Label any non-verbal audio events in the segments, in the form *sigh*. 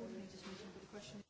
coordinators meeting, but the question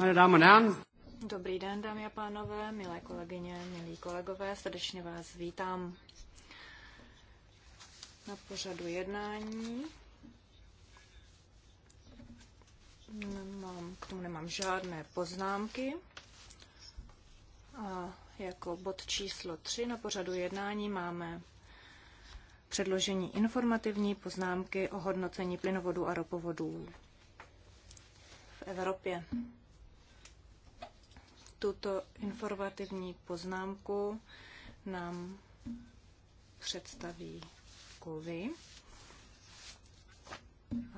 meine Damen und Herren. Dobrý den, dámy a pánové, milé kolegyně, milí kolegové, srdečně vás vítám na pořadu jednání. Nemám, k tomu nemám žádné poznámky. A jako bod číslo 3 na pořadu jednání máme předložení informativní poznámky o hodnocení plynovodu a ropovodů v Evropě tuto informativní poznámku nám představí Kovy.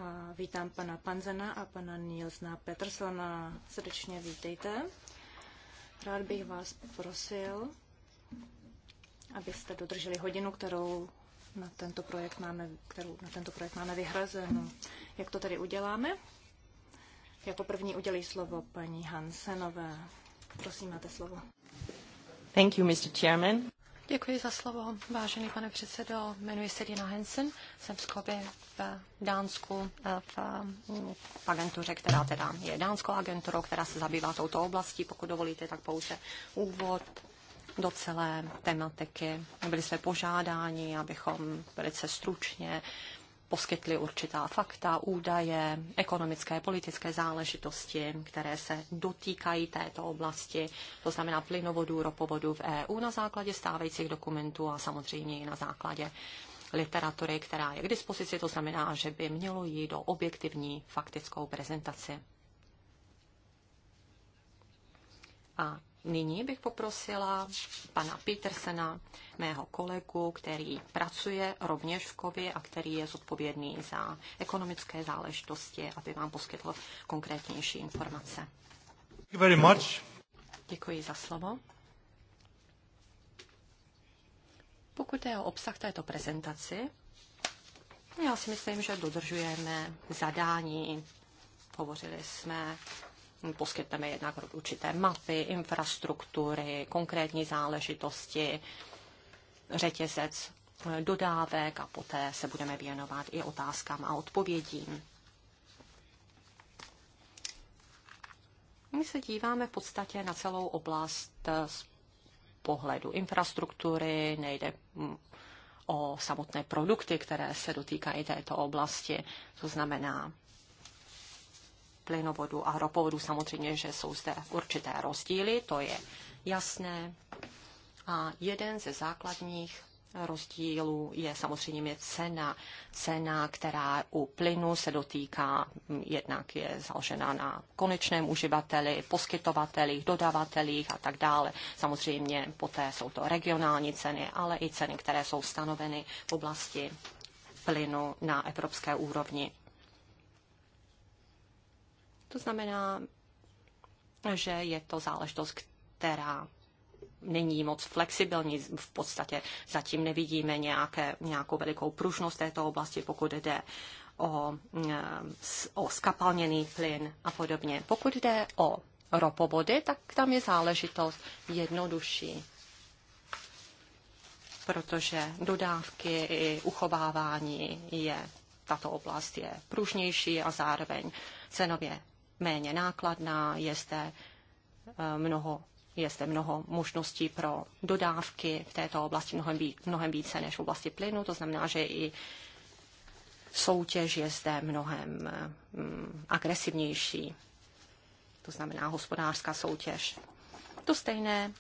A vítám pana Panzena a pana Nilsna Petersona. Srdečně vítejte. Rád bych vás prosil, abyste dodrželi hodinu, kterou na tento projekt máme, kterou na tento projekt máme vyhrazeno. Jak to tedy uděláme? Jako první udělí slovo paní Hansenové. Prosím, máte slovo. Thank you, Mr. Chairman. Děkuji za slovo, vážený pane předsedo. Jmenuji se Dina Hansen, jsem z Kobe v Dánsku, eh, v, mm, v agentuře, která teda je dánskou agenturou, která se zabývá touto oblastí. Pokud dovolíte, tak pouze úvod do celé tematiky. Byli jsme požádáni, abychom velice stručně poskytli určitá fakta, údaje, ekonomické, politické záležitosti, které se dotýkají této oblasti, to znamená plynovodů, ropovodů v EU na základě stávajících dokumentů a samozřejmě i na základě literatury, která je k dispozici, to znamená, že by mělo jít do objektivní faktickou prezentaci. A nyní bych poprosila pana Petersena, mého kolegu, který pracuje rovněž v Kově a který je zodpovědný za ekonomické záležitosti, aby vám poskytl konkrétnější informace. Very much. Děkuji za slovo. Pokud je o obsah této prezentaci, já si myslím, že dodržujeme zadání. Hovořili jsme poskytneme jednak určité mapy, infrastruktury, konkrétní záležitosti, řetězec eh, dodávek a poté se budeme věnovat i otázkám a odpovědím. My se díváme v podstatě na celou oblast eh, z pohledu infrastruktury, nejde mm, o samotné produkty, které se dotýkají této oblasti, to znamená plynovodu a ropovodu Samozřejmě, že jsou zde určité rozdíly, to je jasné. A jeden ze základních rozdílů je samozřejmě cena. Cena, která u plynu se dotýká, jednak je založena na konečném uživateli, poskytovatelích, dodavatelích a tak dále. Samozřejmě poté jsou to regionální ceny, ale i ceny, které jsou stanoveny v oblasti plynu na evropské úrovni. To znamená, že je to záležitost, která není moc flexibilní. V podstatě zatím nevidíme nějaké, nějakou velikou pružnost této oblasti, pokud jde o, eh, o skapalněný plyn a podobně. Pokud jde o ropovody, tak tam je záležitost jednodušší protože dodávky i uchovávání je tato oblast je pružnější a zároveň cenově méně nákladná, je zde eh, mnoho je zde mnoho možností pro dodávky v této oblasti mnohem, ví, mnohem více než v oblasti plynu. To znamená, že i soutěž je zde mnohem mm, agresivnější. To znamená hospodářská soutěž. To stejné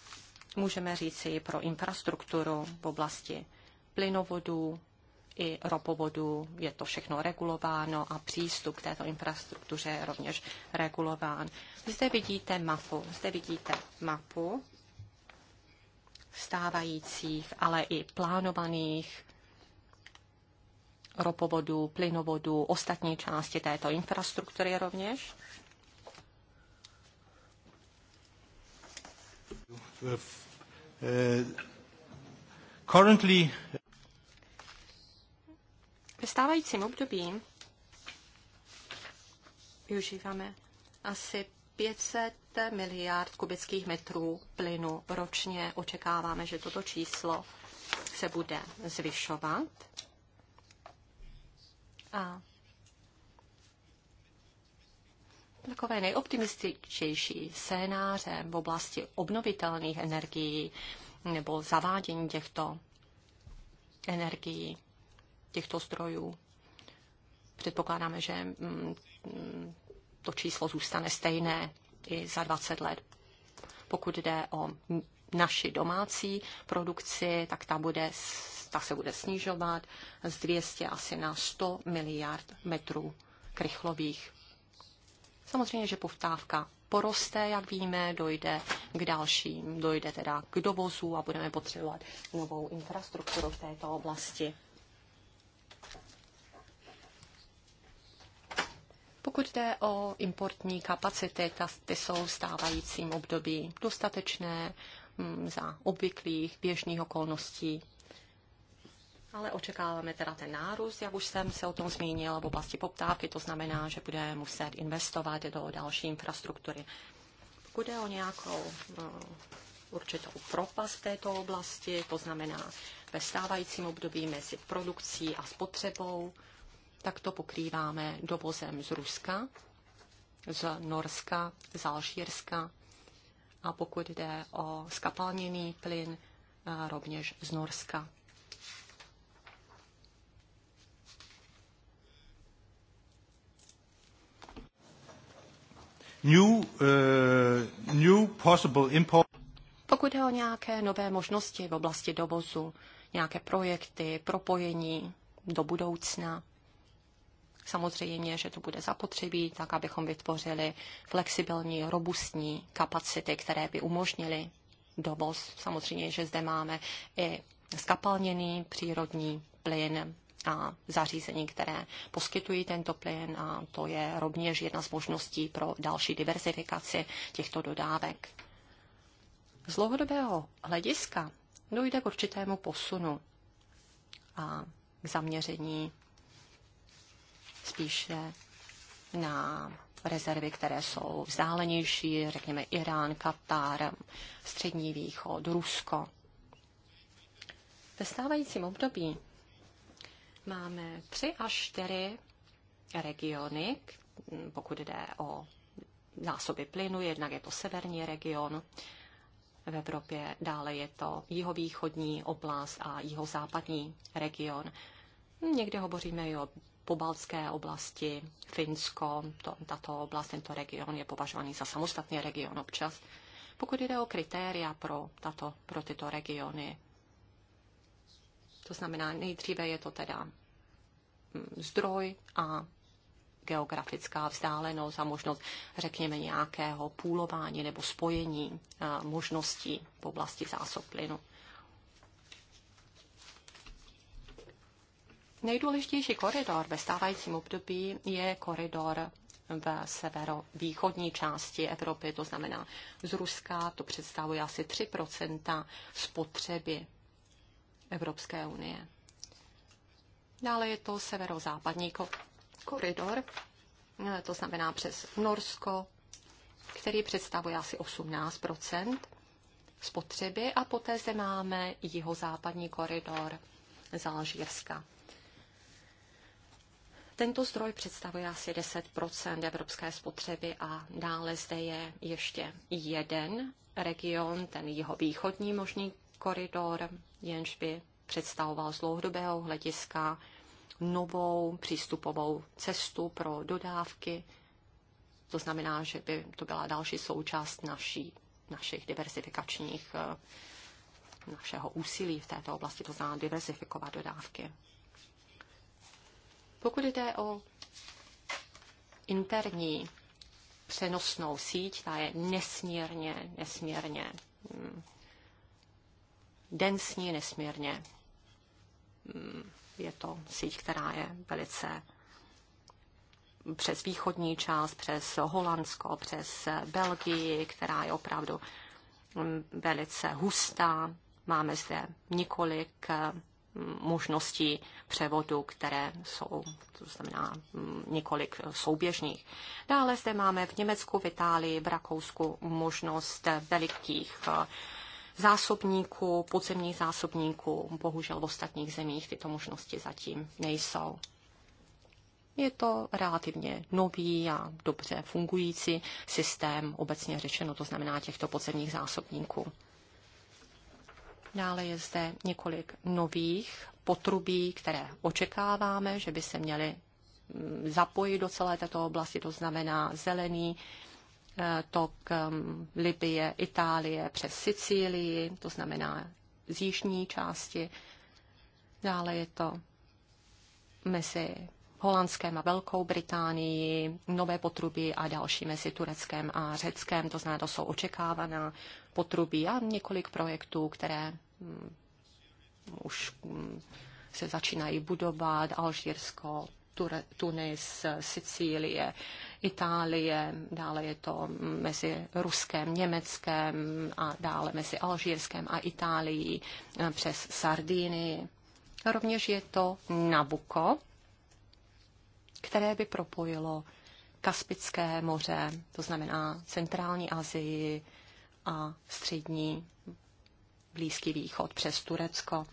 můžeme říci pro infrastrukturu v oblasti plynovodů, i ropovodů. Je to všechno regulováno a přístup k této infrastruktuře je rovněž regulován. Zde vidíte mapu. Zde vidíte mapu stávajících, ale i plánovaných ropovodů, plynovodů, ostatní části této infrastruktury rovněž. Eh, currently... Ve stávajícím období využíváme asi 500 miliard kubických metrů plynu ročně. Očekáváme, že toto číslo se bude zvyšovat. A takové nejoptimističtější scénáře v oblasti obnovitelných energií nebo zavádění těchto energií těchto zdrojů. Předpokládáme, že mm, to číslo zůstane stejné i za 20 let. Pokud jde o naši domácí produkci, tak ta, bude, ta se bude snižovat z 200 asi na 100 miliard metrů krychlových. Samozřejmě, že povtávka poroste, jak víme, dojde k dalším, dojde teda k dovozu a budeme potřebovat novou infrastrukturu v této oblasti. Pokud jde o importní kapacity, ta, ty jsou v stávajícím období dostatečné m, mm, za obvyklých běžných okolností. Ale očekáváme teda ten nárůst, jak už jsem se o tom zmínil, v oblasti poptávky, to znamená, že budeme muset investovat do další infrastruktury. Pokud jde o nějakou no, určitou propast této oblasti, to znamená ve stávajícím období mezi produkcí a spotřebou, Takto pokrýváme dovozem z Ruska, z Norska, z Alžírska a pokud jde o skapalněný plyn, e, rovněž z Norska. New, uh, new possible import. Pokud je o nějaké nové možnosti v oblasti dovozu, nějaké projekty, propojení do budoucna, Samozřejmě, že to bude zapotřebí, tak abychom vytvořili flexibilní, robustní kapacity, které by umožnily dovoz. Samozřejmě, že zde máme i skapalněný přírodní plyn a zařízení, které poskytují tento plyn a to je rovněž jedna z možností pro další diversifikaci těchto dodávek. Z dlouhodobého hlediska dojde k určitému posunu a k zaměření spíše na rezervy, které jsou vzdálenější, řekněme Irán, Katar, Střední východ, Rusko. Ve stávajícím období máme tři až čtyři regiony, pokud jde o zásoby plynu, jednak je to severní region v Evropě, dále je to jihovýchodní oblast a jihozápadní region. Někde hovoříme i o pobaltské oblasti, Finsko, to, tato oblast, tento region je považovaný za samostatný region občas. Pokud jde o kritéria pro, tato, pro tyto regiony, to znamená, nejdříve je to teda mm, zdroj a geografická vzdálenost a možnost, řekněme, nějakého půlování nebo spojení eh, možností v oblasti zásob plynu. Nejdůležitější koridor ve stávajícím období je koridor v severovýchodní části Evropy, to znamená z Ruska, to představuje asi 3 spotřeby Evropské unie. Dále je to severozápadní koridor, to znamená přes Norsko, který představuje asi 18 spotřeby a poté zde máme jihozápadní koridor z Alžírska. Tento zdroj představuje asi 10 evropské spotřeby a dále zde je ještě jeden region, ten jeho východní možný koridor, jenž by představoval z dlouhodobého hlediska novou přístupovou cestu pro dodávky. To znamená, že by to byla další součást naší, našich diversifikačních eh, našeho úsilí v této oblasti, to znamená diversifikovat dodávky. Pokud jde o interní přenosnou síť, ta je nesmírně, nesmírně mm, densní, nesmírně. Mm, je to síť, která je velice přes východní část, přes Holandsko, přes Belgii, která je opravdu mm, velice hustá. Máme zde několik možností převodu, které jsou, to znamená mm, několik souběžných. Dále zde máme v Německu, v Itálii, v Rakousku možnost velikých eh, zásobníků, podzemních zásobníků. Bohužel v ostatních zemích tyto možnosti zatím nejsou. Je to relativně nový a dobře fungující systém, obecně řečeno, to znamená těchto podzemních zásobníků. Dále je zde několik nových potrubí, které očekáváme, že by se měly mm, zapojit do celé této oblasti, to znamená zelený eh, tok mm, Libie, Itálie přes Sicílii, to znamená z jižní části. Dále je to mezi Holandském a Velkou Británii, nové potrubí a další mezi Tureckém a Řeckém, To znamená, to jsou očekávaná potrubí a několik projektů, které mm, už mm, se začínají budovat, Alžírsko, Tunis, Sicílie, Itálie, dále je to mezi Ruskem, Německem a dále mezi Alžírskem a Itálií eh, přes Sardínii. Rovněž je to Nabuko, které by propojilo Kaspické moře, to znamená centrální Asii a střední Blízký východ přes Turecko.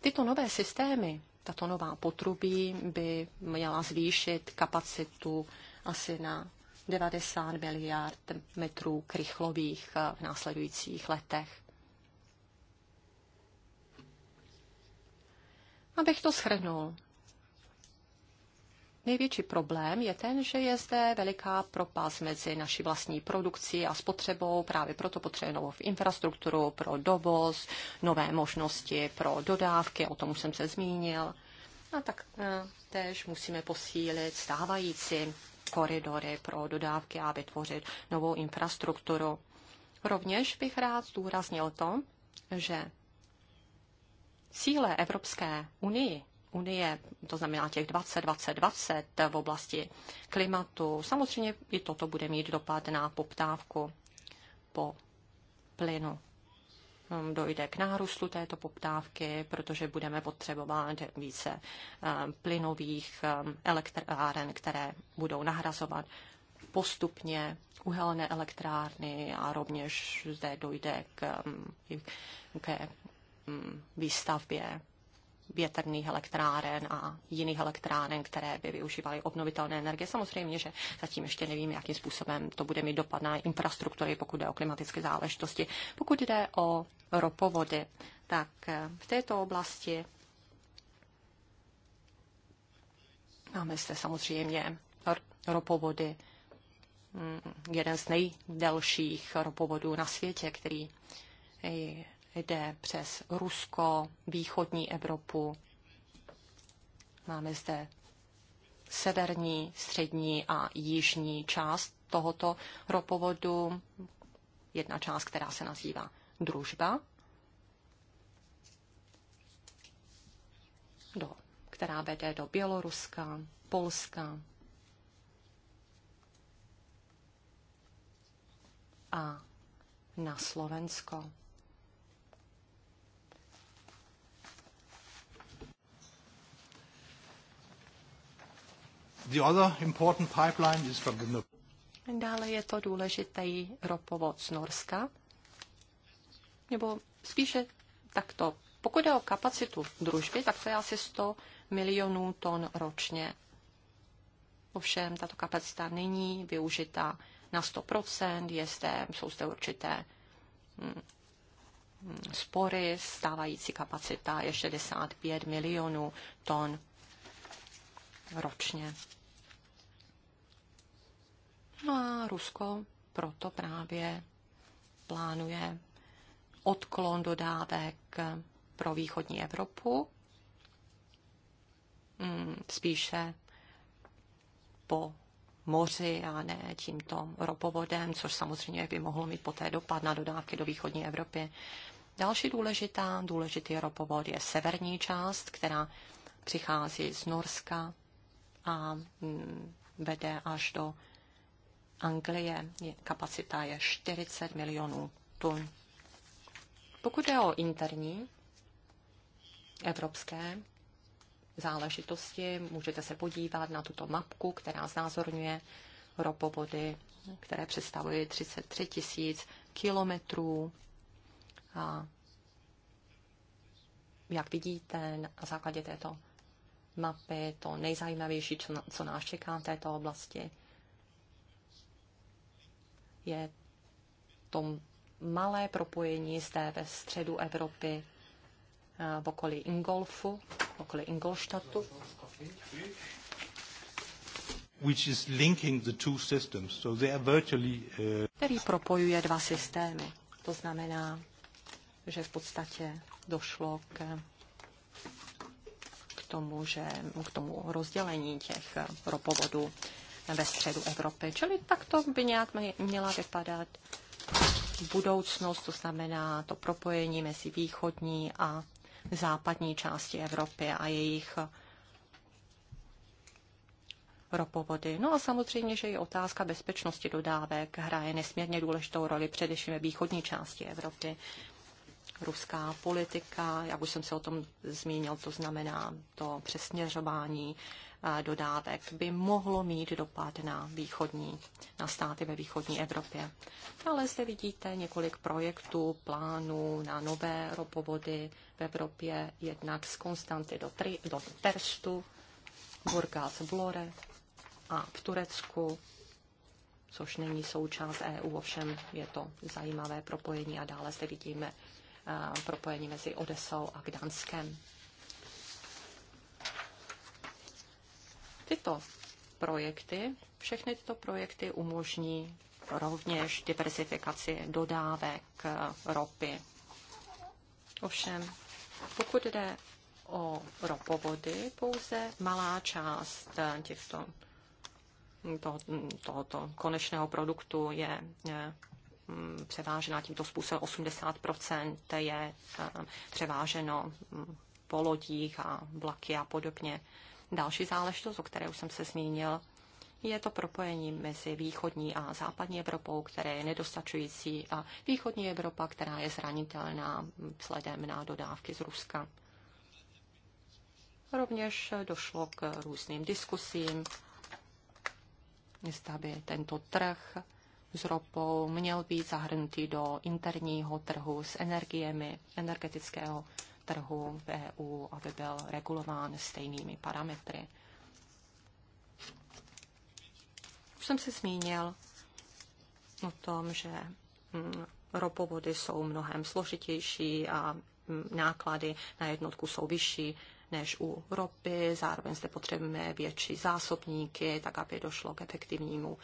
Tyto nové systémy, tato nová potrubí by měla zvýšit kapacitu asi na 90 miliard metrů krychlových v následujících letech. Abych to shrnul, Největší problém je ten, že je zde veliká propast mezi naší vlastní produkcí a spotřebou. Právě proto potřebujeme novou infrastrukturu pro dovoz, nové možnosti pro dodávky, o tom už jsem se zmínil. A tak eh, tež musíme posílit stávající koridory pro dodávky a vytvořit novou infrastrukturu. Rovněž bych rád zdůraznil to, že cíle Evropské unii unie, to znamená těch 20, 20, 20 v oblasti klimatu. Samozřejmě i toto bude mít dopad na poptávku po plynu. Hm, dojde k nárůstu této poptávky, protože budeme potřebovat více hm, plynových hm, elektráren, které budou nahrazovat postupně uhelné elektrárny a rovněž zde dojde k, k výstavbě větrných elektráren a jiných elektráren, které by využívaly obnovitelné energie. Samozřejmě, že zatím ještě nevím, jakým způsobem to bude mít dopad na infrastruktury, pokud jde o klimatické záležitosti. Pokud jde o ropovody, tak eh, v této oblasti máme se samozřejmě ropovody, mm, jeden z nejdelších ropovodů na světě, který jde přes Rusko, východní Evropu. Máme zde severní, střední a jižní část tohoto ropovodu. Jedna část, která se nazývá družba, do, která vede do Běloruska, Polska a na Slovensko. The other important pipeline is from the... Dále je to důležitý ropovod z Norska, nebo spíše takto. Pokud jde o kapacitu družby, tak to je asi 100 milionů ton ročně. Ovšem, tato kapacita není využita na 100%, je zde, jsou zde určité hm, hm, spory, stávající kapacita je 65 milionů ton ročně. No A Rusko proto právě plánuje odklon dodávek pro východní Evropu, mm, spíše po moři a ne tímto ropovodem, což samozřejmě by mohlo mít poté dopad na dodávky do východní Evropy. Další důležitá, důležitý ropovod je severní část, která přichází z Norska a mm, vede až do Anglie kapacita je 40 milionů tun. Pokud je o interní evropské záležitosti, můžete se podívat na tuto mapku, která znázorňuje ropovody, které představují 33 tisíc kilometrů. A jak vidíte, na základě této mapy to nejzajímavější, co nás čeká v této oblasti, je to malé propojení zde ve středu Evropy eh, v okolí Ingolfu, v okolí Ingolštatu. Which is linking the two systems. So they are virtually, uh... který propojuje dva systémy. To znamená, že v podstatě došlo k, k tomu, že k tomu rozdělení těch ropovodů ve středu Evropy. Čili tak to by nějak měla vypadat budoucnost, to znamená to propojení mezi východní a západní části Evropy a jejich ropovody. No a samozřejmě, že i otázka bezpečnosti dodávek hraje nesmírně důležitou roli především ve východní části Evropy ruská politika, jak už jsem se o tom zmínil, to znamená to přesměřování eh, dodávek, by mohlo mít dopad na východní, na státy ve východní Evropě. Ale zde vidíte několik projektů, plánů na nové ropovody v Evropě, jednak z Konstanty do, tri, do Terstu, Burgas Blore a v Turecku což není součást EU, ovšem je to zajímavé propojení a dále zde vidíme propojení mezi Odesou a Gdanskem. Tyto projekty, všechny tyto projekty umožní rovněž diversifikaci dodávek ropy. Ovšem, pokud jde o ropovody, pouze malá část těchto to, tohoto konečného produktu je, je Mm, převážena tímto způsobem. 80 je eh, převáženo mm, po lodích a vlaky a podobně. Další záležitost, o které už jsem se zmínil, je to propojení mezi východní a západní Evropou, které je nedostačující, a východní Evropa, která je zranitelná mm, vzhledem na dodávky z Ruska. Rovněž došlo k různým diskusím, zda by tento trh s ropou měl být zahrnutý do interního trhu s energiemi, energetického trhu v EU, aby byl regulován stejnými parametry. Už jsem se zmínil o tom, že mm, ropovody jsou mnohem složitější a mm, náklady na jednotku jsou vyšší než u ropy. Zároveň zde potřebujeme větší zásobníky, tak aby došlo k efektivnímu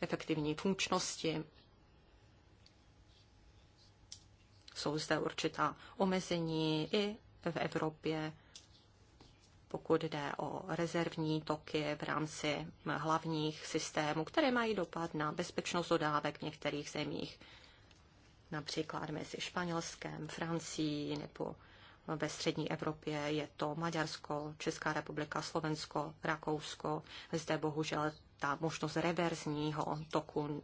efektivní funkčnosti. Jsou zde určitá omezení i v Evropě, pokud jde o rezervní toky v rámci hlavních systémů, které mají dopad na bezpečnost dodávek v některých zemích, například mezi Španělskem, Francií nebo ve střední Evropě je to Maďarsko, Česká republika, Slovensko, Rakousko. Zde bohužel ta možnost reverzního toku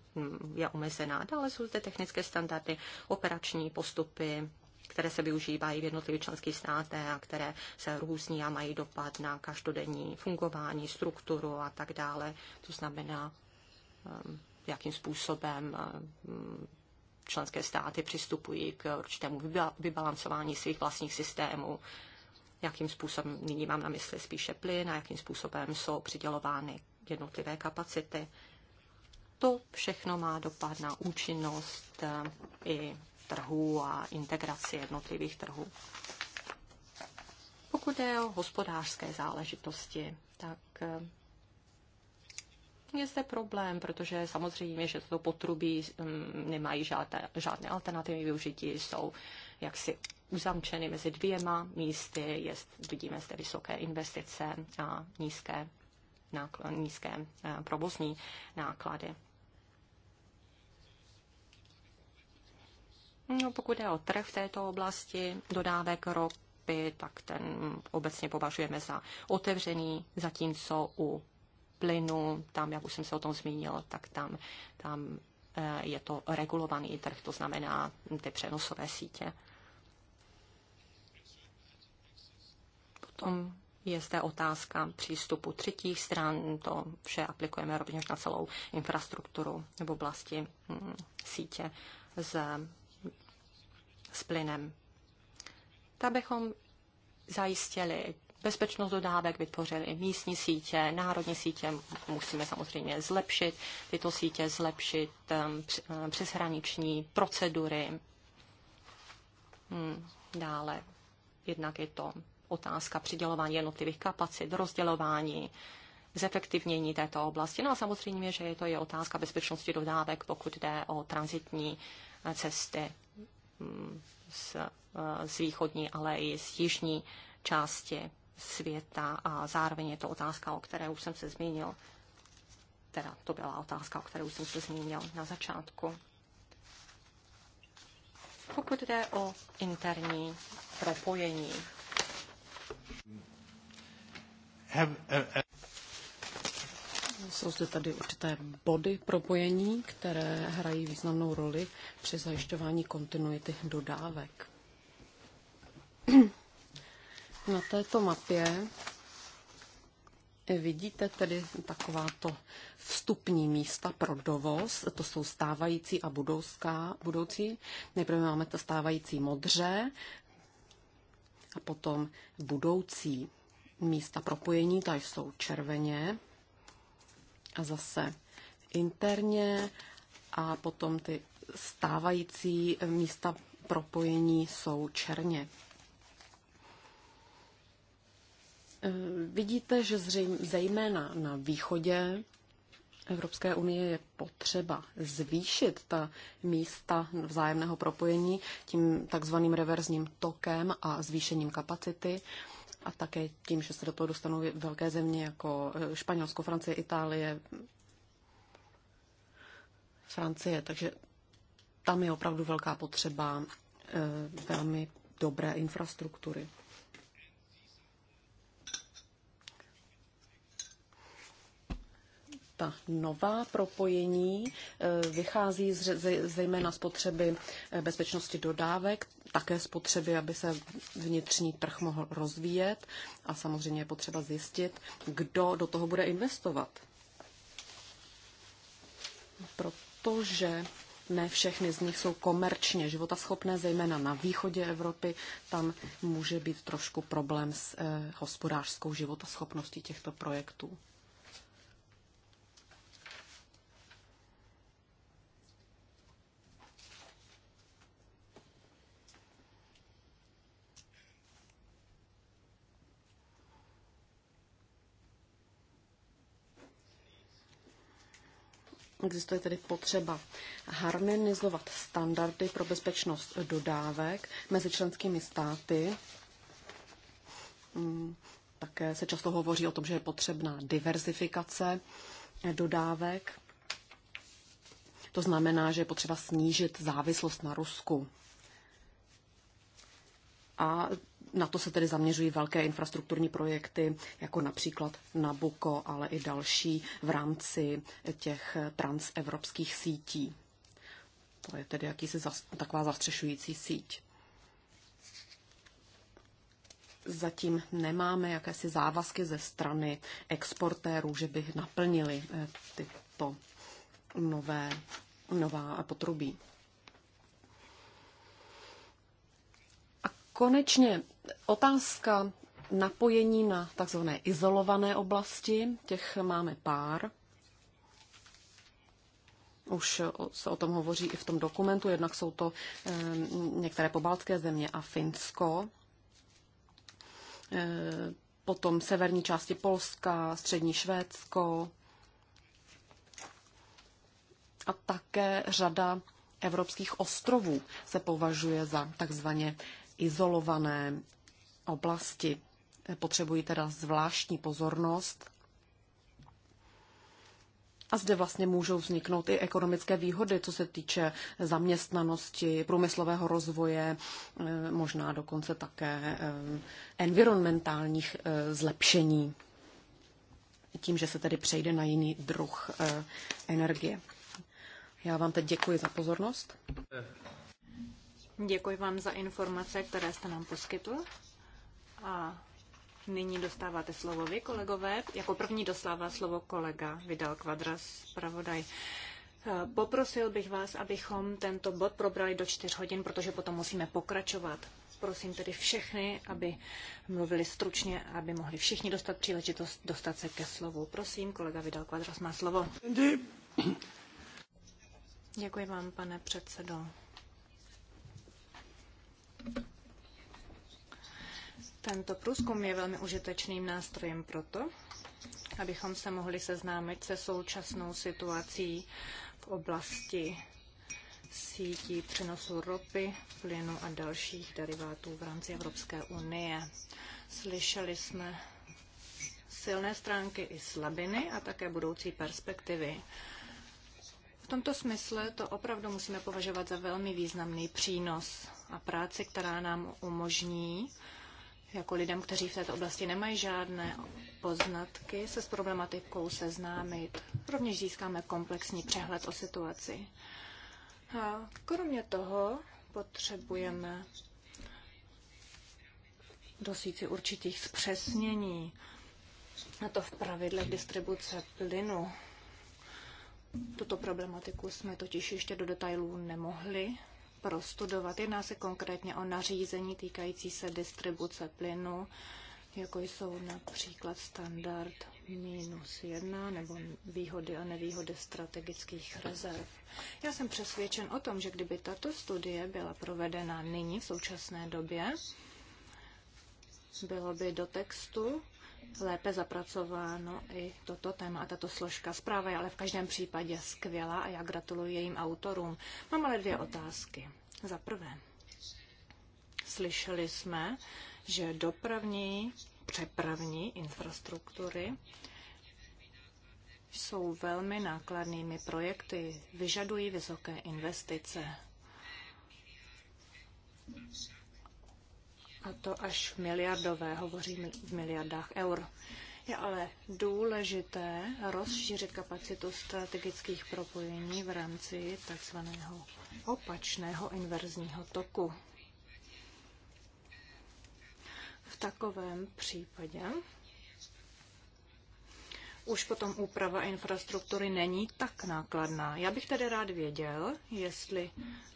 je omezená. Dále jsou zde technické standardy, operační postupy, které se využívají v jednotlivých členských státech a které se různí a mají dopad na každodenní fungování, strukturu a tak dále. To znamená, ehm, jakým způsobem ehm, členské státy přistupují k určitému vybalancování svých vlastních systémů, jakým způsobem, nyní mám na mysli spíše plyn a jakým způsobem jsou přidělovány jednotlivé kapacity. To všechno má dopad na účinnost eh, i trhů a integraci jednotlivých trhů. Pokud je o hospodářské záležitosti, tak eh, je zde problém, protože samozřejmě, že toto potrubí mm, nemají žádné, žádné alternativy využití, jsou jaksi uzamčeny mezi dvěma místy, je, vidíme zde vysoké investice a nízké náklad, nízké eh, provozní náklady. No, pokud je o trh v této oblasti dodávek ropy, tak ten obecně považujeme za otevřený, zatímco u plynu, tam, jak už jsem se o tom zmínil, tak tam, tam eh, je to regulovaný trh, to znamená ty přenosové sítě. Potom je zde otázka přístupu třetích stran, to vše aplikujeme rovněž na celou infrastrukturu v oblasti mm, sítě s, s plynem. Tak bychom zajistili bezpečnost dodávek, vytvořili místní sítě, národní sítě. Musíme samozřejmě zlepšit tyto sítě, zlepšit mm, mm, přeshraniční procedury. Dále jednak je to otázka přidělování jednotlivých kapacit, rozdělování, zefektivnění této oblasti. No a samozřejmě, že je to je otázka bezpečnosti dodávek, pokud jde o transitní cesty mm, z, eh, z východní, ale i z jižní části světa a zároveň je to otázka, o které už jsem se zmínil. Teda to byla otázka, o které už jsem se zmínil na začátku. Pokud jde o interní propojení Uh, uh, jsou zde tady určité body propojení, které hrají významnou roli při zajišťování kontinuity dodávek. *clears throat* Na této mapě Vidíte tedy takováto vstupní místa pro dovoz, to jsou stávající a budouská, budoucí. Nejprve máme to stávající modře a potom budoucí místa propojení, tady jsou červeně a zase interně a potom ty stávající místa propojení jsou černě. E, vidíte, že zejména na východě Evropské unie je potřeba zvýšit ta místa vzájemného propojení tím takzvaným reverzním tokem a zvýšením kapacity a také tím, že se do toho dostanou velké země jako e, Španělsko, Francie, Itálie, Francie, takže tam je opravdu velká potřeba e, velmi dobré infrastruktury. ta nová propojení eh, vychází zejména z potřeby eh, bezpečnosti dodávek, také z potřeby, aby se vnitřní trh mohl rozvíjet a samozřejmě je potřeba zjistit, kdo do toho bude investovat. Protože ne všechny z nich jsou komerčně životaschopné, zejména na východě Evropy. Tam může být trošku problém s eh, hospodářskou životaschopností těchto projektů. Existuje tedy potřeba harmonizovat standardy pro bezpečnost dodávek mezi členskými státy. Mm, také se často hovoří o tom, že je potřebná diverzifikace dodávek. To znamená, že je potřeba snížit závislost na Rusku. A na to se tedy zaměřují velké infrastrukturní projekty, jako například Nabuko, ale i další v rámci těch transevropských sítí. To je tedy jakýsi zas, taková zastřešující síť. Zatím nemáme jakési závazky ze strany exportérů, že by naplnili eh, tyto nové, nová potrubí. A konečně Otázka napojení na takzvané izolované oblasti, těch máme pár. Už se o tom hovoří i v tom dokumentu, jednak jsou to eh, některé pobaltské země a Finsko. Eh, potom severní části Polska, střední Švédsko a také řada evropských ostrovů se považuje za takzvaně izolované oblasti potřebují teda zvláštní pozornost. A zde vlastně můžou vzniknout i ekonomické výhody, co se týče zaměstnanosti, průmyslového rozvoje, eh, možná dokonce také eh, environmentálních eh, zlepšení, tím, že se tedy přejde na jiný druh energie. Já vám teď děkuji za pozornost. Děkuji vám za informace, které jste nám poskytl. A nyní dostáváte slovo vy, kolegové. Jako první dostává slovo kolega Vidal Kvadras, pravodaj. Eh, poprosil bych vás, abychom tento bod probrali do čtyř hodin, protože potom musíme pokračovat. Prosím tedy všechny, aby mluvili stručně, aby mohli všichni dostat příležitost dostat se ke slovu. Prosím, kolega Vidal Kvadras má slovo. Děkuji vám, pane předsedo. Tento průzkum je velmi užitečným nástrojem proto, abychom se mohli seznámit se současnou situací v oblasti sítí přenosu ropy, plynu a dalších derivátů v rámci Evropské unie. Slyšeli jsme silné stránky i slabiny a také budoucí perspektivy. V tomto smysle to opravdu musíme považovat za velmi významný přínos a práci, která nám umožní jako lidem, kteří v této oblasti nemají žádné poznatky, se s problematikou seznámit. Rovněž získáme komplexní přehled o situaci. A kromě toho potřebujeme dosít si určitých zpřesnění, Na to v pravidlech distribuce plynu. Tuto problematiku jsme totiž ještě do detailů nemohli prostudovat. Jedná se konkrétně o nařízení týkající se distribuce plynu, jako jsou například standard minus jedna nebo výhody a nevýhody strategických rezerv. Já jsem přesvědčen o tom, že kdyby tato studie byla provedena nyní v současné době, bylo by do textu lépe zapracováno i toto téma a tato složka. Zpráva je ale v každém případě skvělá a já gratuluji jejím autorům. Mám ale dvě otázky. Za prvé, slyšeli jsme, že dopravní, přepravní infrastruktury jsou velmi nákladnými projekty, vyžadují vysoké investice a to až miliardové, hovořím v miliardách eur. Je ale důležité rozšířit kapacitu strategických propojení v rámci takzvaného opačného inverzního toku. V takovém případě už potom úprava infrastruktury není tak nákladná. Já bych tedy rád věděl, jestli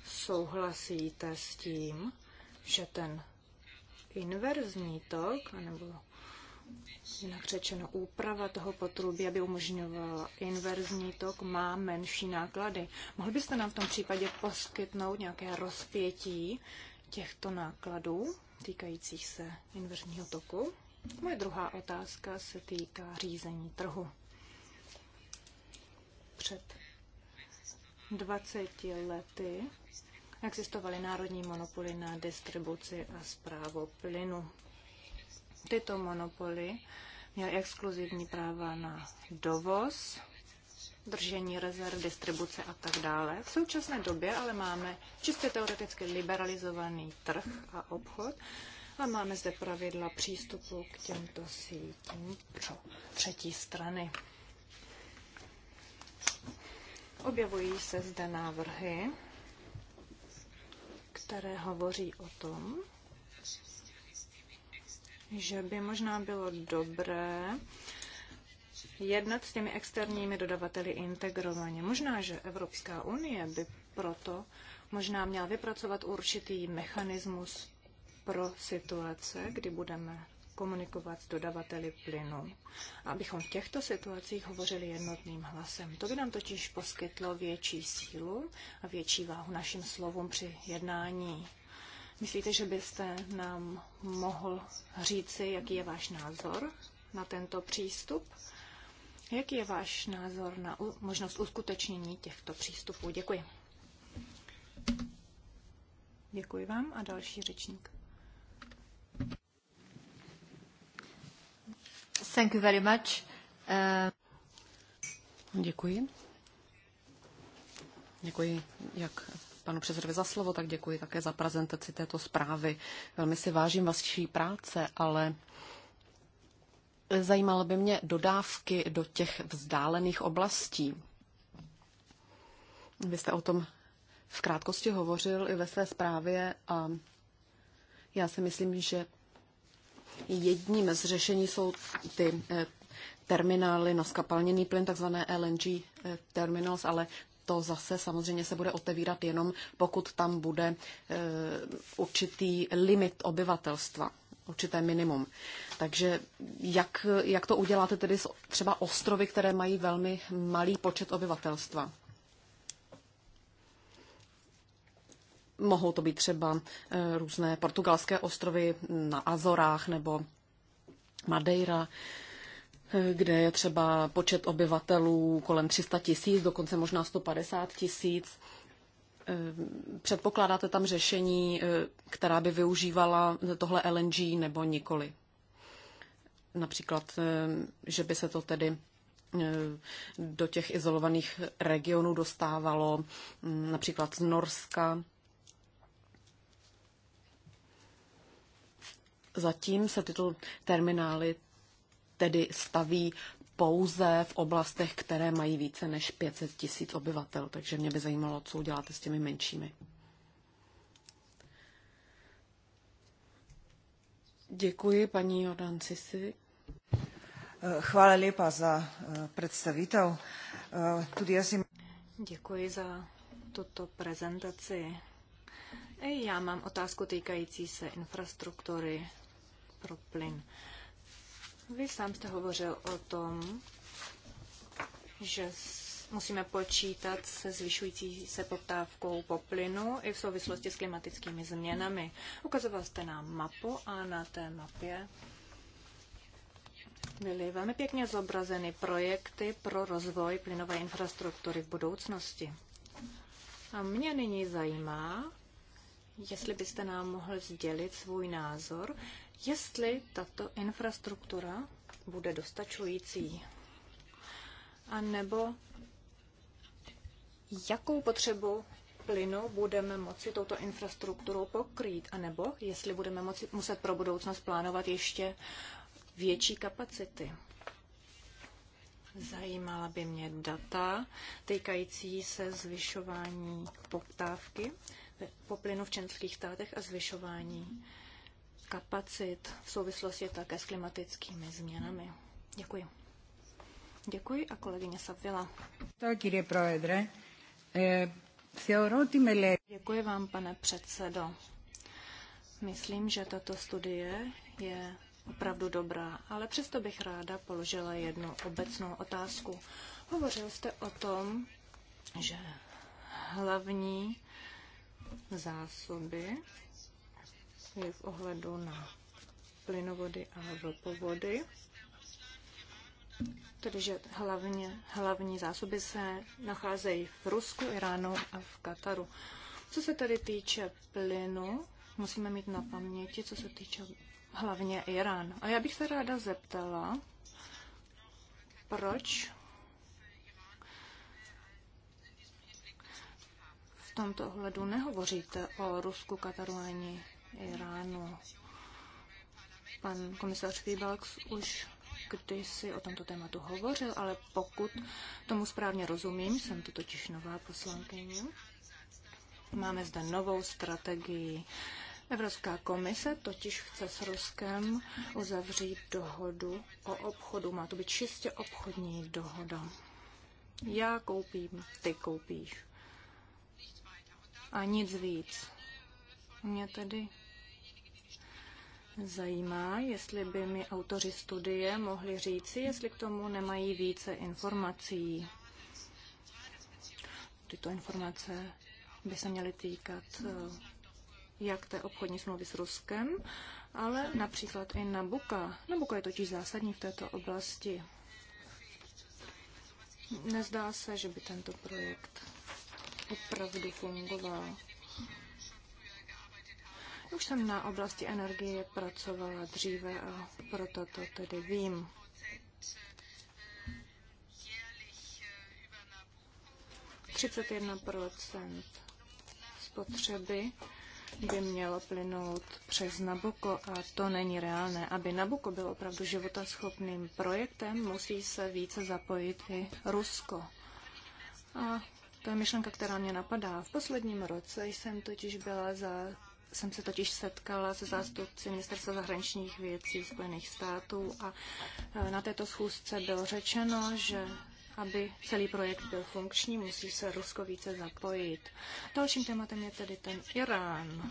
souhlasíte s tím, že ten inverzní tok, nebo jinak řečeno úprava toho potrubí, aby umožňovala inverzní tok, má menší náklady. Mohl byste nám v tom případě poskytnout nějaké rozpětí těchto nákladů týkajících se inverzního toku? Moje druhá otázka se týká řízení trhu. Před 20 lety existovaly národní monopoly na distribuci a zprávu plynu. Tyto monopoly měly exkluzivní práva na dovoz, držení rezerv, distribuce a tak dále. V současné době ale máme čistě teoreticky liberalizovaný trh a obchod a máme zde pravidla přístupu k těmto sítím pro třetí strany. Objevují se zde návrhy které hovoří o tom, že by možná bylo dobré jednat s těmi externími dodavateli integrovaně. Možná, že Evropská unie by proto možná měla vypracovat určitý mechanismus pro situace, kdy budeme komunikovat s dodavateli plynu. Abychom v těchto situacích hovořili jednotným hlasem. To by nám totiž poskytlo větší sílu a větší váhu našim slovům při jednání. Myslíte, že byste nám mohl říci, jaký je váš názor na tento přístup? Jaký je váš názor na možnost uskutečnění těchto přístupů? Děkuji. Děkuji vám a další řečník. Thank you very much. Uh, děkuji. Děkuji jak panu předsedovi za slovo, tak děkuji také za prezentaci této zprávy. Velmi si vážím vaší práce, ale zajímalo by mě dodávky do těch vzdálených oblastí. Vy jste o tom v krátkosti hovořil i ve své zprávě a já si myslím, že Jedním z řešení jsou ty eh, terminály na skapalněný plyn, takzvané LNG eh, terminals, ale to zase samozřejmě se bude otevírat jenom, pokud tam bude eh, určitý limit obyvatelstva, určité minimum. Takže jak, jak to uděláte tedy s třeba ostrovy, které mají velmi malý počet obyvatelstva? Mohou to být třeba eh, různé portugalské ostrovy na Azorách nebo Madeira, eh, kde je třeba počet obyvatelů kolem 300 tisíc, dokonce možná 150 tisíc. Eh, předpokládáte tam řešení, která by využívala tohle LNG nebo nikoli? Například, že by se to tedy do těch izolovaných regionů dostávalo mm, například z Norska Zatím se tyto terminály tedy staví pouze v oblastech, které mají více než 500 tisíc obyvatel, takže mě by zajímalo, co uděláte s těmi menšími. Děkuji, paní Jordan Cisi. Chvále lepa za eh, představitel. Eh, tudy asi... Děkuji za tuto prezentaci. Já mám otázku týkající se infrastruktury pro plyn. Vy sám jste hovořil o tom, že musíme počítat se zvyšující se poptávkou po plynu i v souvislosti s klimatickými změnami. Ukazoval jste nám mapu a na té mapě byly velmi pěkně zobrazeny projekty pro rozvoj plynové infrastruktury v budoucnosti. A mě nyní zajímá, jestli byste nám mohl sdělit svůj názor, jestli tato infrastruktura bude dostačující, a nebo jakou potřebu plynu budeme moci touto infrastrukturou pokrýt, anebo jestli budeme moci, muset pro budoucnost plánovat ještě větší kapacity. Zajímala by mě data týkající se zvyšování poptávky po plynu v členských státech a zvyšování kapacit v souvislosti také s klimatickými změnami. Děkuji. Děkuji a kolegyně Savila. E, Děkuji vám, pane předsedo. Myslím, že tato studie je opravdu dobrá, ale přesto bych ráda položila jednu obecnou otázku. Hovořil jste o tom, že hlavní zásoby i v ohledu na plynovody a ropovody. Tedy, že hlavně, hlavní zásoby se nacházejí v Rusku, Iránu a v Kataru. Co se tedy týče plynu, musíme mít na paměti, co se týče hlavně Irán. A já bych se ráda zeptala, proč v tomto ohledu nehovoříte o Rusku, Kataru ani Iránu. Pan komisař Fibalx už kdysi o tomto tématu hovořil, ale pokud tomu správně rozumím, jsem tu totiž nová poslankyně, máme zde novou strategii. Evropská komise totiž chce s Ruskem uzavřít dohodu o obchodu. Má to být čistě obchodní dohoda. Já koupím, ty koupíš. A nic víc. Mě tedy zajímá, jestli by mi autoři studie mohli říci, jestli k tomu nemají více informací. Tyto informace by se měly týkat eh, jak té obchodní smlouvy s Ruskem, ale například i Nabuka. Nabuka je totiž zásadní v této oblasti. Nezdá se, že by tento projekt opravdu fungoval. Už jsem na oblasti energie pracovala dříve a proto to tedy vím. Třicet procent spotřeby by mělo plynout přes Nabuko a to není reálné. Aby Nabuko byl opravdu životaschopným projektem, musí se více zapojit i Rusko. A to je myšlenka, která mě napadá. V posledním roce jsem totiž byla za jsem se totiž setkala se zástupci Ministerstva zahraničních věcí Spojených států a e, na této schůzce bylo řečeno, že aby celý projekt byl funkční, musí se Rusko více zapojit. Dalším tématem je tedy ten Irán.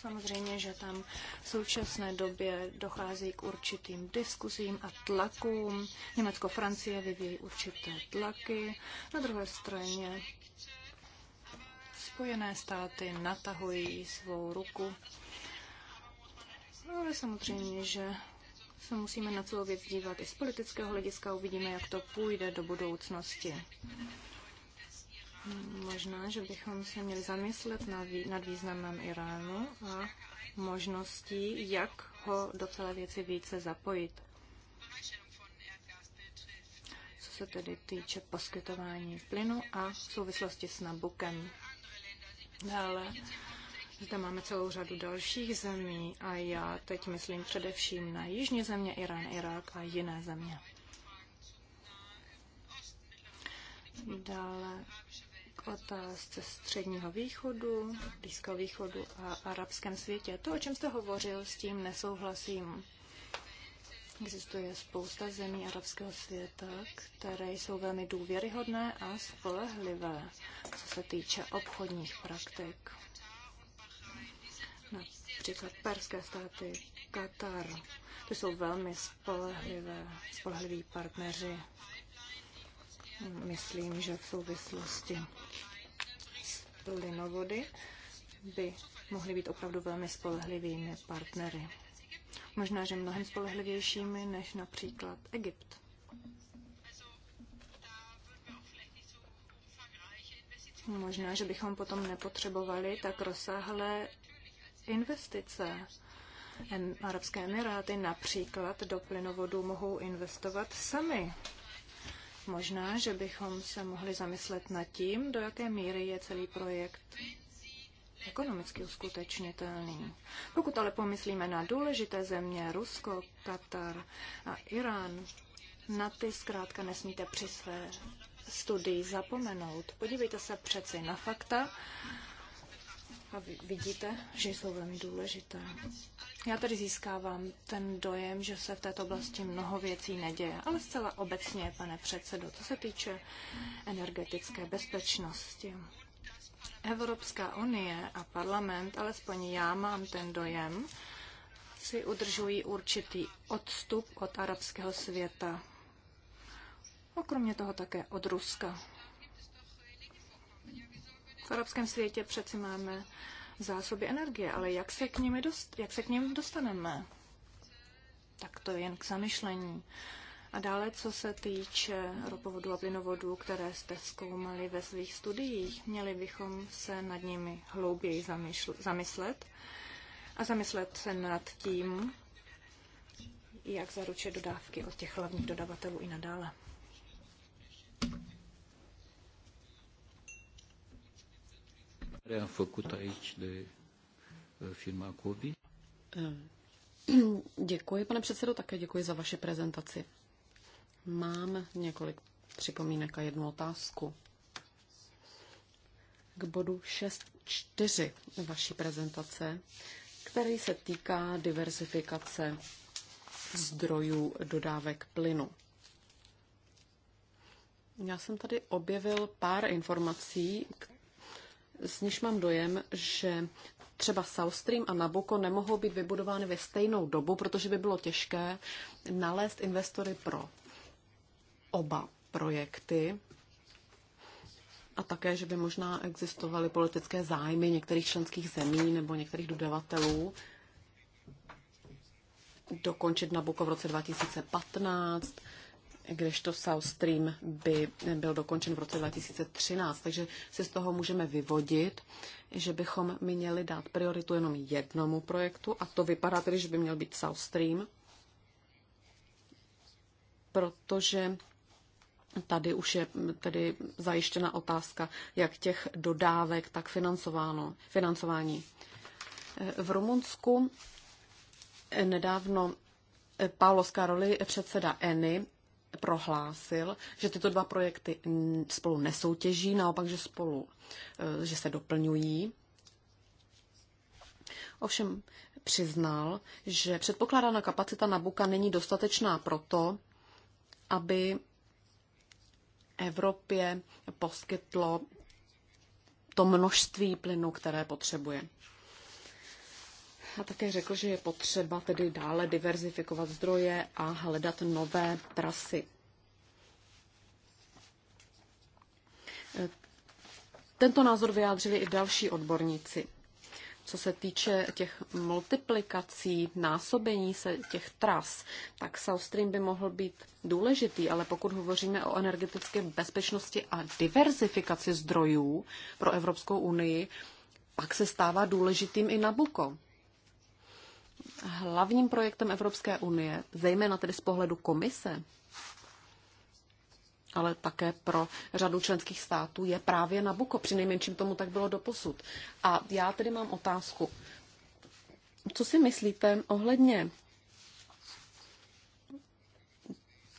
Samozřejmě, že tam v současné době dochází k určitým diskuzím a tlakům. Německo, Francie vyvíjí určité tlaky. Na druhé straně Spojené státy natahují svou ruku. No, ale samozřejmě, že se musíme na celou věc dívat i z politického hlediska. Uvidíme, jak to půjde do budoucnosti. Možná, že bychom se měli zamyslet nad významem Iránu a možností, jak ho do celé věci více zapojit. Co se tedy týče poskytování plynu a v souvislosti s Nabukem. Dále zde máme celou řadu dalších zemí a já teď myslím především na jižní země, Irán, Irák a jiné země. Dále k otázce středního východu, blízkého východu a arabském světě. To, o čem jste hovořil, s tím nesouhlasím. Existuje spousta zemí arabského světa, které jsou velmi důvěryhodné a spolehlivé, co se týče obchodních praktik. Například perské státy, Katar. To jsou velmi spolehlivé, spolehliví partneři. Myslím, že v souvislosti s plynovody by mohly být opravdu velmi spolehlivými partnery. Možná, že mnohem spolehlivějšími než například Egypt. Možná, že bychom potom nepotřebovali tak rozsáhlé investice. Arabské Emiráty například do plynovodů mohou investovat sami. Možná, že bychom se mohli zamyslet nad tím, do jaké míry je celý projekt ekonomicky uskutečnitelný. Pokud ale pomyslíme na důležité země, Rusko, Katar a Irán, na ty zkrátka nesmíte při své studii zapomenout. Podívejte se přeci na fakta a vidíte, že jsou velmi důležité. Já tady získávám ten dojem, že se v této oblasti mnoho věcí neděje, ale zcela obecně, pane předsedo, co se týče energetické bezpečnosti. Evropská unie a parlament, alespoň já mám ten dojem, si udržují určitý odstup od arabského světa. A kromě toho také od Ruska. V arabském světě přeci máme zásoby energie, ale jak se k, nimi dost, jak se k ním dostaneme? Tak to je jen k zamyšlení. A dále, co se týče ropovodu a plynovodu, které jste zkoumali ve svých studiích, měli bychom se nad nimi hlouběji zamyslet a zamyslet se nad tím, jak zaručit dodávky od těch hlavních dodavatelů i nadále. Uh, firma ehm, *clears throat* Děkuji, pane předsedo, také děkuji za vaši prezentaci. Mám několik připomínek a jednu otázku. K bodu 6.4 vaší prezentace, který se týká diversifikace zdrojů dodávek plynu. Já jsem tady objevil pár informací, z níž mám dojem, že třeba South Stream a Nabucco nemohou být vybudovány ve stejnou dobu, protože by bylo těžké nalézt investory pro oba projekty a také, že by možná existovaly politické zájmy některých členských zemí nebo některých dodavatelů dokončit Nabuko v roce 2015, kdežto South Stream by byl dokončen v roce 2013. Takže si z toho můžeme vyvodit, že bychom měli dát prioritu jenom jednomu projektu a to vypadá tedy, že by měl být South Stream, protože Tady už je tedy zajištěna otázka jak těch dodávek, tak financováno, financování. V Rumunsku nedávno Paolo Scaroli, předseda ENI, prohlásil, že tyto dva projekty spolu nesoutěží, naopak, že spolu, e, že se doplňují. Ovšem přiznal, že předpokládaná kapacita Nabuka není dostatečná proto, aby Evropě poskytlo to množství plynu, které potřebuje. A také řekl, že je potřeba tedy dále diverzifikovat zdroje a hledat nové trasy. Tento názor vyjádřili i další odborníci. Co se týče těch multiplikací, násobení se těch tras, tak South Stream by mohl být důležitý, ale pokud hovoříme o energetické bezpečnosti a diverzifikaci zdrojů pro Evropskou unii, pak se stává důležitým i Nabuko. Hlavním projektem Evropské unie, zejména tedy z pohledu komise, ale také pro řadu členských států je právě Nabuko. Přinejmenším tomu tak bylo doposud. A já tedy mám otázku. Co si myslíte ohledně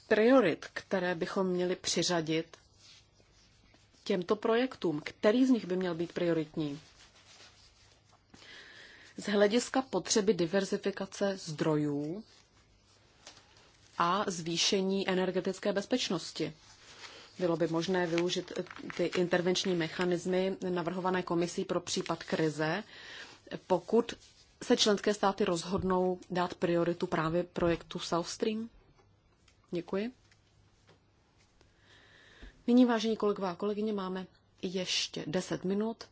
priorit, které bychom měli přiřadit těmto projektům? Který z nich by měl být prioritní? Z hlediska potřeby diverzifikace zdrojů a zvýšení energetické bezpečnosti. Bylo by možné využít eh, ty intervenční mechanismy navrhované komisí pro případ krize, pokud se členské státy rozhodnou dát prioritu právě projektu South Stream? Děkuji. Nyní, vážení kolegové a kolegyně, máme ještě 10 minut,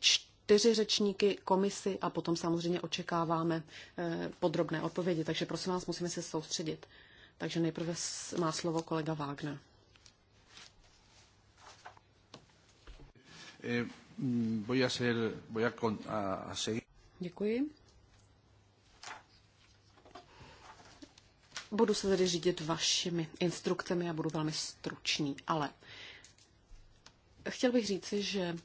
čtyři řečníky, komisy a potom samozřejmě očekáváme eh, podrobné odpovědi. Takže prosím vás, musíme se soustředit. Takže nejprve má slovo kolega Wagner. Eh, mm, voy a ser, voy a, a, a seguir. Děkuji. Budu se tedy řídit vašimi instrukcemi a budu velmi stručný, ale chtěl bych říci, že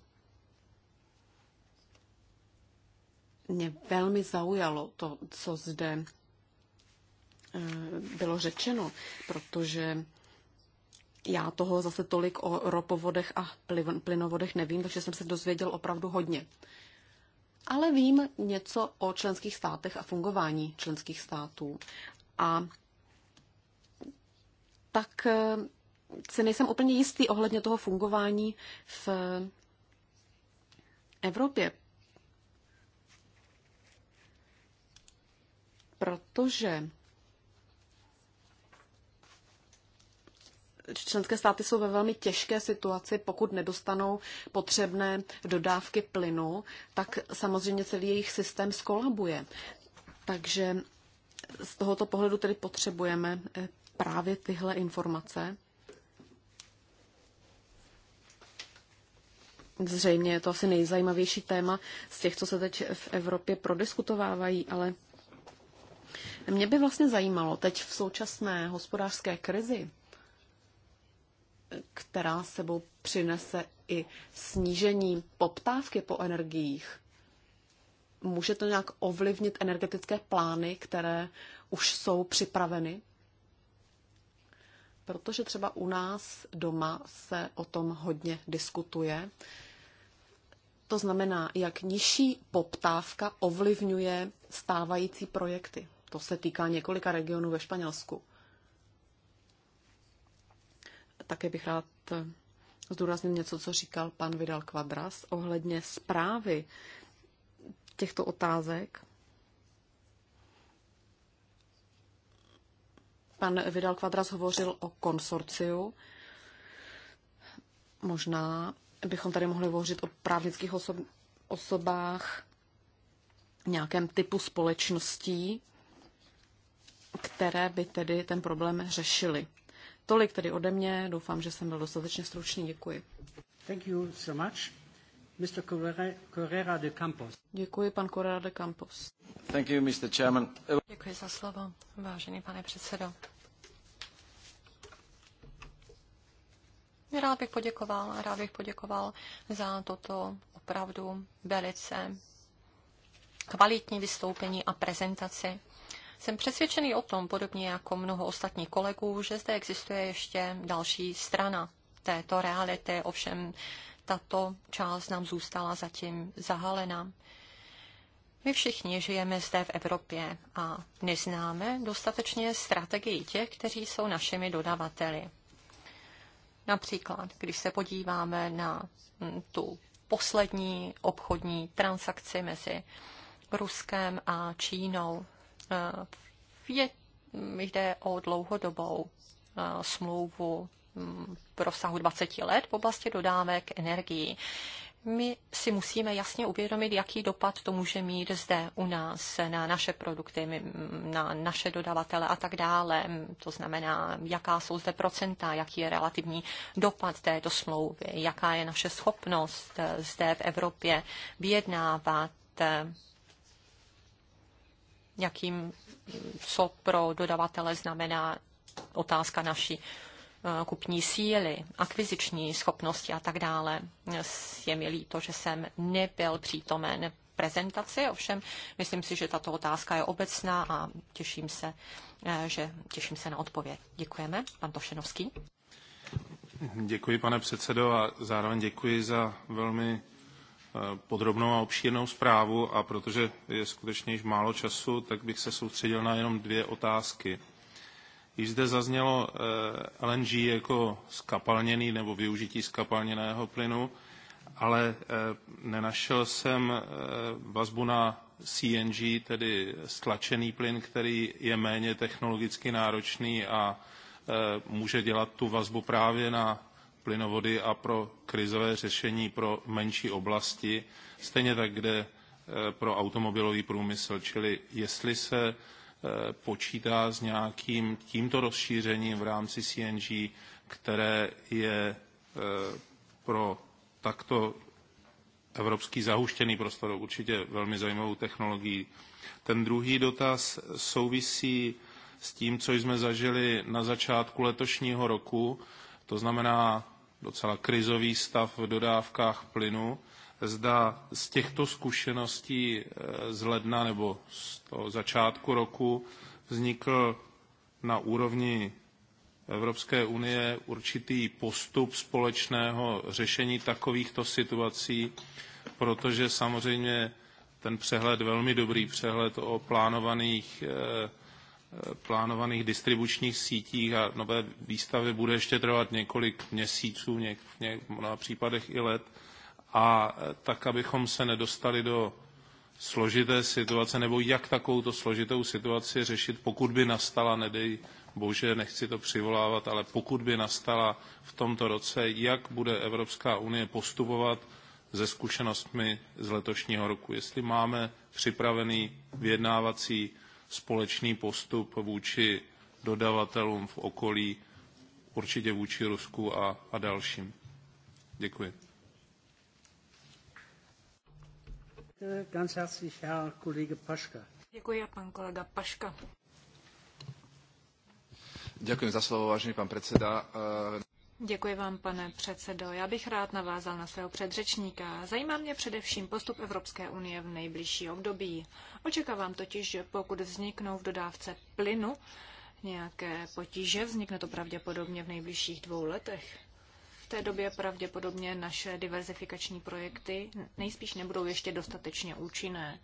mě velmi zaujalo to, co zde eh, bylo řečeno, protože já toho zase tolik o ropovodech a plynovodech nevím, takže jsem se dozvěděl opravdu hodně. Ale vím něco o členských státech a fungování členských států. A tak eh, si nejsem úplně jistý ohledně toho fungování v Evropě. Protože členské státy jsou ve velmi těžké situaci, pokud nedostanou potřebné dodávky plynu, tak samozřejmě celý jejich systém skolabuje. Takže z tohoto pohledu tedy potřebujeme eh, právě tyhle informace. Zřejmě je to asi nejzajímavější téma z těch, co se teď v Evropě prodiskutovávají, ale mě by vlastně zajímalo teď v současné hospodářské krizi, která sebou přinese i snížení poptávky po energiích. Může to nějak ovlivnit energetické plány, které už jsou připraveny? Protože třeba u nás doma se o tom hodně diskutuje. To znamená, jak nižší poptávka ovlivňuje stávající projekty. To se týká několika regionů ve Španělsku také bych rád eh, zdůraznil něco, co říkal pan Vidal Quadras ohledně zprávy těchto otázek. Pan Vidal Quadras hovořil o konsorciu. Možná bychom tady mohli hovořit o právnických osob- osobách, nějakém typu společností, které by tedy ten problém řešily. Tolik tedy ode mě. Doufám, že jsem byl dostatečně stručný. Děkuji. Thank you so much. Mr. Correra de Campos. Děkuji, pan Correra de Campos. Thank you, Mr. Chairman. Děkuji za slovo, vážený pane předsedo. Rád bych poděkoval, rád bych poděkoval za toto opravdu velice kvalitní vystoupení a prezentaci. Jsem přesvědčený o tom, podobně jako mnoho ostatních kolegů, že zde existuje ještě další strana této reality, ovšem tato část nám zůstala zatím zahalena. My všichni žijeme zde v Evropě a neznáme dostatečně strategii těch, kteří jsou našimi dodavateli. Například, když se podíváme na mm, tu poslední obchodní transakci mezi Ruskem a Čínou, Eh, je, hm, jde o dlouhodobou eh, smlouvu hm, v rozsahu 20 let v oblasti dodávek energii. My si musíme jasně uvědomit, jaký dopad to může mít zde u nás na naše produkty, hm, na naše dodavatele a tak dále. To znamená, jaká jsou zde procenta, jaký je relativní dopad této smlouvy, jaká je naše schopnost eh, zde v Evropě vyjednávat jakým, co pro dodavatele znamená otázka naší eh, kupní síly, akviziční schopnosti a tak dále. Je mi líto, že jsem nebyl přítomen prezentaci, ovšem myslím si, že tato otázka je obecná a těším se, eh, že těším se na odpověď. Děkujeme. Pan Tošenovský. Děkuji, pane předsedo, a zároveň děkuji za velmi podrobnou a obšírnou zprávu a protože je skutečně již málo času, tak bych se soustředil na jenom dvě otázky. Již zde zaznělo eh, LNG jako skapalněný nebo využití skapalněného plynu, ale eh, nenašel jsem eh, vazbu na CNG, tedy stlačený plyn, který je méně technologicky náročný a může dělat tu vazbu právě na plynovody a pro krizové řešení pro menší oblasti, stejně tak, kde eh, pro automobilový průmysl. Čili jestli se eh, počítá s nějakým tímto rozšířením v rámci CNG, které je eh, pro takto evropský zahuštěný prostor určitě velmi zajímavou technologií. Ten druhý dotaz souvisí s tím, co jsme zažili na začátku letošního roku, to znamená docela krizový stav v dodávkách plynu. Zda z těchto zkušeností eh, z ledna nebo z toho začátku roku vznikl na úrovni Evropské unie určitý postup společného řešení takovýchto situací, protože samozřejmě ten přehled, velmi dobrý přehled o plánovaných eh, plánovaných distribučních sítích a nové výstavy bude ještě trvat několik měsíců, něk, něk, v případech i let. A eh, tak, abychom se nedostali do složité situace, nebo jak takovou složitou situaci řešit, pokud by nastala, nedej bože, nechci to přivolávat, ale pokud by nastala v tomto roce, jak bude Evropská unie postupovat se zkušenostmi z letošního roku. Jestli máme připravený vyjednávací společný postup vůči dodavatelům v okolí, určitě vůči Rusku a, a dalším. Děkuji. Ganz herzlich Děkuji a pan kolega Paška. Děkuji za slovo, vážený pan předseda. Děkuji vám, pane předsedo. Já bych rád navázal na svého předřečníka. Zajímá mě především postup Evropské unie v nejbližší období. Očekávám totiž, že pokud vzniknou v dodávce plynu nějaké potíže, vznikne to pravděpodobně v nejbližších dvou letech. V té době pravděpodobně naše diverzifikační projekty nejspíš nebudou ještě dostatečně účinné.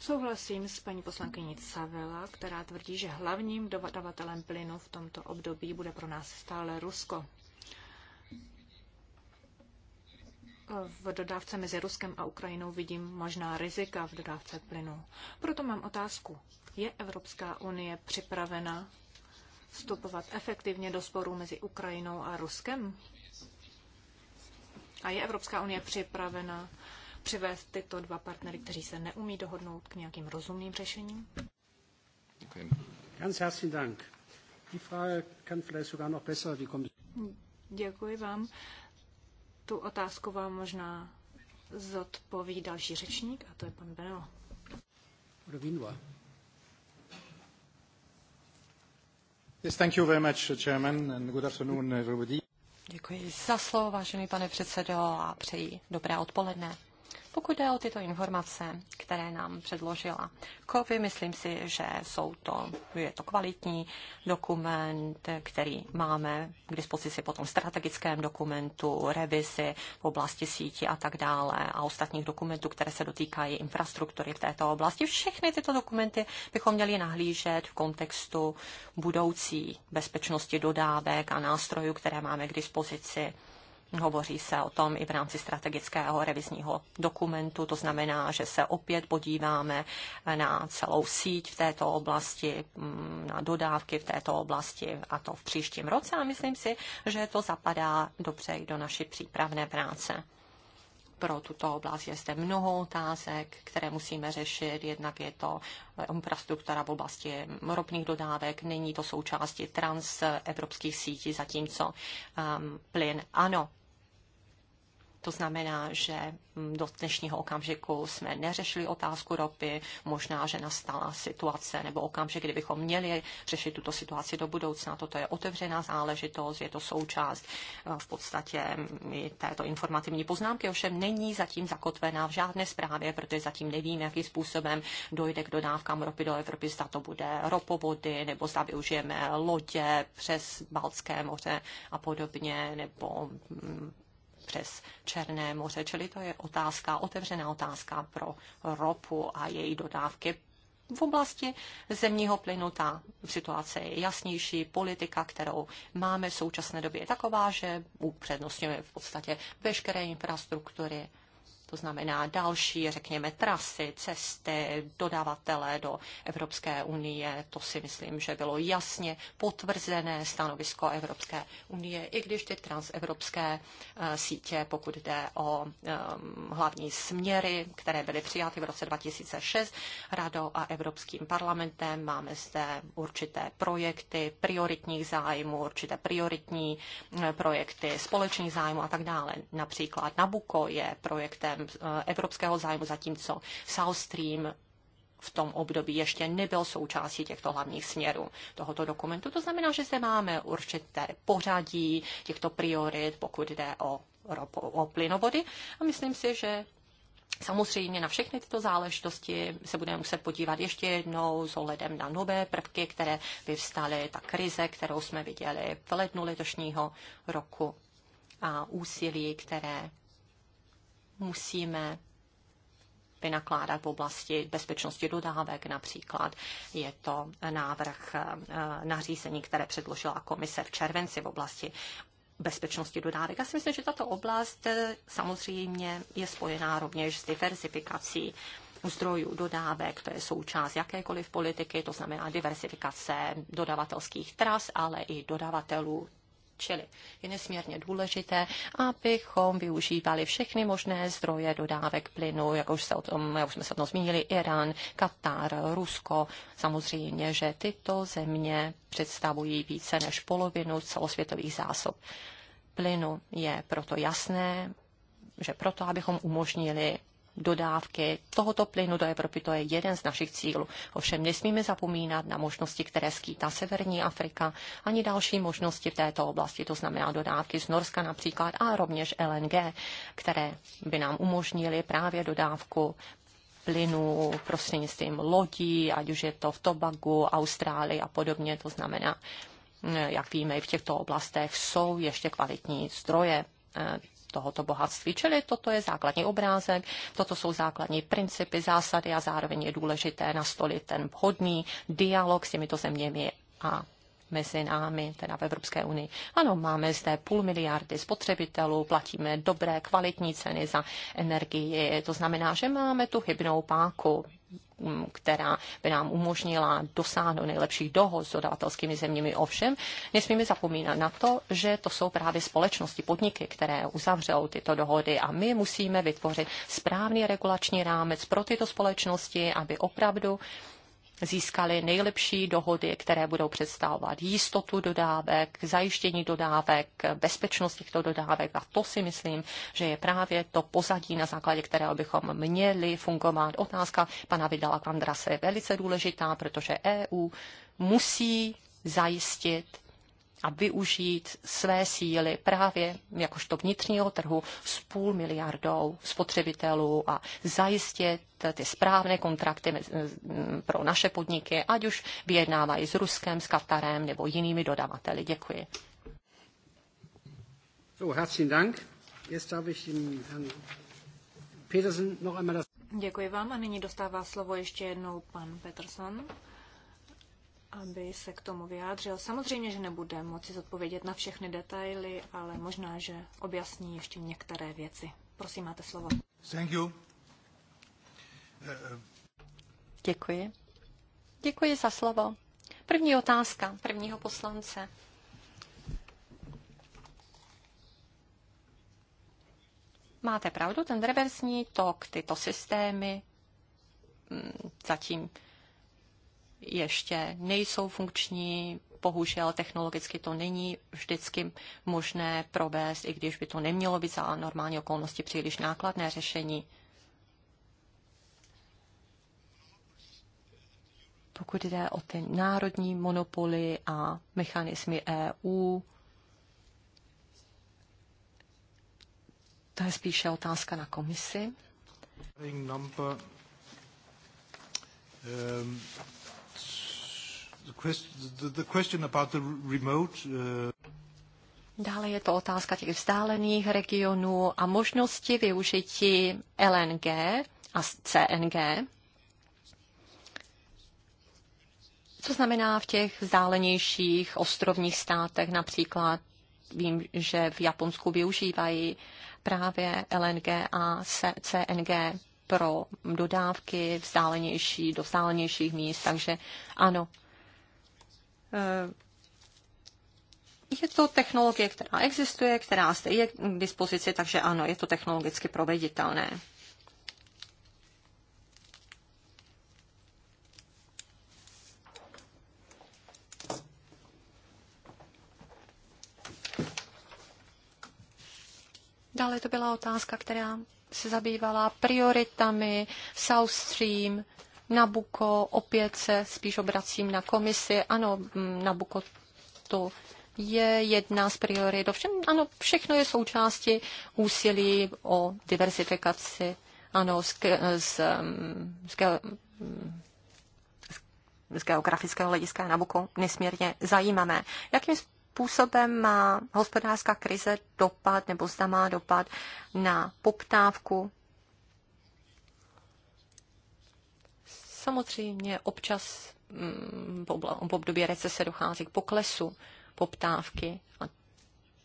Souhlasím s paní poslankyní Savela, která tvrdí, že hlavním dodavatelem plynu v tomto období bude pro nás stále Rusko. v dodávce mezi Ruskem a Ukrajinou vidím možná rizika v dodávce plynu. Proto mám otázku. Je Evropská unie připravena vstupovat efektivně do sporů mezi Ukrajinou a Ruskem? A je Evropská unie připravena přivést tyto dva partnery, kteří se neumí dohodnout k nějakým rozumným řešením? Die Frage kann vielleicht sogar noch besser Děkuji vám tu otázku vám možná zodpoví další řečník, a to je pan Beno. Rovinua. Yes, thank you very much, Chairman, and good afternoon, everybody. Děkuji za slovo, vážený pane předsedo, a přeji dobré odpoledne. Pokud jde o tyto informace, které nám předložila Kovy, myslím si, že jsou to, je to kvalitní dokument, který máme k dispozici potom v strategickém dokumentu, revizi v oblasti sítí a tak dále a ostatních dokumentů, které se dotýkají infrastruktury v této oblasti. Všechny tyto dokumenty bychom měli nahlížet v kontextu budoucí bezpečnosti dodávek a nástrojů, které máme k dispozici Hovoří se o tom i v rámci strategického revizního dokumentu, to znamená, že se opět podíváme na celou síť v této oblasti, mm, na dodávky v této oblasti a to v příštím roce a myslím si, že to zapadá dobře i do naší přípravné práce pro tuto oblast je zde mnoho otázek, které musíme řešit. Jednak je to eh, infrastruktura v oblasti ropných dodávek, není to součástí transevropských sítí, zatímco um, plyn ano, to znamená, že mm, do dnešního okamžiku jsme neřešili otázku ropy, možná, že nastala situace nebo okamžik, kdybychom měli řešit tuto situaci do budoucna. Toto je otevřená záležitost, je to součást eh, v podstatě mm, této informativní poznámky, ovšem není zatím zakotvená v žádné zprávě, protože zatím nevím, jakým způsobem dojde k dodávkám ropy do Evropy, zda to bude ropovody, nebo zda využijeme lodě přes Balcké moře a podobně, nebo mm, přes Černé moře. Čili to je otázka, otevřená otázka pro ropu a její dodávky. V oblasti zemního plynu ta situace je jasnější. Politika, kterou máme v současné době, je taková, že upřednostňuje v podstatě veškeré infrastruktury to znamená další, řekněme, trasy, cesty, dodavatele do Evropské unie. To si myslím, že bylo jasně potvrzené stanovisko Evropské unie, i když ty transevropské eh, sítě, pokud jde o ehm, hlavní směry, které byly přijaty v roce 2006 Radou a Evropským parlamentem, máme zde určité projekty prioritních zájmů, určité prioritní eh, projekty společných zájmů a tak dále. Například Nabuko je projektem, Eh, evropského zájmu, zatímco South Stream v tom období ještě nebyl součástí těchto hlavních směrů tohoto dokumentu. To znamená, že zde máme určité pořadí těchto priorit, pokud jde o, ropo, o plynovody. A myslím si, že Samozřejmě na všechny tyto záležitosti se budeme muset podívat ještě jednou s ohledem na nové prvky, které vyvstaly, ta krize, kterou jsme viděli v lednu letošního roku a úsilí, které musíme vynakládat v oblasti bezpečnosti dodávek například. Je to návrh eh, nařízení, které předložila komise v červenci v oblasti bezpečnosti dodávek. Já si myslím, že tato oblast eh, samozřejmě je spojená rovněž s diversifikací zdrojů dodávek, to je součást jakékoliv politiky, to znamená diversifikace dodavatelských tras, ale i dodavatelů Čili je nesmírně důležité, abychom využívali všechny možné zdroje dodávek plynu, jak už, se o tom, jak už jsme se o tom zmínili, Irán, Katar, Rusko. Samozřejmě, že tyto země představují více než polovinu celosvětových zásob plynu. Je proto jasné, že proto, abychom umožnili dodávky tohoto plynu do Evropy. To je jeden z našich cílů. Ovšem nesmíme zapomínat na možnosti, které skýtá Severní Afrika, ani další možnosti v této oblasti, to znamená dodávky z Norska například a rovněž LNG, které by nám umožnily právě dodávku plynu prostřednictvím lodí, ať už je to v Tobagu, Austrálii a podobně. To znamená, eh, jak víme, i v těchto oblastech jsou ještě kvalitní zdroje eh, tohoto bohatství. Čili toto je základní obrázek, toto jsou základní principy, zásady a zároveň je důležité nastolit ten vhodný dialog s těmito zeměmi a mezi námi, teda v Evropské unii. Ano, máme zde půl miliardy spotřebitelů, platíme dobré, kvalitní ceny za energii. To znamená, že máme tu hybnou páku mm, která by nám umožnila dosáhnout nejlepších dohod s dodavatelskými zeměmi. Ovšem, nesmíme zapomínat na to, že to jsou právě společnosti, podniky, které uzavřou tyto dohody a my musíme vytvořit správný regulační rámec pro tyto společnosti, aby opravdu získali nejlepší dohody, které budou představovat jistotu dodávek, zajištění dodávek, bezpečnost těchto dodávek. A to si myslím, že je právě to pozadí, na základě kterého bychom měli fungovat. Otázka pana Vidala Kandrase je velice důležitá, protože EU musí zajistit a využít své síly právě jakožto vnitřního trhu s půl miliardou spotřebitelů a zajistit ty správné kontrakty pro naše podniky, ať už vyjednávají s Ruskem, s Katarem nebo jinými dodavateli. Děkuji. So, herzlichen Dank. Jetzt darf ich den Herrn Petersen noch einmal das... Děkuji vám a nyní dostává slovo ještě jednou pan Peterson aby se k tomu vyjádřil. Samozřejmě, že nebude moci zodpovědět na všechny detaily, ale možná, že objasní ještě některé věci. Prosím, máte slovo. Thank you. Děkuji. Děkuji za slovo. První otázka prvního poslance. Máte pravdu, ten reverzní tok, tyto systémy mm, zatím ještě nejsou funkční, bohužel technologicky to není vždycky možné provést, i když by to nemělo být za normální okolnosti příliš nákladné řešení. Pokud jde o ty národní monopoly a mechanismy EU, to je spíše otázka na komisi. Number, um, The question, about the remote, uh... Dále je to otázka těch vzdálených regionů a možnosti využití LNG a CNG. Co znamená v těch vzdálenějších ostrovních státech například vím, že v Japonsku využívají právě LNG a CNG pro dodávky vzdálenější, do vzdálenějších míst, takže ano, Eh, je to technologie, která existuje, která zde je k dispozici, takže ano, je to technologicky proveditelné. Dále to byla otázka, která se zabývala prioritami South Stream, Nabuko, opět se spíš obracím na komisi. Ano, mm, Nabuko to je jedna z priorit. Ovšem, ano, všechno je součástí úsilí o diversifikaci. Ano, z, z, mm, z, mm, z geografického hlediska Nabuko nesmírně zajímavé. Jakým způsobem má hospodářská krize dopad nebo zda má dopad na poptávku Samozřejmě občas mm, v období recese dochází k poklesu poptávky a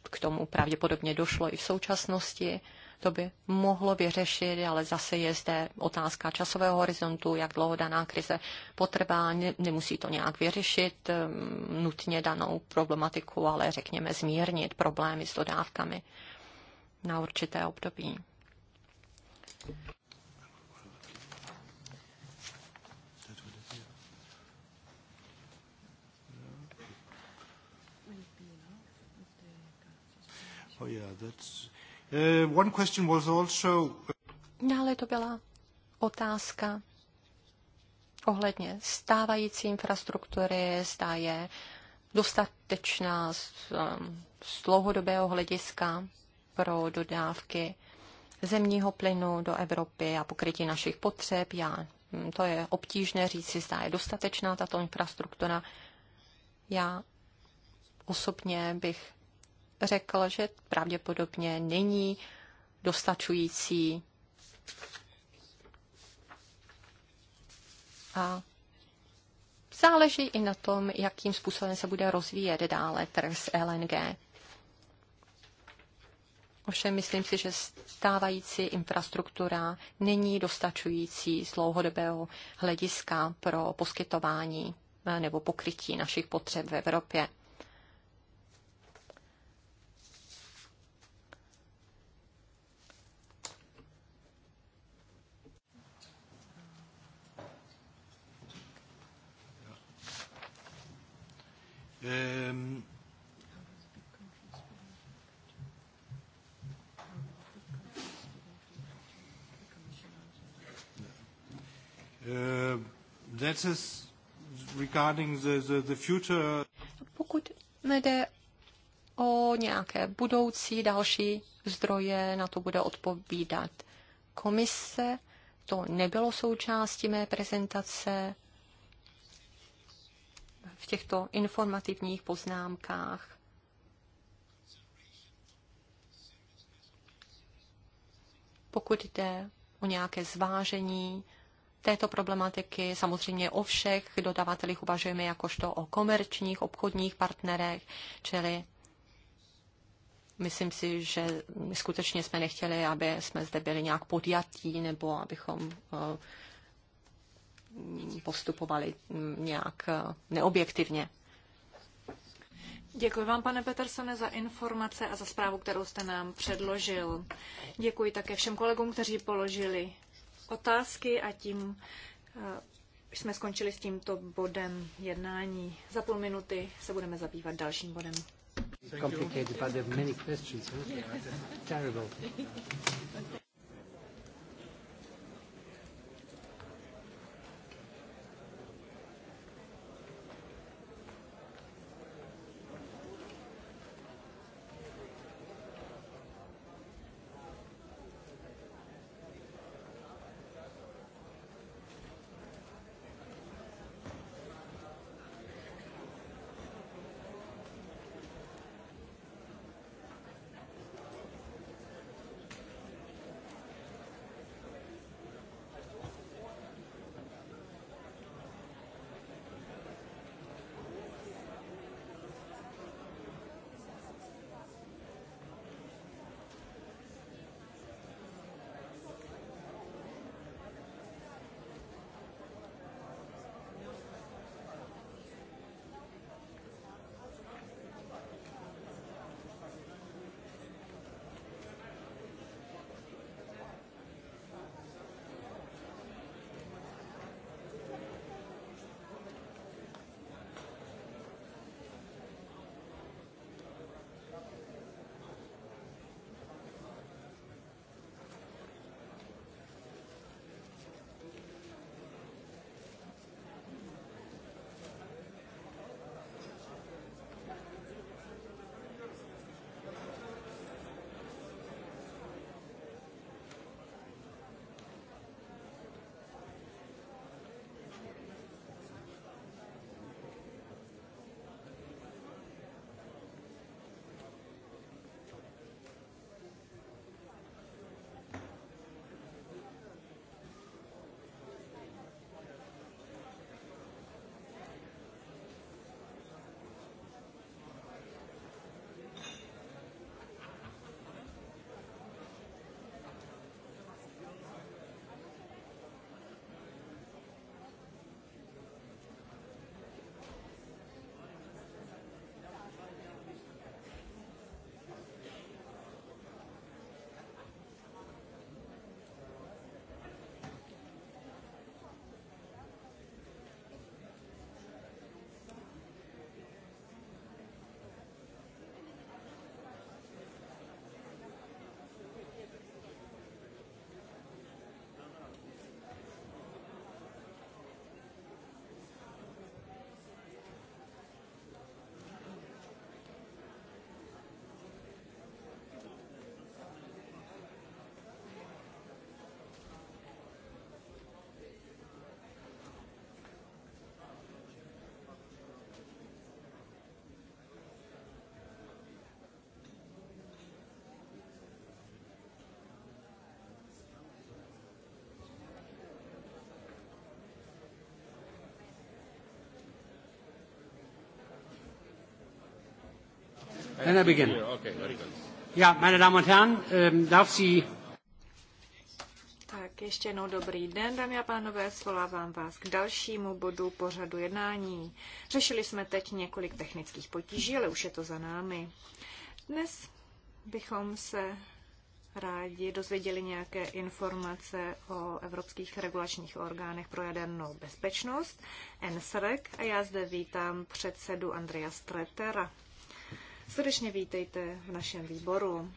k tomu pravděpodobně došlo i v současnosti. To by mohlo vyřešit, ale zase je zde otázka časového horizontu, jak dlouho daná krize potrvá. Ne, nemusí to nějak vyřešit mm, nutně danou problematiku, ale řekněme zmírnit problémy s dodávkami na určité období. Oh, yeah, that's... Uh, one question was also... Dále uh, no, to byla otázka ohledně stávající infrastruktury, zda je dostatečná z, um, z dlouhodobého hlediska pro dodávky zemního plynu do Evropy a pokrytí našich potřeb. Já, hm, to je obtížné říci, zda je dostatečná tato infrastruktura. Já osobně bych řekl, že pravděpodobně není dostačující a záleží i na tom, jakým způsobem se bude rozvíjet dále trh s LNG. Ovšem myslím si, že stávající infrastruktura není dostačující z dlouhodobého hlediska pro poskytování nebo pokrytí našich potřeb v Evropě. Um, uh, that is regarding the, the, the future. Pokud jde o nějaké budoucí další zdroje, na to bude odpovídat komise. To nebylo součástí mé prezentace v těchto informativních poznámkách. Pokud jde o nějaké zvážení této problematiky, samozřejmě o všech dodavatelích uvažujeme jakožto o komerčních, obchodních partnerech, čili myslím si, že skutečně jsme nechtěli, aby jsme zde byli nějak podjatí nebo abychom eh, postupovali nějak neobjektivně. Děkuji vám, pane Petersone, za informace a za zprávu, kterou jste nám předložil. Děkuji také všem kolegům, kteří položili otázky a tím eh, jsme skončili s tímto bodem jednání. Za půl minuty se budeme zabývat dalším bodem. Complicated, but there are many questions. Huh? Terrible. Then I begin. Ja, meine Damen und Herren, ähm, darf Sie... Tak ještě jednou dobrý den, dámy a pánové, svolávám vás k dalšímu bodu pořadu jednání. Řešili jsme teď několik technických potíží, ale už je to za námi. Dnes bychom se rádi dozvěděli nějaké informace o evropských regulačních orgánech pro jadernou bezpečnost, ENSREC, a já zde vítám předsedu Andrea Stretera. Srdečně vítejte v našem výboru.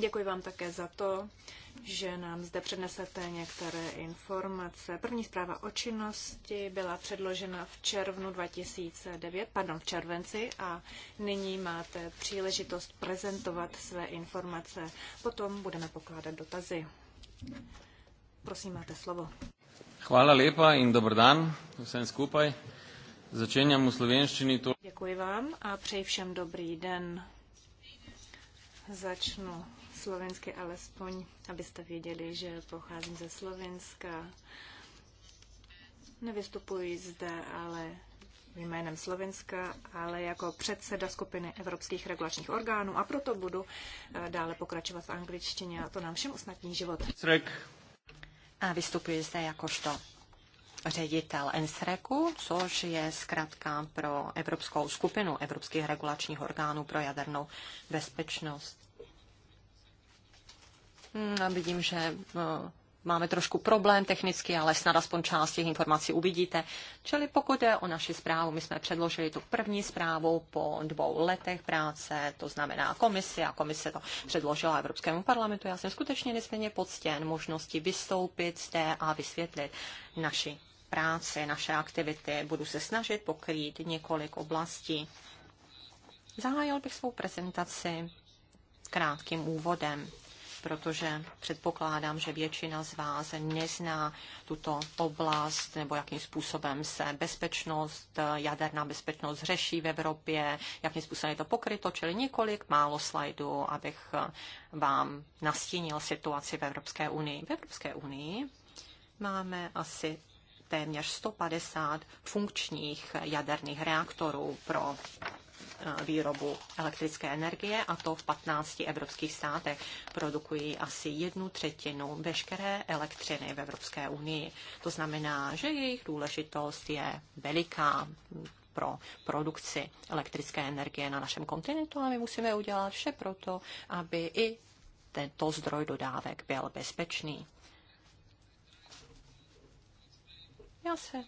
Děkuji vám také za to, že nám zde přednesete některé informace. První zpráva o činnosti byla předložena v červnu 2009, pardon, v červenci a nyní máte příležitost prezentovat své informace. Potom budeme pokládat dotazy. Prosím, máte slovo. Hvala lepa in Dobrý den, vsem skupaj. Začínám u slovenštiny. To... Děkuji vám a přeji všem dobrý den. Začnu slovensky alespoň, abyste věděli, že pocházím ze Slovenska. Nevystupuji zde, ale jménem Slovenska, ale jako předseda skupiny evropských regulačních orgánů a proto budu eh, dále pokračovat v angličtině a to nám všem usnadní život. Srek. A vystupuji zde jakožto ředitel ENSREKu, což je zkrátka pro Evropskou skupinu Evropských regulačních orgánů pro jadernou bezpečnost. A hmm, vidím, že eh, máme trošku problém technicky, ale snad aspoň část těch informací uvidíte. Čili pokud je o naši zprávu, my jsme předložili tu první zprávu po dvou letech práce, to znamená komisi a komise to předložila Evropskému parlamentu. Já jsem skutečně nesmírně poctěn možnosti vystoupit zde a vysvětlit naši práci, naše aktivity. Budu se snažit pokrýt několik oblastí. Zahájil bych svou prezentaci krátkým úvodem, protože předpokládám, že většina z vás nezná tuto oblast nebo jakým způsobem se bezpečnost, jaderná bezpečnost řeší v Evropě, jakým způsobem je to pokryto, čili několik málo slajdů, abych vám nastínil situaci v Evropské unii. V Evropské unii máme asi téměř 150 funkčních jaderných reaktorů pro eh, výrobu elektrické energie a to v 15 evropských státech. Produkují asi jednu třetinu veškeré elektřiny v Evropské unii. To znamená, že jejich důležitost je veliká pro produkci elektrické energie na našem kontinentu a my musíme udělat vše proto, aby i tento zdroj dodávek byl bezpečný. Já se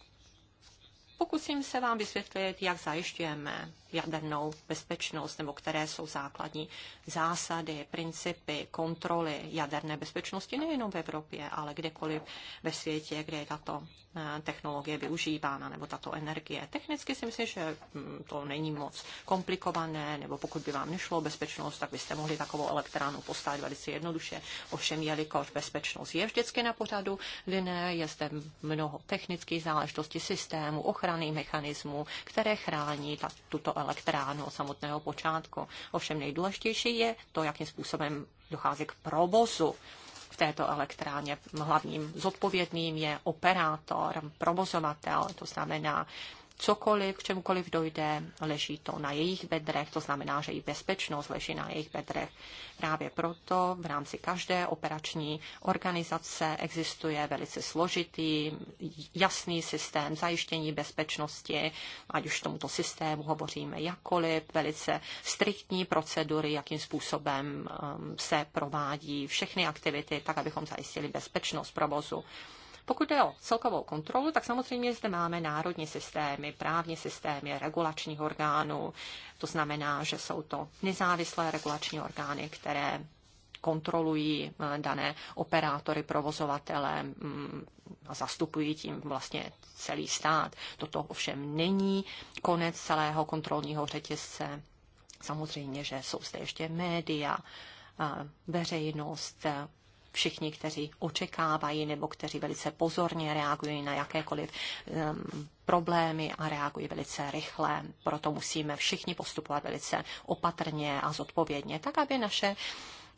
pokusím se vám vysvětlit, jak zajišťujeme jadernou bezpečnost nebo které jsou základní zásady, principy, kontroly jaderné bezpečnosti nejenom v Evropě, ale kdekoliv ve světě, kde je tato eh, technologie využívána nebo tato energie. Technicky si myslím, že hm, to není moc komplikované, nebo pokud by vám nešlo bezpečnost, tak byste mohli takovou elektránu postavit velice jednoduše. Ovšem, jelikož bezpečnost je vždycky na pořadu dne, je zde mnoho technických záležitostí systému, ochrany mechanismů, které chrání ta, tuto elektrárnu od samotného počátku. Ovšem nejdůležitější je to, jakým způsobem dochází k provozu v této elektrárně. Hlavním zodpovědným je operátor, provozovatel, to znamená cokoliv, k čemukoliv dojde, leží to na jejich bedrech, to znamená, že i bezpečnost leží na jejich bedrech. Právě proto v rámci každé operační organizace existuje velice složitý, jasný systém zajištění bezpečnosti, ať už tomuto systému hovoříme jakkoliv, velice striktní procedury, jakým způsobem um, se provádí všechny aktivity, tak abychom zajistili bezpečnost provozu. Pokud jde o celkovou kontrolu, tak samozřejmě zde máme národní systémy, právní systémy, regulačních orgánů. To znamená, že jsou to nezávislé regulační orgány, které kontrolují eh, dané operátory, provozovatele mm, a zastupují tím vlastně celý stát. Toto ovšem není konec celého kontrolního řetězce. Samozřejmě, že jsou zde ještě média, eh, veřejnost, všichni, kteří očekávají nebo kteří velice pozorně reagují na jakékoliv um, problémy a reagují velice rychle. Proto musíme všichni postupovat velice opatrně a zodpovědně, tak aby naše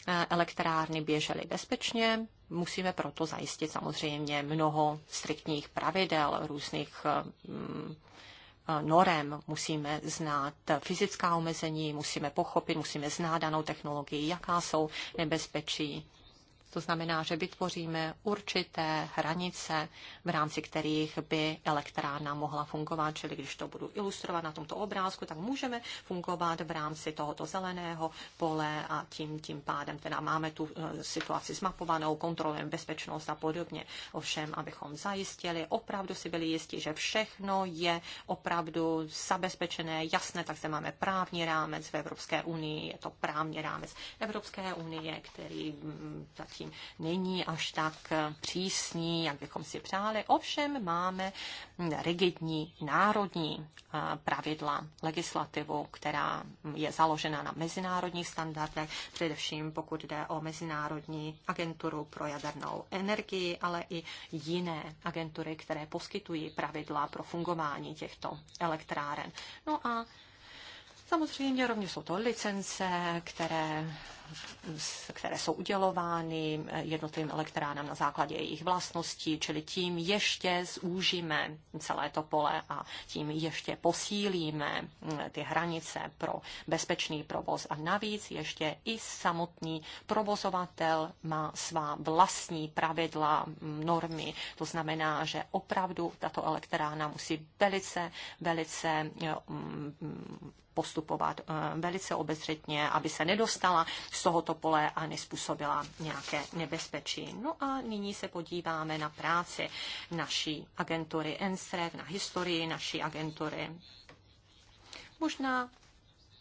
eh, elektrárny běžely bezpečně. Musíme proto zajistit samozřejmě mnoho striktních pravidel, různých um, norem, musíme znát fyzická omezení, musíme pochopit, musíme znát danou technologii, jaká jsou nebezpečí. To znamená, že vytvoříme určité hranice, v rámci kterých by elektrárna mohla fungovat. Čili když to budu ilustrovat na tomto obrázku, tak můžeme fungovat v rámci tohoto zeleného pole a tím, tím pádem teda máme tu eh, situaci zmapovanou, kontrolujeme bezpečnost a podobně. Ovšem, abychom zajistili, opravdu si byli jistí, že všechno je opravdu zabezpečené, jasné, tak zde máme právní rámec v Evropské unii, je to právní rámec Evropské unie, který mm, zatím zatím není až tak přísný, jak bychom si přáli. Ovšem máme rigidní národní eh, pravidla, legislativu, která je založena na mezinárodních standardech, především pokud jde o Mezinárodní agenturu pro jadernou energii, ale i jiné agentury, které poskytují pravidla pro fungování těchto elektráren. No a Samozřejmě rovněž jsou to licence, které, které jsou udělovány jednotlivým elektrárnám na základě jejich vlastností, čili tím ještě zúžíme celé to pole a tím ještě posílíme mm, ty hranice pro bezpečný provoz. A navíc ještě i samotný provozovatel má svá vlastní pravidla, mm, normy. To znamená, že opravdu tato elektrárna musí velice, velice mm, postupovat eh, velice obezřetně, aby se nedostala z tohoto pole a nespůsobila nějaké nebezpečí. No a nyní se podíváme na práci naší agentury Enstrev, na historii naší agentury. Možná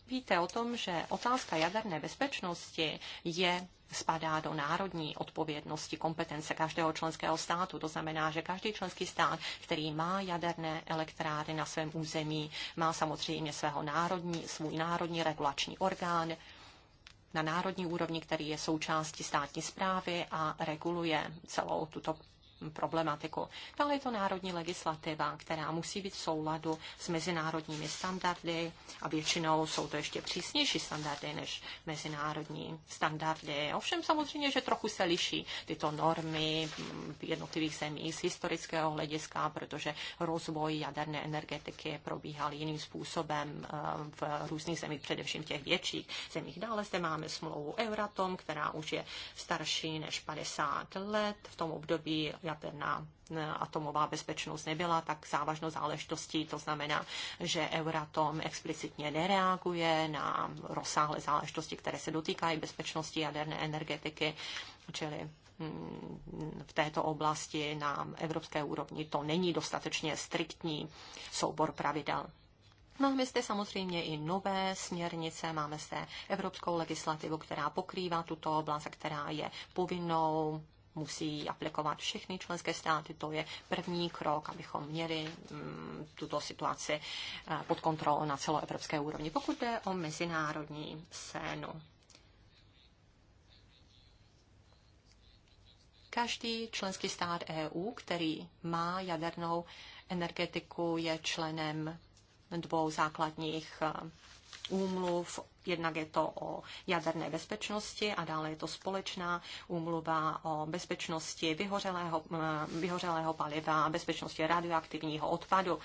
víte o tom, že otázka jaderné bezpečnosti je spadá do národní odpovědnosti kompetence každého členského státu. To znamená, že každý členský stát, který má jaderné elektrárny na svém území, má samozřejmě svého národní, svůj národní regulační orgán na národní úrovni, který je součástí státní zprávy a reguluje celou tuto problematiku. Dále je to národní legislativa, která musí být v souladu s mezinárodními standardy a většinou jsou to ještě přísnější standardy než mezinárodní standardy. Ovšem samozřejmě, že trochu se liší tyto normy v jednotlivých zemích z historického hlediska, protože rozvoj jaderné energetiky probíhal jiným způsobem eh, v různých zemích, především těch větších zemích. Dále zde máme smlouvu Euratom, která už je starší než 50 let. V tom období jaderná atomová bezpečnost nebyla tak závažnou záležitostí. To znamená, že Euratom explicitně nereaguje na rozsáhlé záležitosti, které se dotýkají bezpečnosti jaderné energetiky, čili mm, v této oblasti na evropské úrovni to není dostatečně striktní soubor pravidel. Máme zde samozřejmě i nové směrnice, máme zde evropskou legislativu, která pokrývá tuto oblast která je povinnou musí aplikovat všechny členské státy. To je první krok, abychom měli mm, tuto situaci eh, pod kontrolou na celoevropské úrovni. Pokud jde o mezinárodní scénu, každý členský stát EU, který má jadernou energetiku, je členem dvou základních eh, úmluv Jednak je to o jaderné bezpečnosti a dále je to společná úmluva o bezpečnosti vyhořelého, vyhořelého paliva, bezpečnosti radioaktivního odpadu.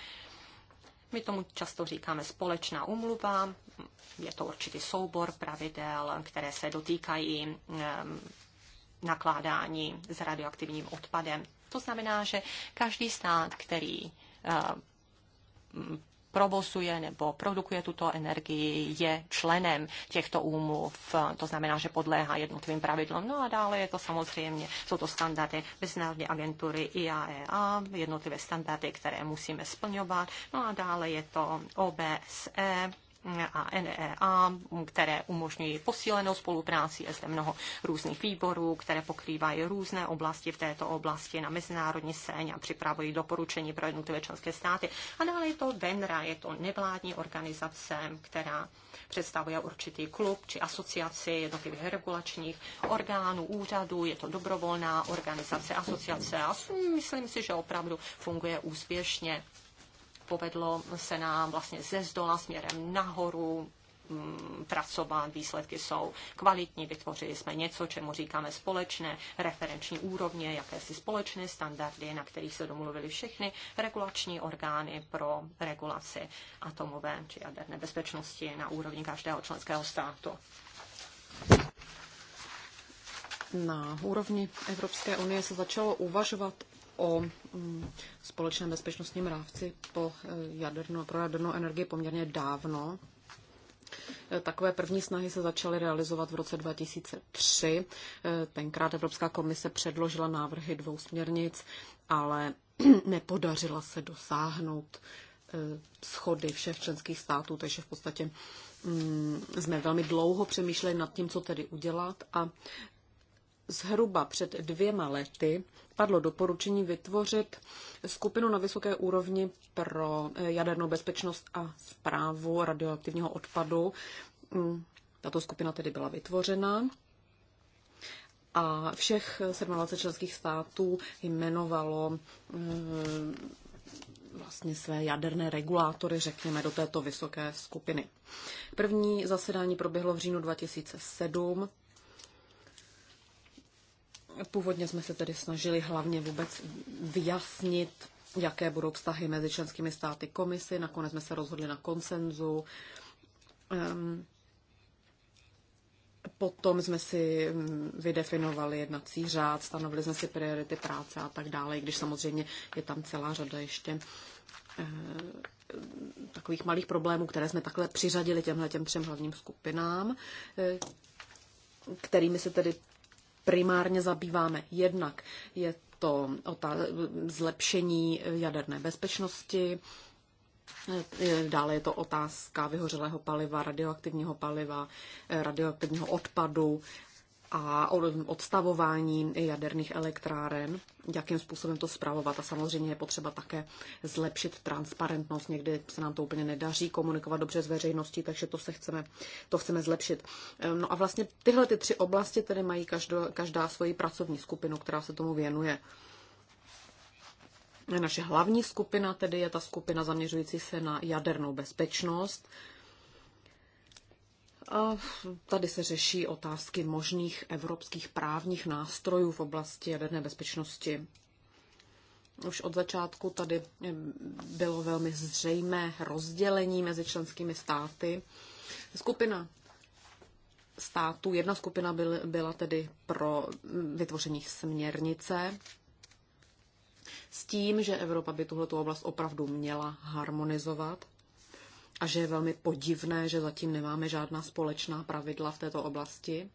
My tomu často říkáme společná umluva, je to určitý soubor pravidel, které se dotýkají nakládání s radioaktivním odpadem. To znamená, že každý stát, který eh, provozuje nebo produkuje tuto energii, je členem těchto úmluv. To znamená, že podléhá jednotlivým pravidlům. No a dále je to samozřejmě, jsou to standardy Mezinárodní agentury IAEA, e jednotlivé standardy, které musíme splňovat. No a dále je to OBSE, a NEA, které umožňují posílenou spolupráci. Je zde mnoho různých výborů, které pokrývají různé oblasti v této oblasti na mezinárodní scéně a připravují doporučení pro jednotlivé členské státy. A dále je to VENRA, je to nevládní organizace, která představuje určitý klub či asociaci jednotlivých regulačních orgánů, úřadů. Je to dobrovolná organizace, asociace a myslím si, že opravdu funguje úspěšně povedlo se nám vlastně ze zdola směrem nahoru mm, pracovat, výsledky jsou kvalitní, vytvořili jsme něco, čemu říkáme společné referenční úrovně, jakési společné standardy, na kterých se domluvili všechny regulační orgány pro regulaci atomové či jaderné bezpečnosti na úrovni každého členského státu. Na úrovni Evropské unie se začalo uvažovat o mm, společném bezpečnostním rávci po e, jadernou, pro jadernou energii poměrně dávno. E, takové první snahy se začaly realizovat v roce 2003. E, tenkrát Evropská komise předložila návrhy dvou směrnic, ale *clears throat* nepodařila se dosáhnout schody všech členských států, takže v podstatě mm, jsme velmi dlouho přemýšleli nad tím, co tedy udělat a zhruba před dvěma lety padlo doporučení vytvořit skupinu na vysoké úrovni pro eh, jadernou bezpečnost a zprávu radioaktivního odpadu. Mm, tato skupina tedy byla vytvořena a všech 27 členských států jmenovalo eh, vlastně své jaderné regulátory, řekněme, do této vysoké skupiny. První zasedání proběhlo v říjnu 2007 Původně jsme se tedy snažili hlavně vůbec vyjasnit, jaké budou vztahy mezi členskými státy komisy. Nakonec jsme se rozhodli na konsenzu. Ehm, potom jsme si mm, vydefinovali jednací řád, stanovili jsme si priority práce a tak dále, i když samozřejmě je tam celá řada ještě ehm, takových malých problémů, které jsme takhle přiřadili těmhle těm třem hlavním skupinám, ehm, kterými se tedy primárně zabýváme. Jednak je to zlepšení jaderné bezpečnosti, Dále je to otázka vyhořelého paliva, radioaktivního paliva, eh, radioaktivního odpadu, a odstavování jaderných elektráren, jakým způsobem to zpravovat. A samozřejmě je potřeba také zlepšit transparentnost. Někdy se nám to úplně nedaří komunikovat dobře s veřejností, takže to, se chceme, to chceme zlepšit. Ehm, no a vlastně tyhle ty tři oblasti tedy mají každá, každá svoji pracovní skupinu, která se tomu věnuje. Naše hlavní skupina tedy je ta skupina zaměřující se na jadernou bezpečnost, a tady se řeší otázky možných evropských právních nástrojů v oblasti jaderné bezpečnosti. Už od začátku tady bylo velmi zřejmé rozdělení mezi členskými státy. Skupina států, jedna skupina byl, byla tedy pro vytvoření směrnice s tím, že Evropa by tuhle oblast opravdu měla harmonizovat a že je velmi podivné, že zatím nemáme žádná společná pravidla v této oblasti.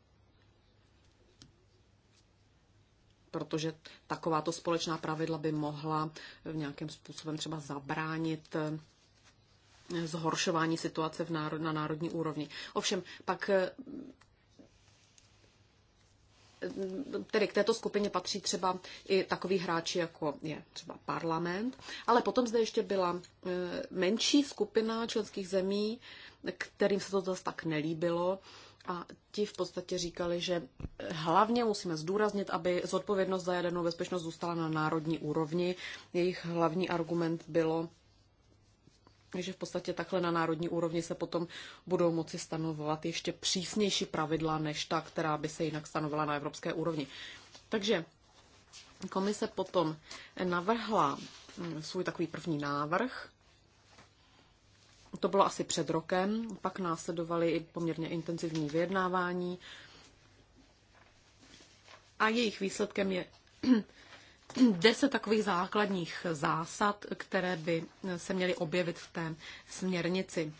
protože takováto společná pravidla by mohla v nějakém způsobem třeba zabránit eh, zhoršování situace v národ, na národní úrovni. Ovšem, pak eh, tedy k této skupině patří třeba i takový hráči, jako je třeba parlament, ale potom zde ještě byla eh, menší skupina členských zemí, kterým se to zase tak nelíbilo, a ti v podstatě říkali, že hlavně musíme zdůraznit, aby zodpovědnost za jadernou bezpečnost zůstala na národní úrovni. Jejich hlavní argument bylo, že v podstatě takhle na národní úrovni se potom budou moci stanovovat ještě přísnější pravidla než ta, která by se jinak stanovila na evropské úrovni. Takže komise potom navrhla mm, svůj takový první návrh. To bylo asi před rokem, pak následovaly i poměrně intenzivní vyjednávání a jejich výsledkem je *clears throat* deset takových základních zásad, které by se měly objevit v té směrnici.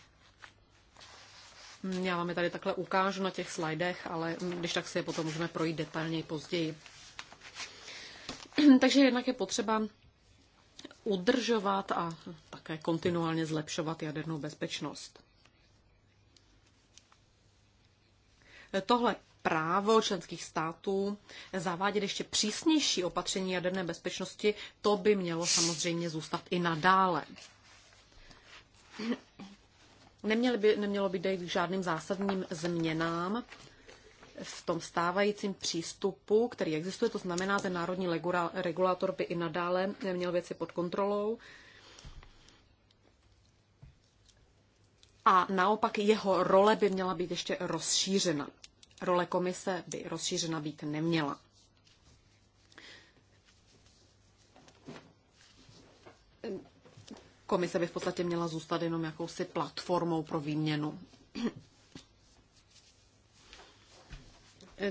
Já vám je tady takhle ukážu na těch slajdech, ale když tak si je potom můžeme projít detailněji později. *clears throat* Takže jednak je potřeba udržovat a také kontinuálně zlepšovat jadernou bezpečnost. Tohle právo členských států zavádět ještě přísnější opatření jaderné bezpečnosti, to by mělo samozřejmě zůstat i nadále. Neměli by, nemělo by dojít k žádným zásadním změnám v tom stávajícím přístupu, který existuje, to znamená, ten národní regulátor by i nadále měl věci pod kontrolou. A naopak jeho role by měla být ještě rozšířena. Role komise by rozšířena být neměla. Komise by v podstatě měla zůstat jenom jakousi platformou pro výměnu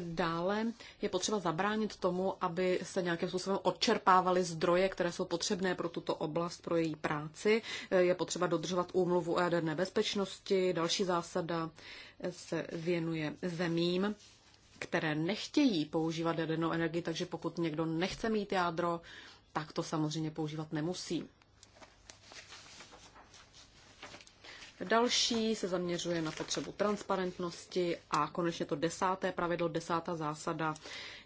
Dále je potřeba zabránit tomu, aby se nějakým způsobem odčerpávaly zdroje, které jsou potřebné pro tuto oblast, pro její práci. Je potřeba dodržovat úmluvu o jaderné bezpečnosti. Další zásada se věnuje zemím, které nechtějí používat jadernou energii, takže pokud někdo nechce mít jádro, tak to samozřejmě používat nemusí. Další se zaměřuje na potřebu transparentnosti a konečně to desáté pravidlo, desátá zásada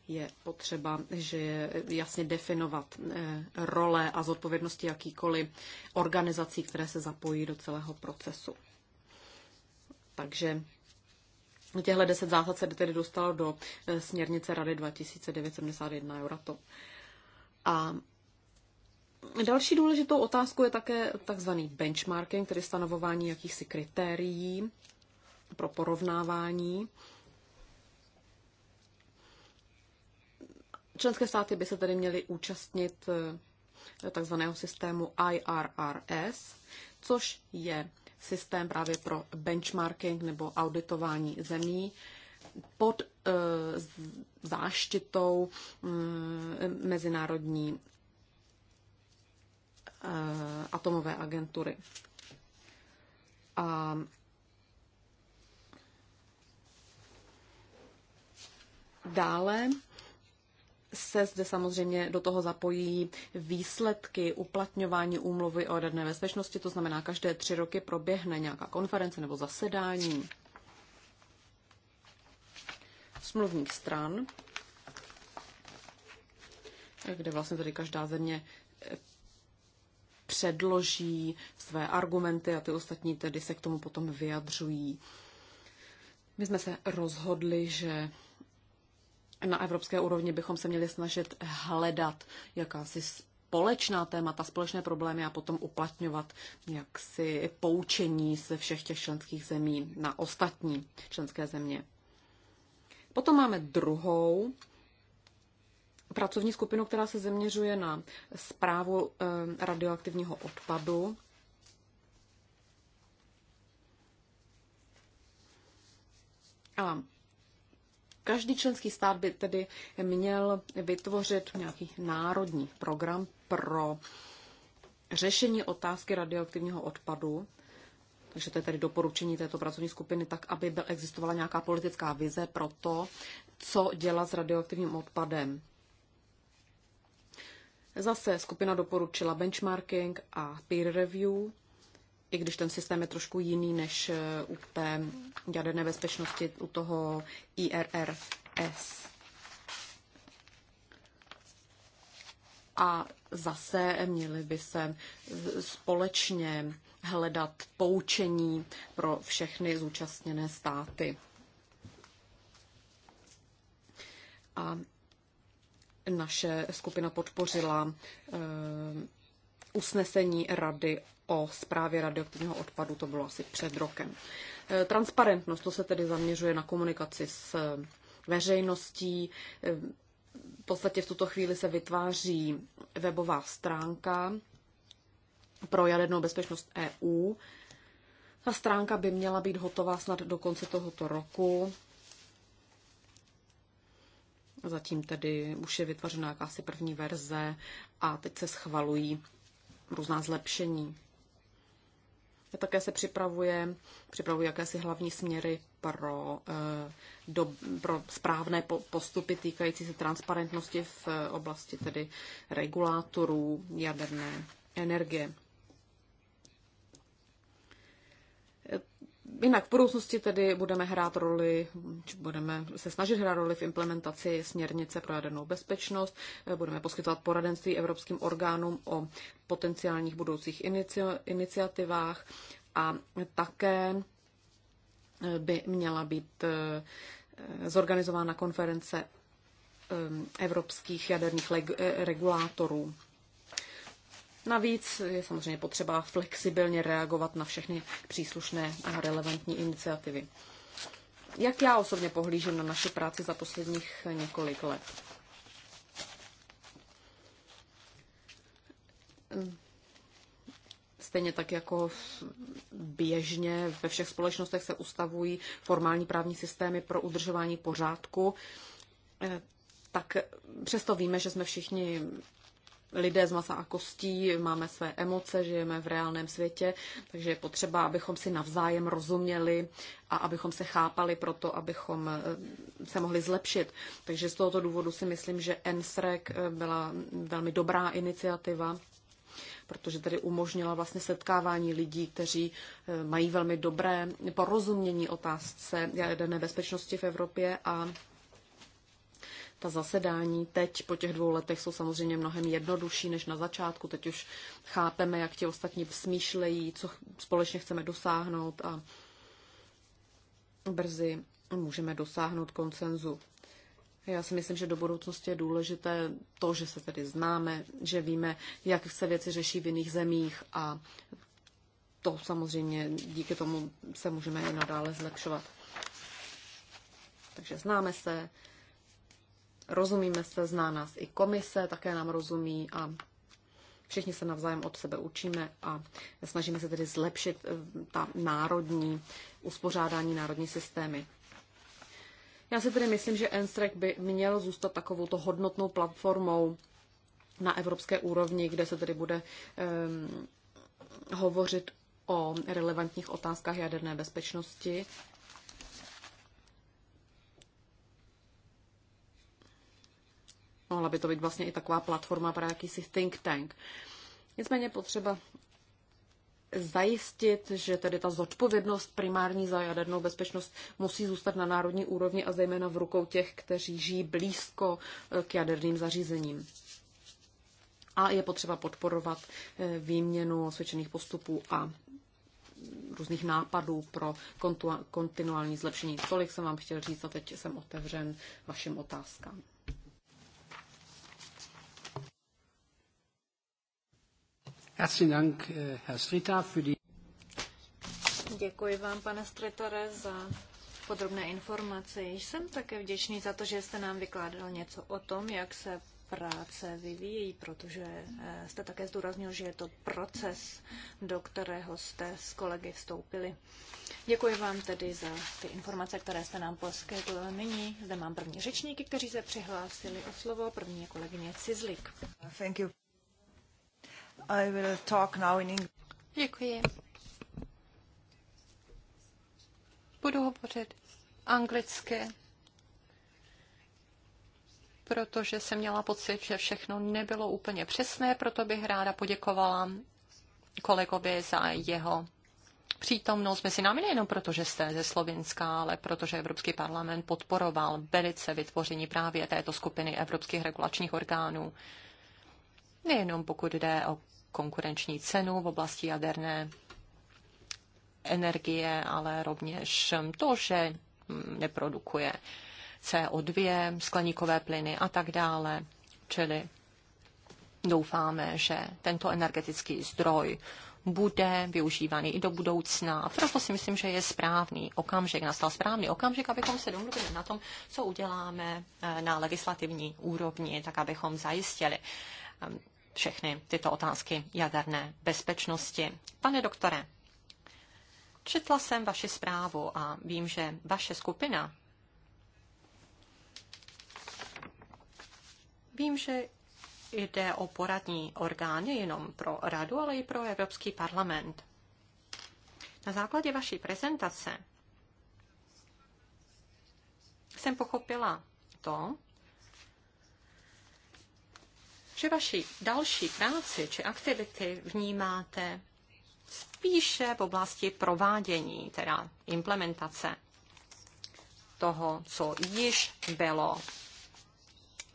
je potřeba, že je jasně definovat eh, role a zodpovědnosti jakýkoliv organizací, které se zapojí do celého procesu. Takže těchto deset zásad se tedy dostalo do eh, směrnice Rady 2971 Euratom. A Další důležitou otázku je také takzvaný benchmarking, tedy stanovování jakýchsi kritérií pro porovnávání. Členské státy by se tedy měly účastnit eh, takzvaného systému IRRS, což je systém právě pro benchmarking nebo auditování zemí pod eh, záštitou mm, Mezinárodní Eh, atomové agentury. A dále se zde samozřejmě do toho zapojí výsledky uplatňování úmluvy o jaderné bezpečnosti, to znamená, každé tři roky proběhne nějaká konference nebo zasedání smluvních stran, kde vlastně tady každá země předloží své argumenty a ty ostatní tedy se k tomu potom vyjadřují. My jsme se rozhodli, že na evropské úrovni bychom se měli snažit hledat jakási společná témata, společné problémy a potom uplatňovat jaksi poučení ze všech těch členských zemí na ostatní členské země. Potom máme druhou pracovní skupinu, která se zaměřuje na zprávu eh, radioaktivního odpadu. A každý členský stát by tedy měl vytvořit nějaký národní program pro řešení otázky radioaktivního odpadu. Takže to je tedy doporučení této pracovní skupiny, tak aby byl, existovala nějaká politická vize pro to, co dělat s radioaktivním odpadem. Zase skupina doporučila benchmarking a peer review, i když ten systém je trošku jiný než eh, u té jaderné bezpečnosti, u toho IRRS. A zase měli by se společně hledat poučení pro všechny zúčastněné státy. A naše skupina podpořila eh, usnesení rady o zprávě radioaktivního odpadu, to bylo asi před rokem. Eh, transparentnost, to se tedy zaměřuje na komunikaci s eh, veřejností. V podstatě v tuto chvíli se vytváří webová stránka pro jadernou bezpečnost EU. Ta stránka by měla být hotová snad do konce tohoto roku. Zatím tedy už je vytvořena jakási první verze a teď se schvalují různá zlepšení. A také se připravuje, připravuje jakési hlavní směry pro, eh, do, pro správné postupy týkající se transparentnosti v oblasti tedy regulátorů jaderné energie. Jinak v budoucnosti tedy budeme hrát roli, či budeme se snažit hrát roli v implementaci směrnice pro jadernou bezpečnost, eh, budeme poskytovat poradenství evropským orgánům o potenciálních budoucích inicio, iniciativách a také eh, by měla být eh, zorganizována konference evropských jaderných regulátorů. Navíc je samozřejmě potřeba flexibilně reagovat na všechny příslušné a relevantní iniciativy. Jak já osobně pohlížím na naši práci za posledních několik let? Stejně tak jako běžně ve všech společnostech se ustavují formální právní systémy pro udržování pořádku, eh, tak přesto víme, že jsme všichni lidé z masa a kostí, máme své emoce, žijeme v reálném světě, takže je potřeba, abychom si navzájem rozuměli a abychom se chápali pro to, abychom eh, se mohli zlepšit. Takže z tohoto důvodu si myslím, že NSREC eh, byla velmi dobrá iniciativa, protože tady umožnila vlastně setkávání lidí, kteří eh, mají velmi dobré porozumění otázce jaderné bezpečnosti v Evropě a ta zasedání teď po těch dvou letech jsou samozřejmě mnohem jednodušší než na začátku. Teď už chápeme, jak ti ostatní smýšlejí, co společně chceme dosáhnout a brzy můžeme dosáhnout koncenzu. Já si myslím, že do budoucnosti je důležité to, že se tedy známe, že víme, jak se věci řeší v jiných zemích a to samozřejmě díky tomu se můžeme i nadále zlepšovat. Takže známe se, rozumíme se, zná nás i komise, také nám rozumí a všichni se navzájem od sebe učíme a snažíme se tedy zlepšit eh, ta národní uspořádání, národní systémy. Já si tedy myslím, že NSTREC by měl zůstat takovouto hodnotnou platformou na evropské úrovni, kde se tedy bude um, hovořit o relevantních otázkách jaderné bezpečnosti Mohla by to být vlastně i taková platforma pro jakýsi think tank. Nicméně potřeba zajistit, že tedy ta zodpovědnost primární za jadernou bezpečnost musí zůstat na národní úrovni a zejména v rukou těch, kteří žijí blízko eh, k jaderným zařízením. A je potřeba podporovat eh, výměnu osvědčených postupů a různých nápadů pro kontinuální zlepšení. Tolik jsem vám chtěl říct a teď jsem otevřen vašim otázkám. Herzlichen Dank, eh, Herr Strita, für die... Děkuji vám, pane Stritore, za podrobné informace. Jsem také vděčný za to, že jste nám vykládal něco o tom, jak se práce vyvíjí, protože eh, jste také zdůraznil, že je to proces, do kterého jste s kolegy vstoupili. Děkuji vám tedy za ty informace, které jste nám poskytl. Nyní zde mám první řečníky, kteří se přihlásili o slovo. První je kolegyně Cizlik. Thank you. I will talk now in English. Děkuji. Budu hovořit anglicky, protože jsem měla pocit, že všechno nebylo úplně přesné, proto bych ráda poděkovala kolegovi za jeho přítomnost mezi námi nejenom proto, že jste ze Slovinska, ale protože Evropský parlament podporoval velice vytvoření právě této skupiny evropských regulačních orgánů. Nejenom pokud jde o konkurenční cenu v oblasti jaderné energie, ale rovněž to, že neprodukuje CO2, skleníkové plyny a tak dále. Čili doufáme, že tento energetický zdroj bude využívaný i do budoucna. A proto si myslím, že je správný okamžik, nastal správný okamžik, abychom se domluvili na tom, co uděláme eh, na legislativní úrovni, tak abychom zajistili všechny tyto otázky jaderné bezpečnosti. Pane doktore, četla jsem vaši zprávu a vím, že vaše skupina Vím, že jde o poradní orgány jenom pro radu, ale i pro Evropský parlament. Na základě vaší prezentace jsem pochopila to, že vaši další práci či aktivity vnímáte spíše v oblasti provádění, teda implementace toho, co již bylo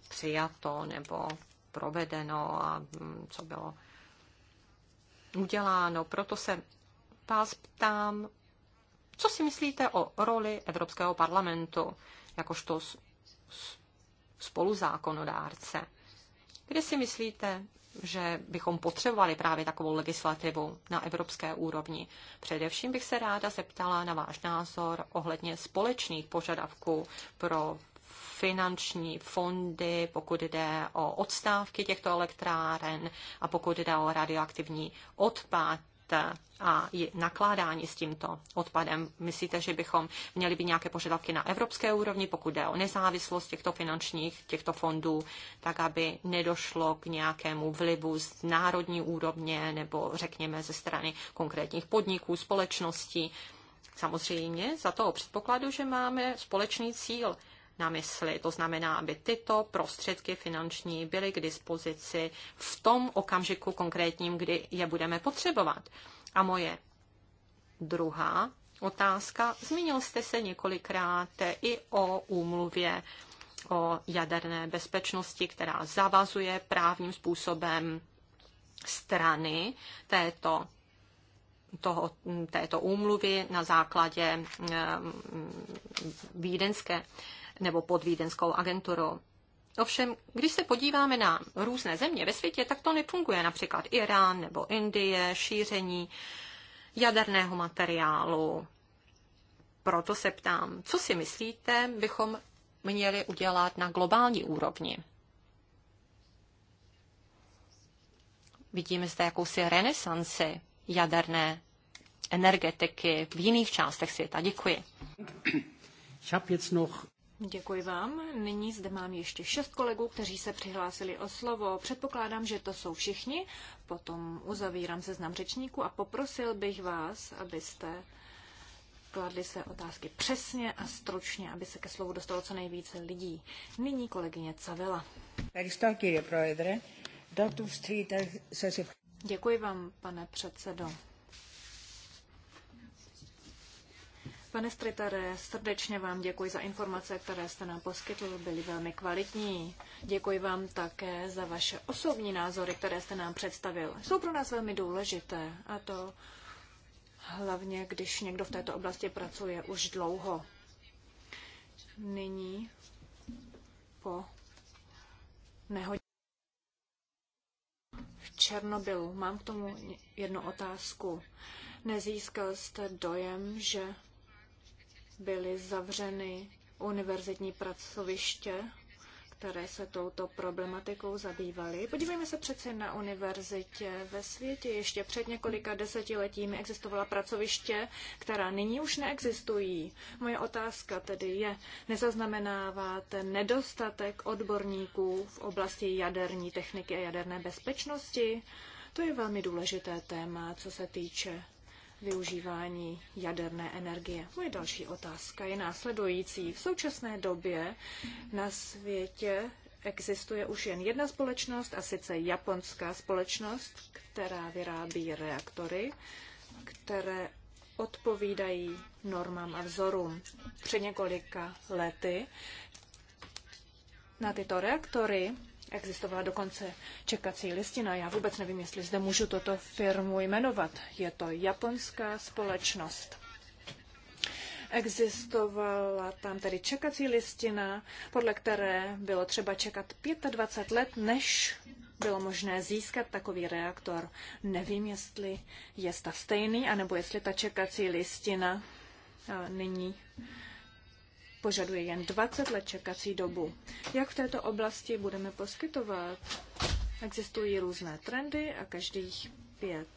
přijato nebo provedeno a mm, co bylo uděláno. Proto se vás ptám, co si myslíte o roli Evropského parlamentu jakožto spoluzákonodárce? Kde si myslíte, že bychom potřebovali právě takovou legislativu na evropské úrovni. Především bych se ráda zeptala na váš názor ohledně společných požadavků pro finanční fondy, pokud jde o odstávky těchto elektráren a pokud jde o radioaktivní odpad a nakládání s tímto odpadem. Myslíte, že bychom měli být nějaké požadavky na evropské úrovni, pokud jde o nezávislost těchto finančních, těchto fondů, tak aby nedošlo k nějakému vlivu z národní úrovně nebo řekněme ze strany konkrétních podniků, společností. Samozřejmě za toho předpokladu, že máme společný cíl na mysli. To znamená, aby tyto prostředky finanční byly k dispozici v tom okamžiku konkrétním, kdy je budeme potřebovat. A moje druhá otázka. Zmínil jste se několikrát i o úmluvě o jaderné bezpečnosti, která zavazuje právním způsobem strany této toho, této úmluvy na základě eh, vídeňské nebo pod vídenskou agenturou. Ovšem, když se podíváme na různé země ve světě, tak to nefunguje. Například Irán nebo Indie, šíření jaderného materiálu. Proto se ptám, co si myslíte, bychom měli udělat na globální úrovni? Vidíme zde jakousi renesanci jaderné energetiky v jiných částech světa. Děkuji. Ich habe jetzt noch Děkuji vám. Nyní zde mám ještě šest kolegů, kteří se přihlásili o slovo. Předpokládám, že to jsou všichni. Potom uzavírám seznam řečníků a poprosil bych vás, abyste kladli své otázky přesně a stručně, aby se ke slovu dostalo co nejvíce lidí. Nyní kolegyně Cavela. Děkuji vám, pane předsedo. Pane Stritare, srdečně vám děkuji za informace, které jste nám poskytl, byly velmi kvalitní. Děkuji vám také za vaše osobní názory, které jste nám představil. Jsou pro nás velmi důležité a to hlavně, když někdo v této oblasti pracuje už dlouho. Nyní po nehodě v Černobylu mám k tomu jednu otázku nezískal jste dojem, že byly zavřeny univerzitní pracoviště, které se touto problematikou zabývaly. Podívejme se přece na univerzitě ve světě. Ještě před několika desetiletími existovala pracoviště, která nyní už neexistují. Moje otázka tedy je, nezaznamenáváte nedostatek odborníků v oblasti jaderní techniky a jaderné bezpečnosti? To je velmi důležité téma, co se týče využívání jaderné energie. Moje další otázka je následující. V současné době na světě existuje už jen jedna společnost, a sice japonská společnost, která vyrábí reaktory, které odpovídají normám a vzorům. Před několika lety na tyto reaktory Existovala dokonce čekací listina. Já vůbec nevím, jestli zde můžu toto firmu jmenovat. Je to japonská společnost. Existovala tam tedy čekací listina, podle které bylo třeba čekat 25 let, než bylo možné získat takový reaktor. Nevím, jestli je stav stejný, anebo jestli ta čekací listina nyní požaduje jen 20 let čekací dobu. Jak v této oblasti budeme poskytovat? Existují různé trendy a každých pět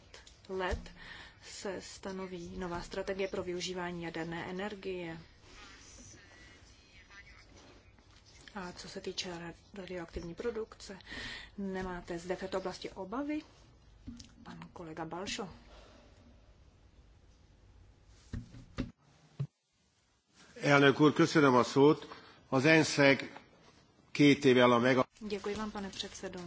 let se stanoví nová strategie pro využívání jaderné energie. A co se týče radioaktivní produkce, nemáte zde v této oblasti obavy? Pan kolega Balšo. E Děkuji pane předsedo.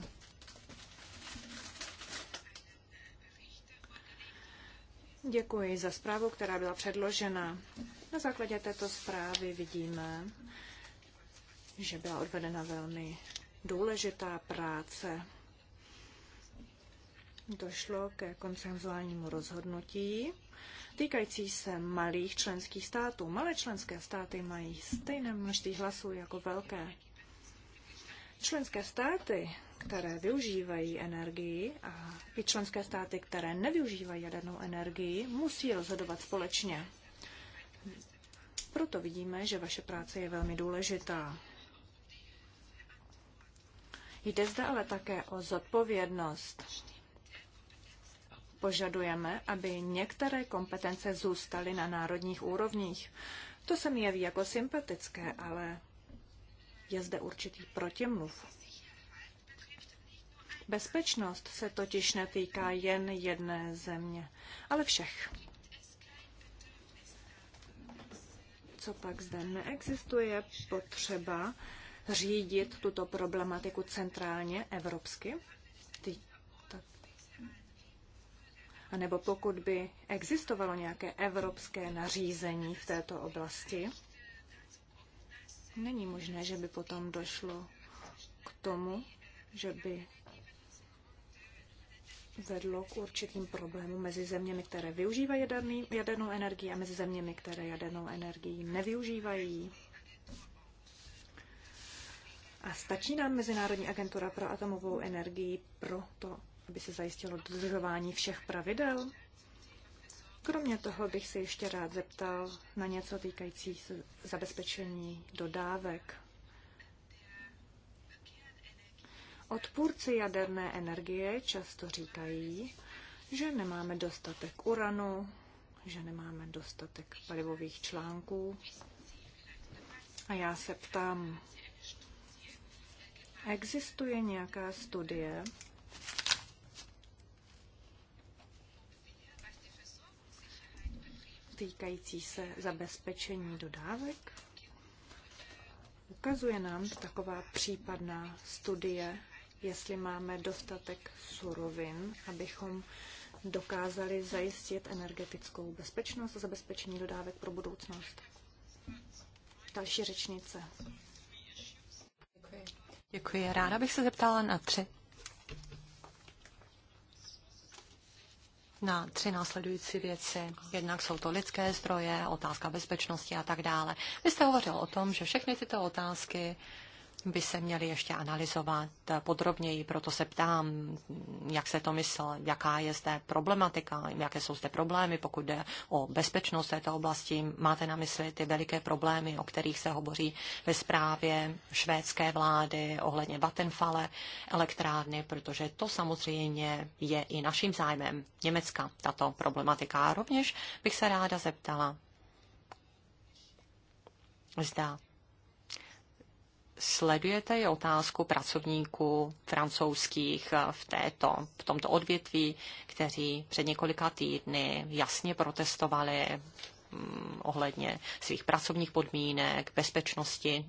Děkuji za zprávu, která byla předložena. Na základě této zprávy vidíme, že byla odvedena velmi důležitá práce. Došlo ke koncenzuálnímu rozhodnutí týkající se malých členských států. Malé členské státy mají stejné množství hlasů jako velké. Členské státy, které využívají energii a i členské státy, které nevyužívají jadernou energii, musí rozhodovat společně. Proto vidíme, že vaše práce je velmi důležitá. Jde zde ale také o zodpovědnost požadujeme, aby některé kompetence zůstaly na národních úrovních. To se mi jeví jako sympatické, ale je zde určitý protimluv. Bezpečnost se totiž netýká jen jedné země, ale všech. Co pak zde neexistuje potřeba řídit tuto problematiku centrálně evropsky? anebo pokud by existovalo nějaké evropské nařízení v této oblasti, není možné, že by potom došlo k tomu, že by vedlo k určitým problémům mezi zeměmi, které využívají jaderný, jadernou energii a mezi zeměmi, které jadernou energii nevyužívají. A stačí nám Mezinárodní agentura pro atomovou energii pro to aby se zajistilo dodržování všech pravidel? Kromě toho bych se ještě rád zeptal na něco týkající se zabezpečení dodávek. Odpůrci jaderné energie často říkají, že nemáme dostatek uranu, že nemáme dostatek palivových článků. A já se ptám, existuje nějaká studie, týkající se zabezpečení dodávek. Ukazuje nám taková případná studie, jestli máme dostatek surovin, abychom dokázali zajistit energetickou bezpečnost a zabezpečení dodávek pro budoucnost. Další řečnice. Děkuji. Děkuji. Ráda bych se zeptala na tři na tři následující věci. Jednak jsou to lidské zdroje, otázka bezpečnosti a tak dále. Vy jste hovořil o tom, že všechny tyto otázky by se měly ještě analyzovat podrobněji, proto se ptám, jak se to myslel, jaká je zde problematika, jaké jsou zde problémy, pokud jde o bezpečnost této oblasti. Máte na mysli ty veliké problémy, o kterých se hovoří ve zprávě švédské vlády ohledně Vattenfalle elektrárny, protože to samozřejmě je i naším zájmem Německa, tato problematika. A rovněž bych se ráda zeptala, zda sledujete, je otázku pracovníků francouzských eh, v, této, v tomto odvětví, kteří před několika týdny jasně protestovali mm, ohledně svých pracovních podmínek, bezpečnosti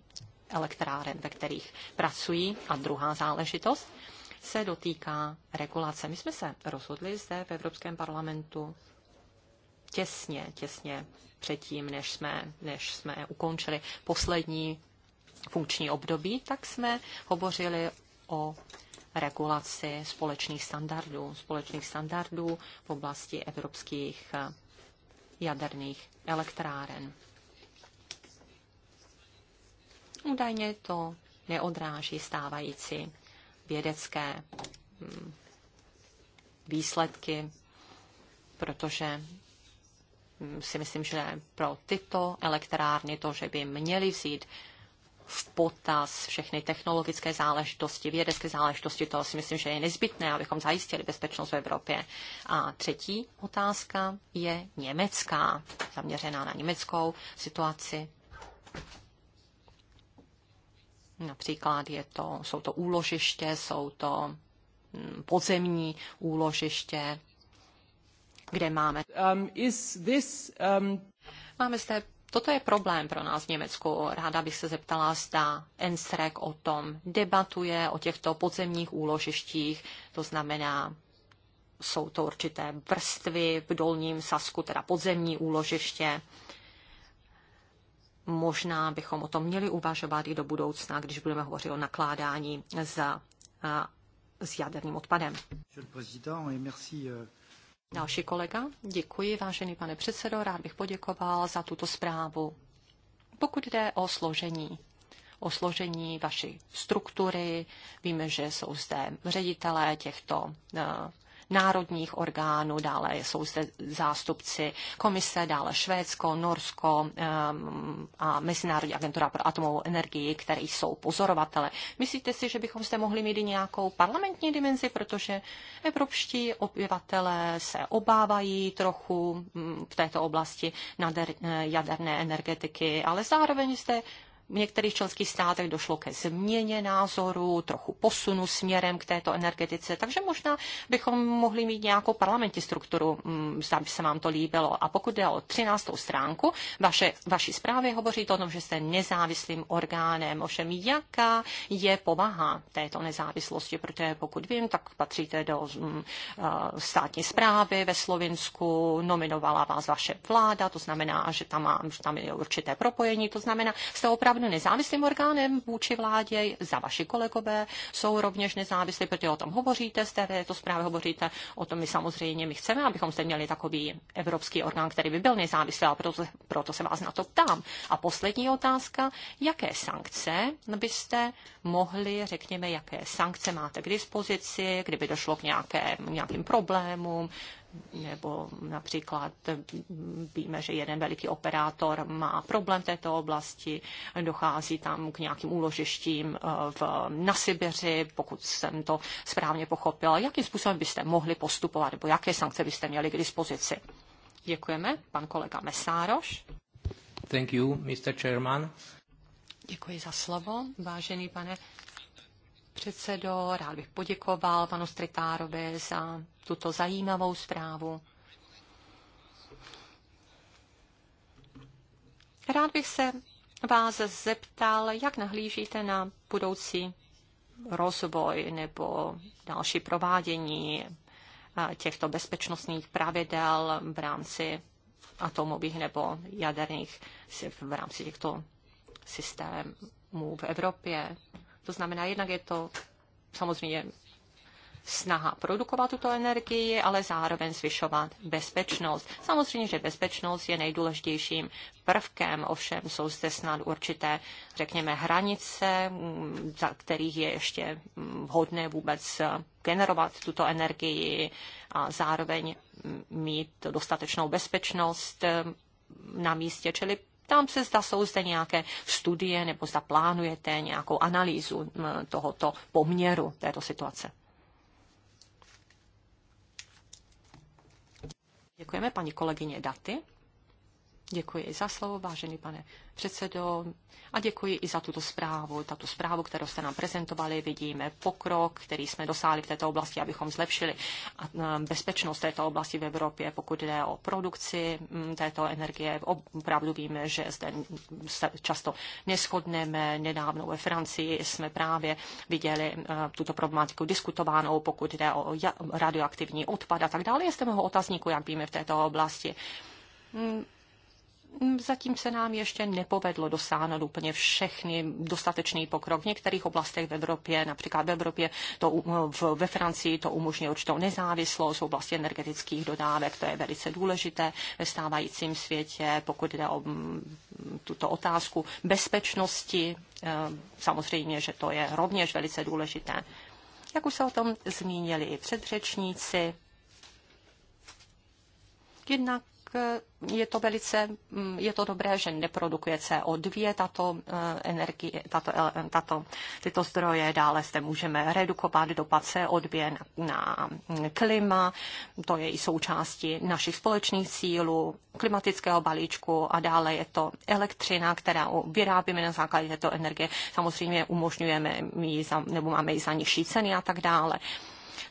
elektráren, ve kterých pracují. A druhá záležitost se dotýká regulace. My jsme se rozhodli zde v Evropském parlamentu těsně, těsně předtím, než jsme, než jsme ukončili poslední funkční období, tak jsme hovořili o regulaci společných standardů, společných standardů v oblasti evropských eh, jaderných elektráren. Údajně to neodráží stávající vědecké hm, výsledky, protože hm, si myslím, že pro tyto elektrárny to, že by měly vzít v potaz všechny technologické záležitosti, vědecké záležitosti. To si myslím, že je nezbytné, abychom zajistili bezpečnost v Evropě. A třetí otázka je německá, zaměřená na německou situaci. Například je to, jsou to úložiště, jsou to mm, podzemní úložiště, kde máme. Um, is this, um... Máme zde Toto je problém pro nás v Německu. Ráda bych se zeptala, zda NSREC o tom debatuje, o těchto podzemních úložištích, to znamená, jsou to určité vrstvy v dolním Sasku, teda podzemní úložiště. Možná bychom o tom měli uvažovat i do budoucna, když budeme hovořit o nakládání s, s jaderným odpadem. Monsieur le Président, et merci euh, Další kolega. Děkuji, vážený pane předsedo. Rád bych poděkoval za tuto zprávu. Pokud jde o složení, o složení vaší struktury, víme, že jsou zde ředitelé těchto eh, národních orgánů, dále jsou zde zástupci komise, dále Švédsko, Norsko eh, a Mezinárodní agentura pro atomovou energii, které jsou pozorovatele. Myslíte si, že bychom zde mohli mít i nějakou parlamentní dimenzi, protože evropští obyvatelé se obávají trochu mm, v této oblasti eh, jaderné energetiky, ale zároveň zde v některých členských státech došlo ke změně názoru, trochu posunu směrem k této energetice, takže možná bychom mohli mít nějakou parlamentní strukturu, mm, zda by se vám to líbilo. A pokud jde o 13. stránku, vaše, vaší zprávy hovoří to o tom, že jste nezávislým orgánem. Ovšem, jaká je povaha této nezávislosti, protože pokud vím, tak patříte do mm, eh, státní zprávy ve Slovinsku, nominovala vás vaše vláda, to znamená, že tam, má, že tam je určité propojení, to znamená, jste opravdu nedávno nezávislým orgánem vůči vládě, za vaši kolegové jsou rovněž nezávislí, protože o tom hovoříte, z této zprávy hovoříte o tom, my samozřejmě my chceme, abychom se měli takový evropský orgán, který by byl nezávislý a proto, proto se vás na to ptám. A poslední otázka, jaké sankce byste mohli, řekněme, jaké sankce máte k dispozici, kdyby došlo k nějaké, nějakým problémům, nebo například víme, že jeden veliký operátor má problém v této oblasti, dochází tam k nějakým úložištím eh, v, na Sibiři, pokud jsem to správně pochopila. Jakým způsobem byste mohli postupovat, nebo jaké sankce byste měli k dispozici? Děkujeme. Pan kolega Mesároš. Thank you, Mr. Chairman. Děkuji za slovo, vážený pane předsedo, rád bych poděkoval panu Stritárovi za tuto zajímavou zprávu. Rád bych se vás zeptal, jak nahlížíte na budoucí rozvoj nebo další provádění eh, těchto bezpečnostních pravidel v rámci atomových nebo jaderných v rámci těchto systémů v Evropě. To znamená, jednak je to samozřejmě snaha produkovat tuto energii, ale zároveň zvyšovat bezpečnost. Samozřejmě, že bezpečnost je nejdůležitějším prvkem, ovšem jsou zde snad určité, řekněme, hranice, mm, za kterých je ještě mm, vhodné vůbec eh, generovat tuto energii a zároveň mm, mít dostatečnou bezpečnost eh, na místě, čili Ptám se, zda jsou zde nějaké studie nebo zda plánujete nějakou analýzu tohoto poměru této situace. Děkujeme paní kolegyně Daty. Děkuji i za slovo, vážený pane předsedo, a děkuji i za tuto zprávu. Tato zprávu, kterou jste nám prezentovali, vidíme pokrok, který jsme dosáhli v této oblasti, abychom zlepšili bezpečnost této oblasti v Evropě, pokud jde o produkci této energie. Opravdu víme, že zde se často neschodneme. Nedávno ve Francii jsme právě viděli tuto problematiku diskutovanou, pokud jde o radioaktivní odpad a tak dále. Je z toho otazníku, jak víme, v této oblasti zatím se nám ještě nepovedlo dosáhnout úplně všechny dostatečný pokrok. V některých oblastech v Evropě, například v Evropě, to, ve Francii to umožňuje určitou nezávislost v oblasti energetických dodávek, to je velice důležité ve stávajícím světě, pokud jde o mm, tuto otázku bezpečnosti, e, samozřejmě, že to je rovněž velice důležité. Jak už se o tom zmínili i předřečníci, jednak Eh, je to velice, mm, je to dobré, že neprodukuje CO2 tato eh, energie, tato, eh, tato, tyto zdroje. Dále zde můžeme redukovat dopad CO2 na, na mm, klima. To je i součástí našich společných cílů, klimatického balíčku a dále je to elektřina, která vyrábíme na základě této energie. Samozřejmě umožňujeme ji za, nebo máme ji za nižší ceny a tak dále.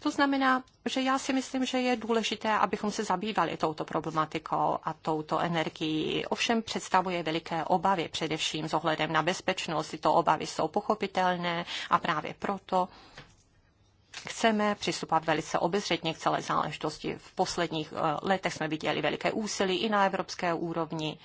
To znamená, že já si myslím, že je důležité, abychom se zabývali touto problematikou a touto energií. Ovšem představuje veliké obavy, především s ohledem na bezpečnost. Tyto obavy jsou pochopitelné a právě proto chceme přistupovat velice obezřetně k celé záležitosti. V posledních eh, letech jsme viděli veliké úsilí i na evropské úrovni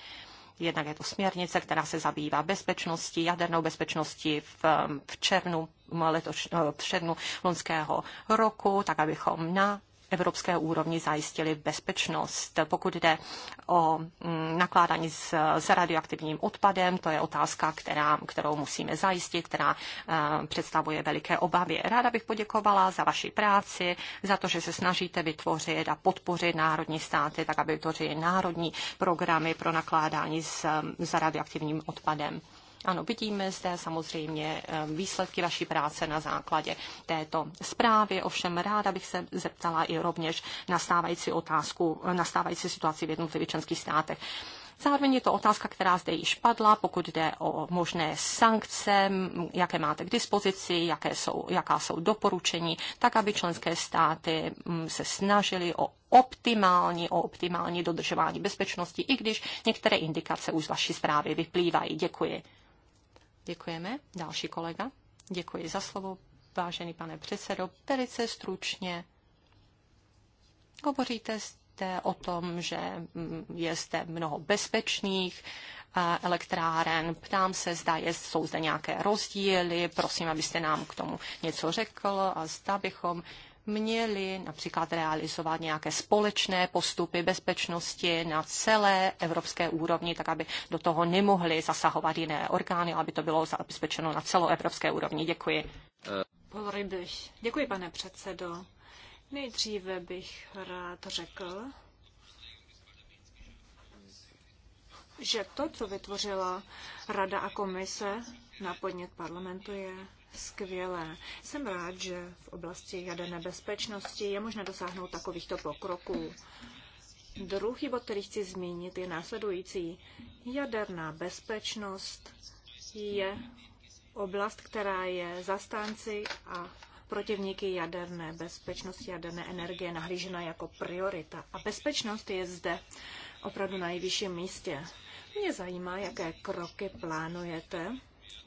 Jednak je to směrnice, která se zabývá bezpečností, jadernou bezpečností v, v červnu, letoš, eh, v černu loňského roku, tak abychom na evropské úrovni zajistili bezpečnost. Pokud jde o mm, nakládání s, s radioaktivním odpadem, to je otázka, která, kterou musíme zajistit, která eh, představuje veliké obavy. Ráda bych poděkovala za vaši práci, za to, že se snažíte vytvořit a podpořit národní státy, tak aby vytvořili národní programy pro nakládání s, s radioaktivním odpadem. Ano, vidíme zde samozřejmě eh, výsledky vaší práce na základě této zprávy. Ovšem ráda bych se zeptala i rovněž na stávající otázku, eh, na stávající situaci v jednotlivých členských státech. Zároveň je to otázka, která zde již padla, pokud jde o možné sankce, jaké máte k dispozici, jaké jsou, jaká jsou doporučení, tak aby členské státy se snažily o optimální, o optimální dodržování bezpečnosti, i když některé indikace už z vaší zprávy vyplývají. Děkuji. Děkujeme. Další kolega. Děkuji za slovo, vážený pane předsedo. Velice stručně hovoříte jste o tom, že je zde mnoho bezpečných eh, elektráren. Ptám se, zda je, jsou zde nějaké rozdíly. Prosím, abyste nám k tomu něco řekl a zda bychom měli například realizovat nějaké společné postupy bezpečnosti na celé evropské úrovni, tak aby do toho nemohly zasahovat jiné orgány, aby to bylo zabezpečeno na celoevropské úrovni. Děkuji. Děkuji, pane předsedo. Nejdříve bych rád řekl, že to, co vytvořila Rada a komise na podnět parlamentu, je skvělé. Jsem rád, že v oblasti jaderné bezpečnosti je možné dosáhnout takovýchto pokroků. Druhý bod, který chci zmínit, je následující. Jaderná bezpečnost je oblast, která je zastánci a protivníky jaderné bezpečnosti, jaderné energie nahlížena jako priorita. A bezpečnost je zde opravdu na nejvyšším místě. Mě zajímá, jaké kroky plánujete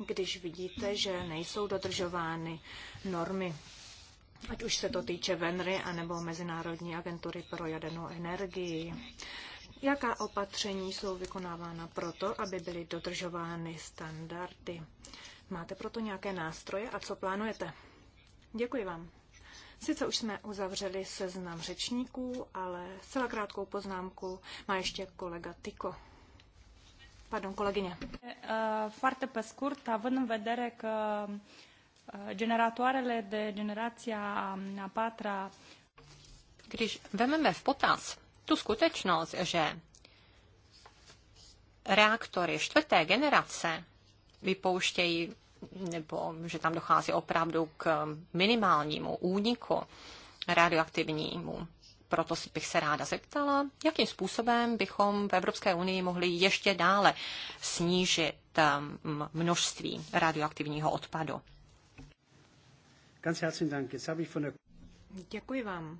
když vidíte, že nejsou dodržovány normy, ať už se to týče VENRY anebo Mezinárodní agentury pro jadernou energii. Jaká opatření jsou vykonávána proto, aby byly dodržovány standardy? Máte proto nějaké nástroje a co plánujete? Děkuji vám. Sice už jsme uzavřeli seznam řečníků, ale zcela krátkou poznámku má ještě kolega Tyko. Pardon, kolegyně. E, e, foarte pe scurt, având în vedere că e, generatoarele de generația a patra... Když vememe v potaz tu skutečnost, že reaktory čtvrté generace vypouštějí, nebo že tam dochází opravdu k minimálnímu úniku radioaktivnímu proto bych se ráda zeptala, jakým způsobem bychom v Evropské unii mohli ještě dále snížit um, množství radioaktivního odpadu. Děkuji vám.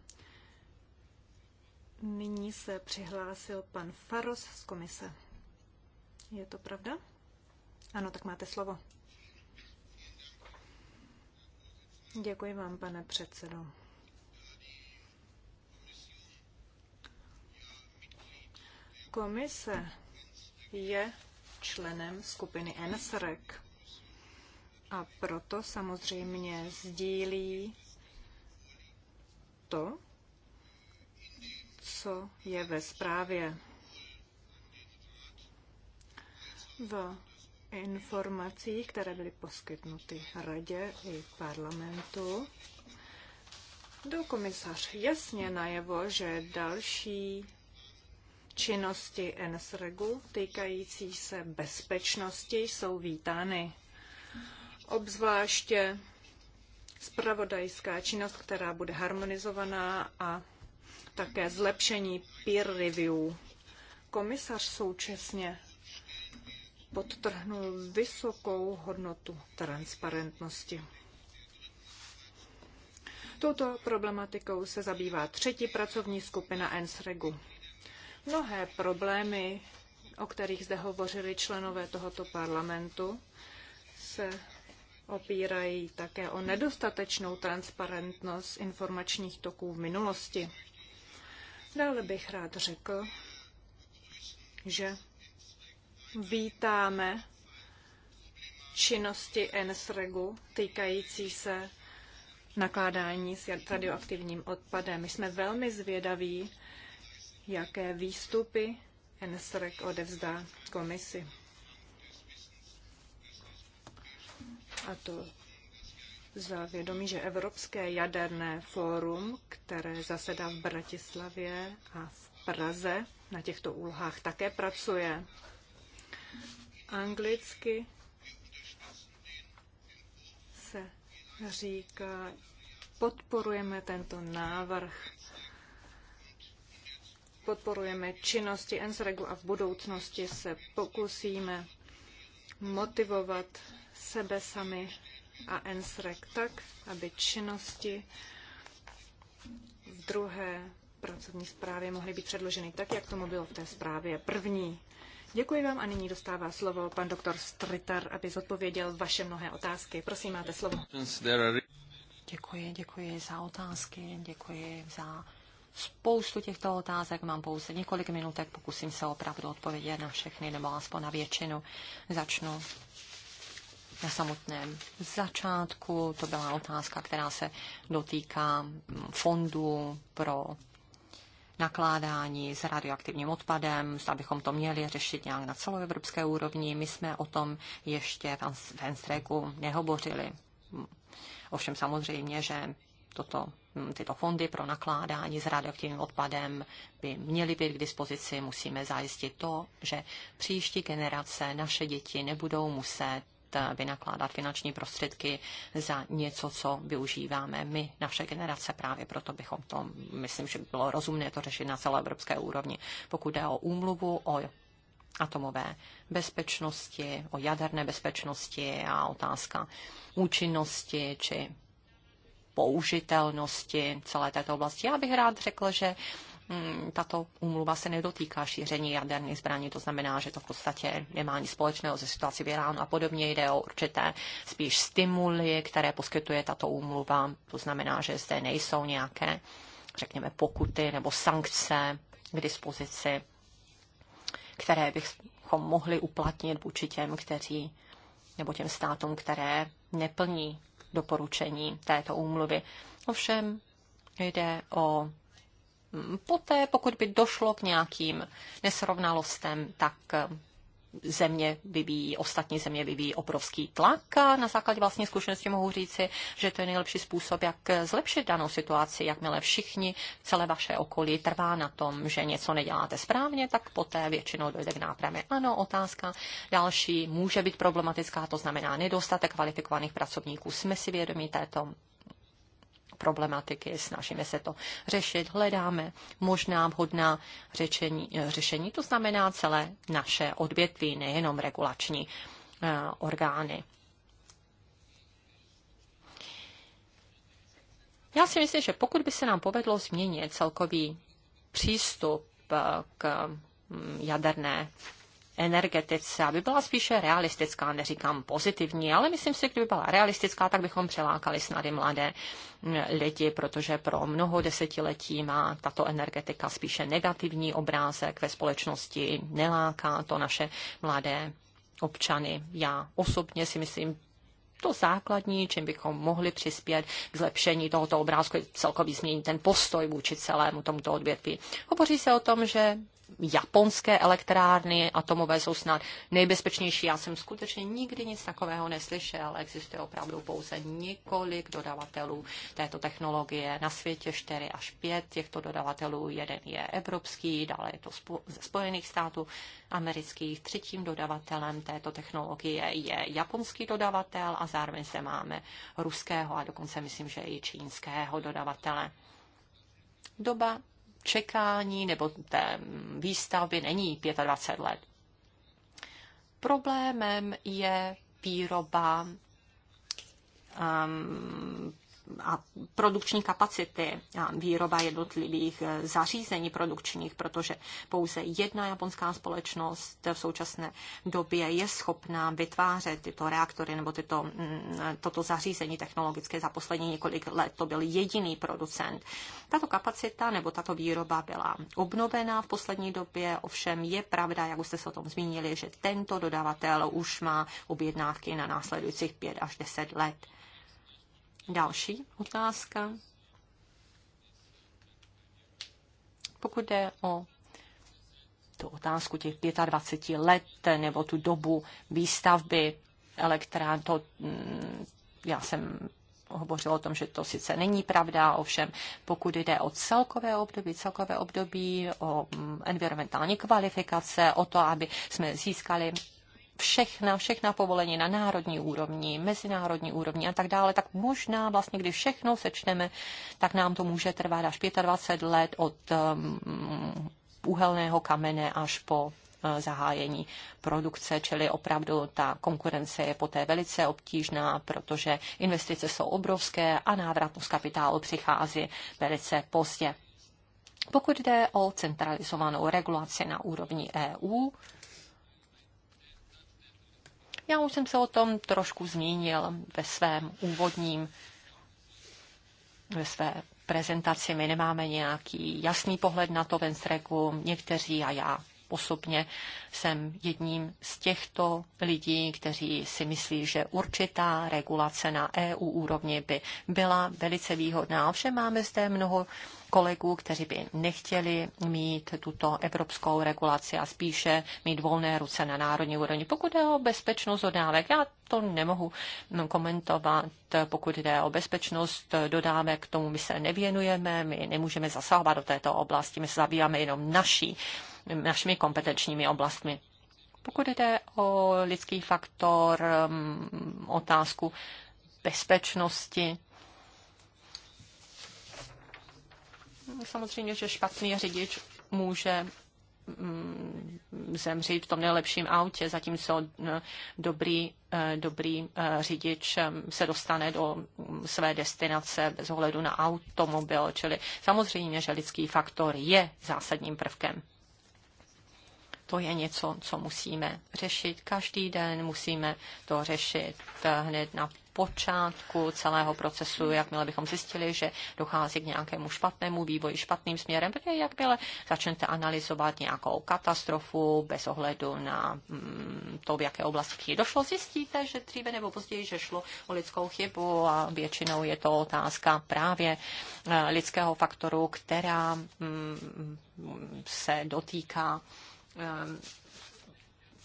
Nyní se přihlásil pan Faros z komise. Je to pravda? Ano, tak máte slovo. Děkuji vám, pane předsedo. Komise je členem skupiny NSREC a proto samozřejmě sdílí to, co je ve zprávě. V informacích, které byly poskytnuty radě i parlamentu, do komisař jasně najevo, že další činnosti NSREGu týkající se bezpečnosti jsou vítány. Obzvláště spravodajská činnost, která bude harmonizovaná a také zlepšení peer review. Komisař současně podtrhnul vysokou hodnotu transparentnosti. Touto problematikou se zabývá třetí pracovní skupina NSREGu. Mnohé problémy, o kterých zde hovořili členové tohoto parlamentu, se opírají také o nedostatečnou transparentnost informačních toků v minulosti. Dále bych rád řekl, že vítáme činnosti NSREGu týkající se nakládání s radioaktivním odpadem. My jsme velmi zvědaví jaké výstupy NSREC odevzdá komisi. A to za vědomí, že Evropské jaderné fórum, které zasedá v Bratislavě a v Praze, na těchto úlohách také pracuje. Anglicky se říká, podporujeme tento návrh podporujeme činnosti NSREGu a v budoucnosti se pokusíme motivovat sebe sami a NSREG tak, aby činnosti v druhé pracovní zprávě mohly být předloženy tak, jak tomu bylo v té zprávě první. Děkuji vám a nyní dostává slovo pan doktor Stritar, aby zodpověděl vaše mnohé otázky. Prosím, máte slovo. Děkuji, děkuji za otázky, děkuji za spoustu těchto otázek, mám pouze několik minutek, pokusím se opravdu odpovědět na všechny nebo aspoň na většinu. Začnu na samotném začátku. To byla otázka, která se dotýká fondu pro nakládání s radioaktivním odpadem, zda bychom to měli řešit nějak na celoevropské úrovni. My jsme o tom ještě v Enstreku nehovořili. Ovšem samozřejmě, že toto, hm, tyto fondy pro nakládání s radioaktivním odpadem by měly být k dispozici. Musíme zajistit to, že příští generace, naše děti, nebudou muset eh, vynakládat finanční prostředky za něco, co využíváme my, naše generace. Právě proto bychom to, myslím, že by bylo rozumné to řešit na evropské úrovni. Pokud jde o úmluvu, o atomové bezpečnosti, o jaderné bezpečnosti a otázka účinnosti či použitelnosti celé této oblasti. Já bych rád řekl, že mm, tato úmluva se nedotýká šíření jaderných zbraní, to znamená, že to v podstatě nemá nic společného ze situací v Iránu a podobně. Jde o určité spíš stimuly, které poskytuje tato úmluva. To znamená, že zde nejsou nějaké, řekněme, pokuty nebo sankce k dispozici, které bychom mohli uplatnit vůči těm, kteří nebo těm státům, které neplní doporučení této úmluvy. Ovšem jde o mm, poté, pokud by došlo k nějakým nesrovnalostem, tak země vyvíjí, ostatní země vyvíjí obrovský tlak a na základě vlastní zkušenosti mohu říci, že to je nejlepší způsob, jak zlepšit danou situaci. Jakmile všichni, celé vaše okolí trvá na tom, že něco neděláte správně, tak poté většinou dojde k nápravě. Ano, otázka další může být problematická, to znamená nedostatek kvalifikovaných pracovníků. Jsme si vědomi této problematiky, snažíme se to řešit, hledáme možná vhodná řečení, eh, řešení, to znamená celé naše odvětví, nejenom regulační eh, orgány. Já si myslím, že pokud by se nám povedlo změnit celkový přístup eh, k mm, jaderné energetice, aby byla spíše realistická, neříkám pozitivní, ale myslím si, kdyby byla realistická, tak bychom přelákali snad i mladé mm, lidi, protože pro mnoho desetiletí má tato energetika spíše negativní obrázek ve společnosti, neláká to naše mladé občany. Já osobně si myslím, to základní, čím bychom mohli přispět k zlepšení tohoto obrázku, je celkový změnit ten postoj vůči celému tomuto odvětví. Hovoří se o tom, že japonské elektrárny atomové jsou snad nejbezpečnější. Já jsem skutečně nikdy nic takového neslyšel. Existuje opravdu pouze několik dodavatelů této technologie na světě, čtyři až pět. těchto dodavatelů. Jeden je evropský, dále je to ze Spojených států amerických. Třetím dodavatelem této technologie je japonský dodavatel a zároveň se máme ruského a dokonce myslím, že i čínského dodavatele. Doba čekání nebo té výstavby není 25 let. Problémem je výroba um, a produkční kapacity a výroba jednotlivých eh, zařízení produkčních, protože pouze jedna japonská společnost v současné době je schopná vytvářet tyto reaktory nebo tyto, mm, eh, toto zařízení technologické za poslední několik let. To byl jediný producent. Tato kapacita nebo tato výroba byla obnovená v poslední době, ovšem je pravda, jak už jste se o tom zmínili, že tento dodavatel už má objednávky na následujících 5 až 10 let. Další otázka. Pokud jde o tu otázku těch 25 let nebo tu dobu výstavby elektrán, to mm, já jsem hovořil o tom, že to sice není pravda, ovšem pokud jde o celkové období, celkové období, o mm, environmentální kvalifikace, o to, aby jsme získali všechna, všechna povolení na národní úrovni, mezinárodní úrovni a tak dále, tak možná vlastně, když všechno sečteme, tak nám to může trvat až 25 let od um, uhelného kamene až po uh, zahájení produkce, čili opravdu ta konkurence je poté velice obtížná, protože investice jsou obrovské a návratnost kapitálu přichází velice pozdě. Pokud jde o centralizovanou regulaci na úrovni EU, já už jsem se o tom trošku zmínil ve svém úvodním, ve své prezentaci. My nemáme nějaký jasný pohled na to v Někteří a já osobně jsem jedním z těchto lidí, kteří si myslí, že určitá regulace na EU úrovni by byla velice výhodná. Ovšem máme zde mnoho kolegů, kteří by nechtěli mít tuto evropskou regulaci a spíše mít volné ruce na národní úrovni. Pokud je o bezpečnost dodávek, já to nemohu komentovat. Pokud jde o bezpečnost dodávek, tomu my se nevěnujeme, my nemůžeme zasahovat do této oblasti, my se zabýváme jenom naší, našimi kompetenčními oblastmi. Pokud jde o lidský faktor, mm, otázku bezpečnosti, Samozřejmě, že špatný řidič může mm, zemřít v tom nejlepším autě, zatímco eh, dobrý, eh, dobrý eh, řidič se dostane do mm, své destinace bez ohledu na automobil. Čili samozřejmě, že lidský faktor je zásadním prvkem. To je něco, co musíme řešit každý den, musíme to řešit hned na počátku celého procesu, jakmile bychom zjistili, že dochází k nějakému špatnému vývoji, špatným směrem, protože jakmile začnete analyzovat nějakou katastrofu bez ohledu na mm, to, v jaké oblasti došlo, zjistíte, že dříve nebo později, že šlo o lidskou chybu a většinou je to otázka právě eh, lidského faktoru, která mm, se dotýká eh,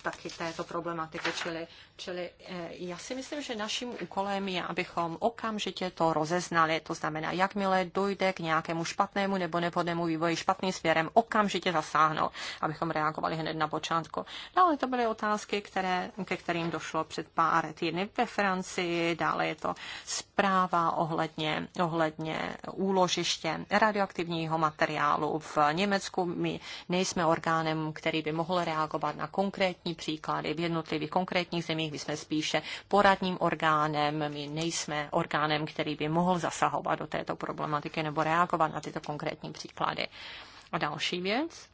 taky této problematiky, čili Čili eh, já si myslím, že naším úkolem je, abychom okamžitě to rozeznali. To znamená, jakmile dojde k nějakému špatnému nebo nepodnému vývoji špatným směrem, okamžitě zasáhnout, abychom reagovali hned na počátku. Dále no, to byly otázky, které, ke kterým došlo před pár týdny ve Francii. Dále je to zpráva ohledně, ohledně úložiště radioaktivního materiálu v Německu. My nejsme orgánem, který by mohl reagovat na konkrétní příklady v jednotlivých konkrétních zemích zemích. My jsme spíše poradním orgánem, my nejsme orgánem, který by mohl zasahovat do této problematiky nebo reagovat na tyto konkrétní příklady. A další věc.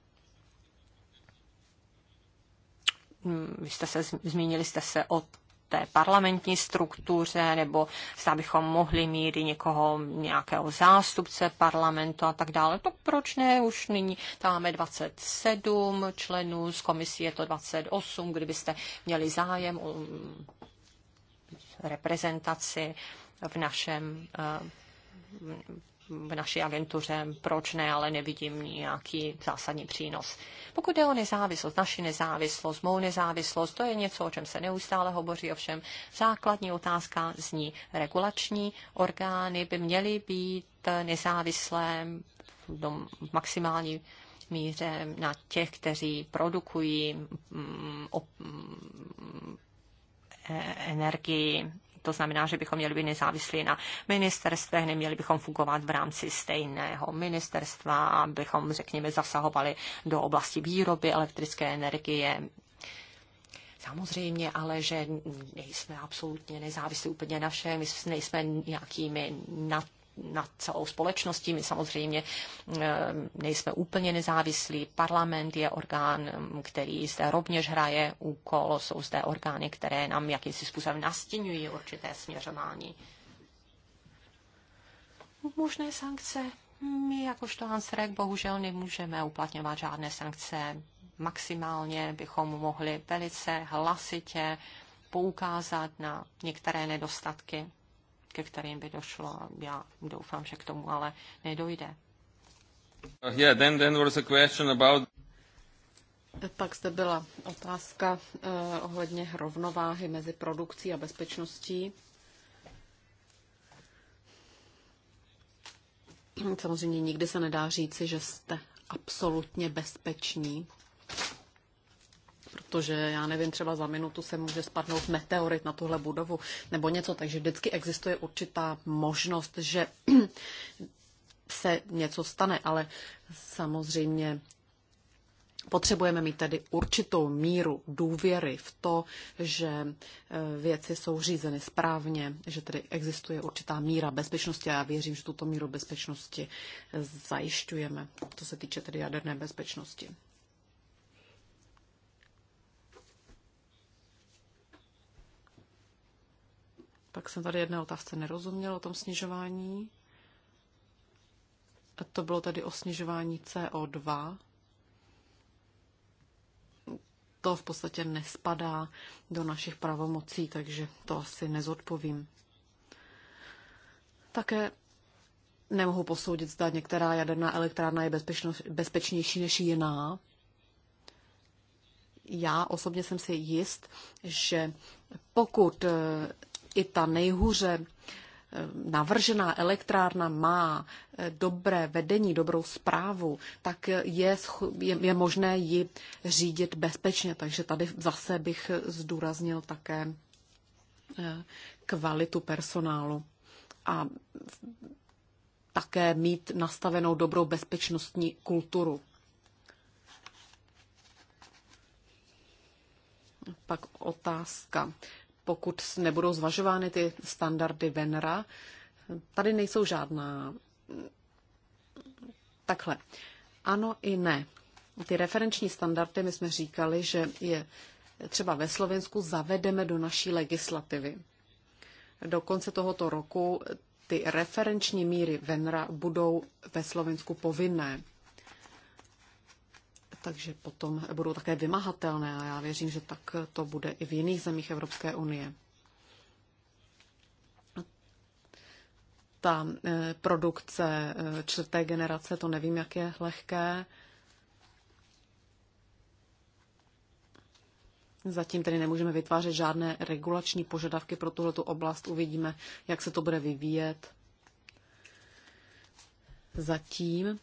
Hmm, vy jste se, zmínili jste se o té parlamentní struktuře, nebo zda bychom mohli mít i někoho, nějakého zástupce parlamentu a tak dále. To proč ne? Už nyní tam máme 27 členů, z komisí je to 28, kdybyste měli zájem o mm, reprezentaci v našem eh, v naší agentuře, proč ne, ale nevidím nějaký zásadní přínos. Pokud jde o nezávislost, naši nezávislost, mou nezávislost, to je něco, o čem se neustále hovoří, ovšem základní otázka zní, regulační orgány by měly být nezávislé v maximální míře na těch, kteří produkují mm, mm, e- energii to znamená, že bychom měli být nezávislí na ministerstvech, neměli bychom fungovat v rámci stejného ministerstva, abychom, řekněme, zasahovali do oblasti výroby elektrické energie, Samozřejmě ale, že nejsme absolutně nezávislí úplně na všem, nejsme nějakými nad na celou společností. My samozřejmě eh, nejsme úplně nezávislí. Parlament je orgán, který zde rovněž hraje úkol. Jsou zde orgány, které nám jakýmsi způsobem nastěňují určité směřování. Možné sankce. My jakožto Hansrek bohužel nemůžeme uplatňovat žádné sankce. Maximálně bychom mohli velice hlasitě poukázat na některé nedostatky ke kterým by došlo. Já doufám, že k tomu ale nedojde. Yeah, then, then was a question about... Pak zde byla otázka uh, ohledně rovnováhy mezi produkcí a bezpečností. Samozřejmě nikdy se nedá říci, že jste absolutně bezpeční že já nevím, třeba za minutu se může spadnout meteorit na tuhle budovu nebo něco, takže vždycky existuje určitá možnost, že *clears throat* se něco stane, ale samozřejmě Potřebujeme mít tedy určitou míru důvěry v to, že e, věci jsou řízeny správně, že tedy existuje určitá míra bezpečnosti a já věřím, že tuto míru bezpečnosti zajišťujeme, to se týče tedy jaderné bezpečnosti. Pak jsem tady jedné otázce nerozuměl o tom snižování. A to bylo tady o snižování CO2. To v podstatě nespadá do našich pravomocí, takže to asi nezodpovím. Také nemohu posoudit, zda některá jaderná elektrárna je bezpečnější než jiná. Já osobně jsem si jist, že pokud eh, i ta nejhůře eh, navržená elektrárna má eh, dobré vedení, dobrou zprávu, tak je, je, je možné ji řídit bezpečně. Takže tady zase bych zdůraznil také eh, kvalitu personálu a také mít nastavenou dobrou bezpečnostní kulturu. Pak otázka pokud nebudou zvažovány ty standardy Venra, tady nejsou žádná. Takhle. Ano i ne. Ty referenční standardy, my jsme říkali, že je třeba ve Slovensku zavedeme do naší legislativy. Do konce tohoto roku ty referenční míry Venra budou ve Slovensku povinné takže potom budou také vymahatelné a já věřím, že tak to bude i v jiných zemích Evropské unie. Ta eh, produkce eh, čtvrté generace, to nevím, jak je lehké. Zatím tedy nemůžeme vytvářet žádné regulační požadavky pro tuhletu oblast. Uvidíme, jak se to bude vyvíjet. Zatím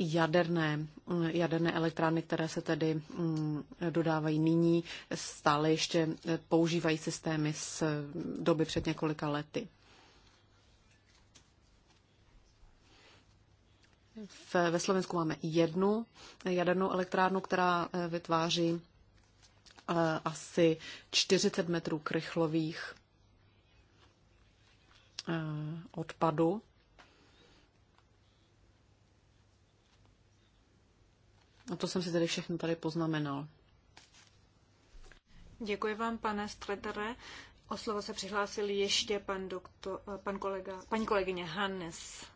jaderné, mm, jaderné elektrárny, které se tedy mm, dodávají nyní, stále ještě e, používají systémy z e, doby před několika lety. Ve Slovensku máme jednu jadernou elektrárnu, která e, vytváří asi 40 metrů krychlových odpadu A to jsem si tady všechno tady poznamenal. Děkuji vám, pane Stretere. O slovo se přihlásil ještě pan, doktor, pan kolega, paní kolegyně Hannes.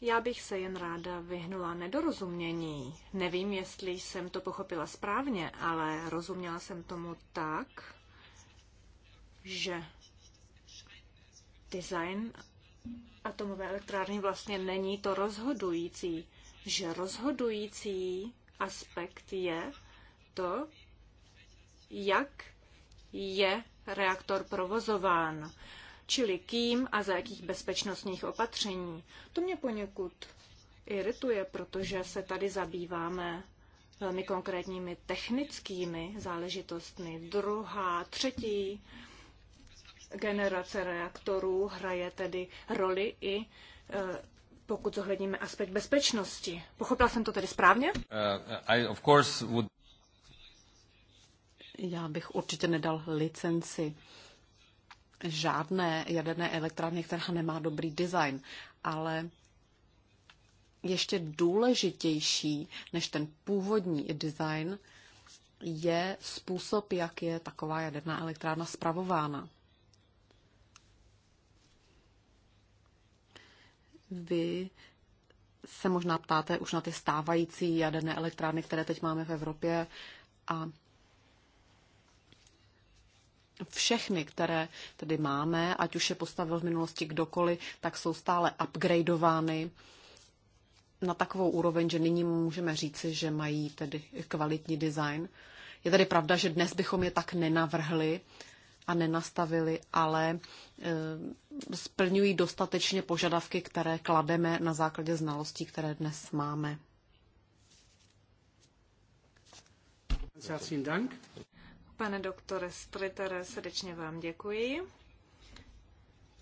Já bych se jen ráda vyhnula nedorozumění. Nevím, jestli jsem to pochopila správně, ale rozuměla jsem tomu tak, že design atomové elektrárny vlastně není to rozhodující že rozhodující aspekt je to, jak je reaktor provozován, čili kým a za jakých bezpečnostních opatření. To mě poněkud irituje, protože se tady zabýváme velmi konkrétními technickými záležitostmi. Druhá, třetí generace reaktorů hraje tedy roli i eh, pokud zohledníme aspekt bezpečnosti. Pochopila jsem to tedy správně? Uh, I of course would... Já bych určitě nedal licenci žádné jaderné elektrárně, která nemá dobrý design, ale ještě důležitější než ten původní design je způsob, jak je taková jaderná elektrárna spravována. Vy se možná ptáte už na ty stávající jaderné elektrárny, které teď máme v Evropě a všechny, které tedy máme, ať už je postavil v minulosti kdokoliv, tak jsou stále upgradeovány na takovou úroveň, že nyní můžeme říci, že mají tedy kvalitní design. Je tedy pravda, že dnes bychom je tak nenavrhli, a nenastavili, ale e, splňují dostatečně požadavky, které klademe na základě znalostí, které dnes máme. Pane doktore Stritere, srdečně vám děkuji.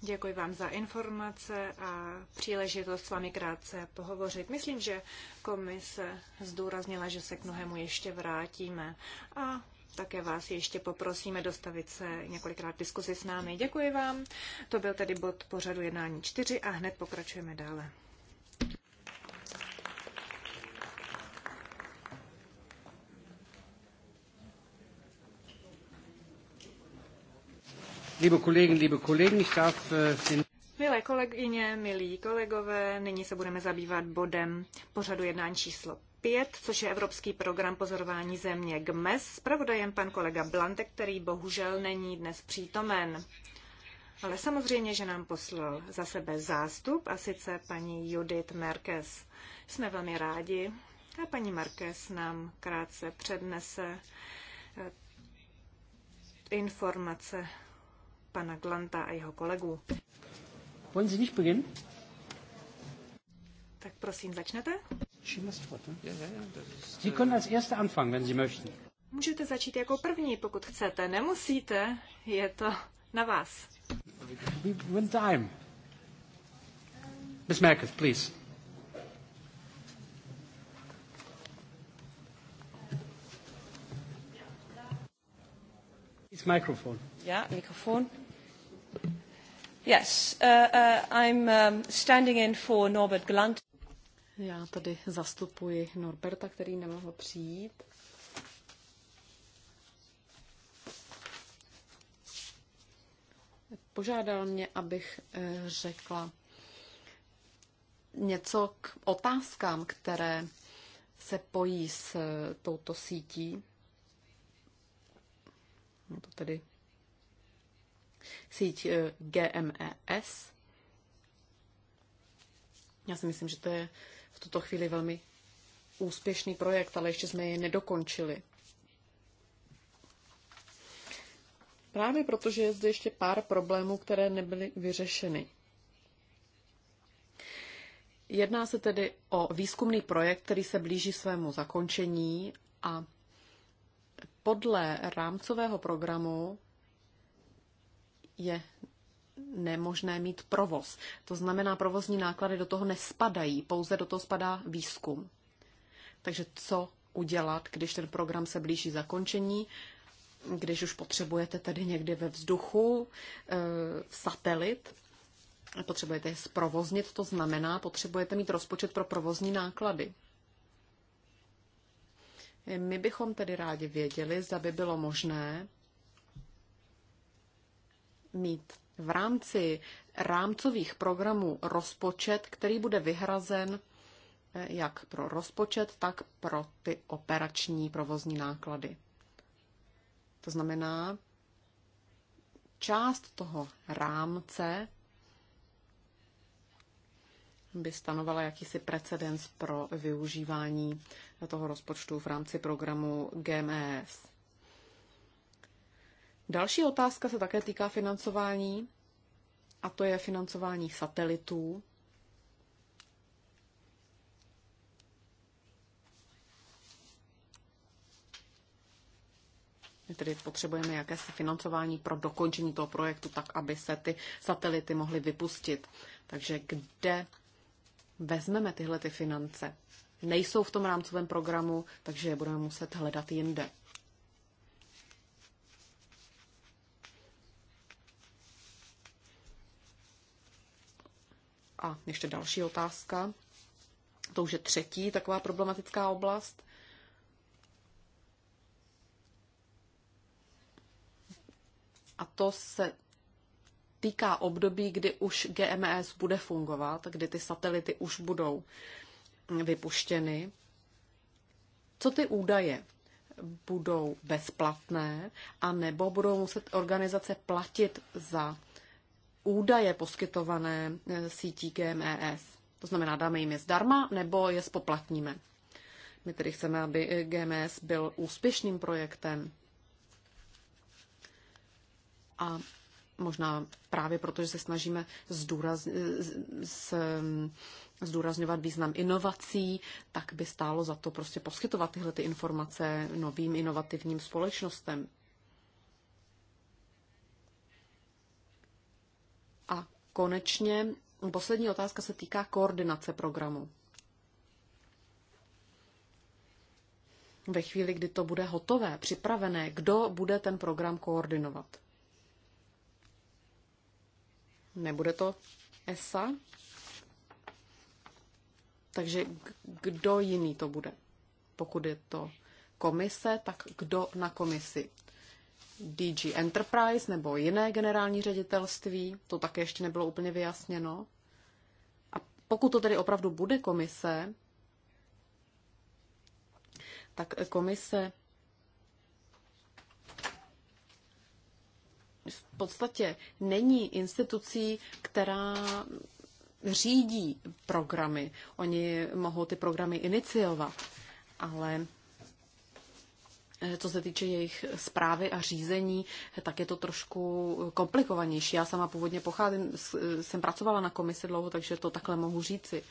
Děkuji vám za informace a příležitost s vámi krátce pohovořit. Myslím, že komise zdůraznila, že se k mnohému ještě vrátíme a také vás ještě poprosíme dostavit se několikrát diskusi s námi. Děkuji vám. To byl tedy bod pořadu jednání 4 a hned pokračujeme dále. Liebe Kollegen, liebe Kollegen, ich darf äh, den Milé kolegyně, milí kolegové, nyní se budeme zabývat bodem pořadu jednání číslo 5, což je Evropský program pozorování země GMES. zpravodajem pan kolega Blante, který bohužel není dnes přítomen. Ale samozřejmě, že nám poslal za sebe zástup, a sice paní Judith Merkes. Jsme velmi rádi a paní Merkes nám krátce přednese eh, informace pana Glanta a jeho kolegů. Wollen Sie nicht beginnen? Tak prosím, začnete. Můžete začít jako první, pokud chcete. Nemusíte, je to na vás. time. Miss Merkel, please. It's microphone. Yeah, microphone. Yes, uh, uh, I'm um, standing in for Norbert Glant. Já tady zastupuji Norberta, který nemohl přijít. Požádal mě, abych eh, řekla něco k otázkám, které se pojí s eh, touto sítí. No to tedy síť eh, GMES. Já si myslím, že to je tuto chvíli velmi úspěšný projekt, ale ještě jsme jej nedokončili. Právě protože je zde ještě pár problémů, které nebyly vyřešeny. Jedná se tedy o výzkumný projekt, který se blíží svému zakončení a podle rámcového programu je nemožné mít provoz. To znamená, provozní náklady do toho nespadají, pouze do toho spadá výzkum. Takže co udělat, když ten program se blíží zakončení, když už potřebujete tedy někde ve vzduchu e, satelit, potřebujete je zprovoznit, to znamená, potřebujete mít rozpočet pro provozní náklady. My bychom tedy rádi věděli, zda by bylo možné mít v rámci rámcových programů rozpočet, který bude vyhrazen eh, jak pro rozpočet, tak pro ty operační provozní náklady. To znamená, část toho rámce by stanovala jakýsi precedens pro využívání toho rozpočtu v rámci programu GMS. Další otázka se také týká financování, a to je financování satelitů. My tedy potřebujeme jakési financování pro dokončení toho projektu, tak aby se ty satelity mohly vypustit. Takže kde vezmeme tyhle ty finance? Nejsou v tom rámcovém programu, takže je budeme muset hledat jinde. A ještě další otázka. To už je třetí taková problematická oblast. A to se týká období, kdy už GMS bude fungovat, kdy ty satelity už budou vypuštěny. Co ty údaje? budou bezplatné, a nebo budou muset organizace platit za údaje poskytované eh, sítí GMES. To znamená, dáme jim je zdarma nebo je spoplatníme. My tedy chceme, aby eh, GMS e byl úspěšným projektem. A možná právě proto, že se snažíme zdůraz, eh, z, mm, zdůrazňovat význam inovací, tak by stálo za to prostě poskytovat tyhle ty informace novým inovativním společnostem. konečně poslední otázka se týká koordinace programu. Ve chvíli, kdy to bude hotové, připravené, kdo bude ten program koordinovat? Nebude to ESA? Takže kdo jiný to bude? Pokud je to komise, tak kdo na komisi? DG Enterprise nebo jiné generální ředitelství, to také ještě nebylo úplně vyjasněno. A pokud to tedy opravdu bude komise, tak komise v podstatě není institucí, která řídí programy. Oni mohou ty programy iniciovat, ale Eh, co se týče jejich zprávy a řízení, eh, tak je to trošku eh, komplikovanější. Já sama původně pocházím, jsem pracovala na komisi dlouho, takže to takhle mohu říci.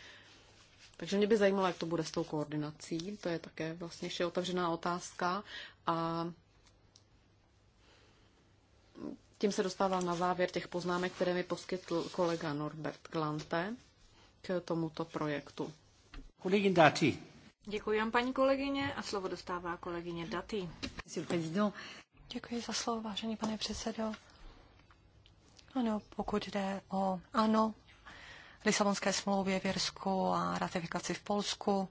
Takže mě by zajímalo, jak to bude s tou koordinací. To je také vlastně ještě otevřená otázka. A tím se dostávám na závěr těch poznámek, které mi poskytl kolega Norbert Glante k tomuto projektu. Kolegin Dati. Děkuji vám, paní kolegyně, a slovo dostává kolegyně Daty. Děkuji za slovo, vážený pane předsedo. Ano, pokud jde o ano, Lisabonské smlouvě v Jirsku a ratifikaci v Polsku,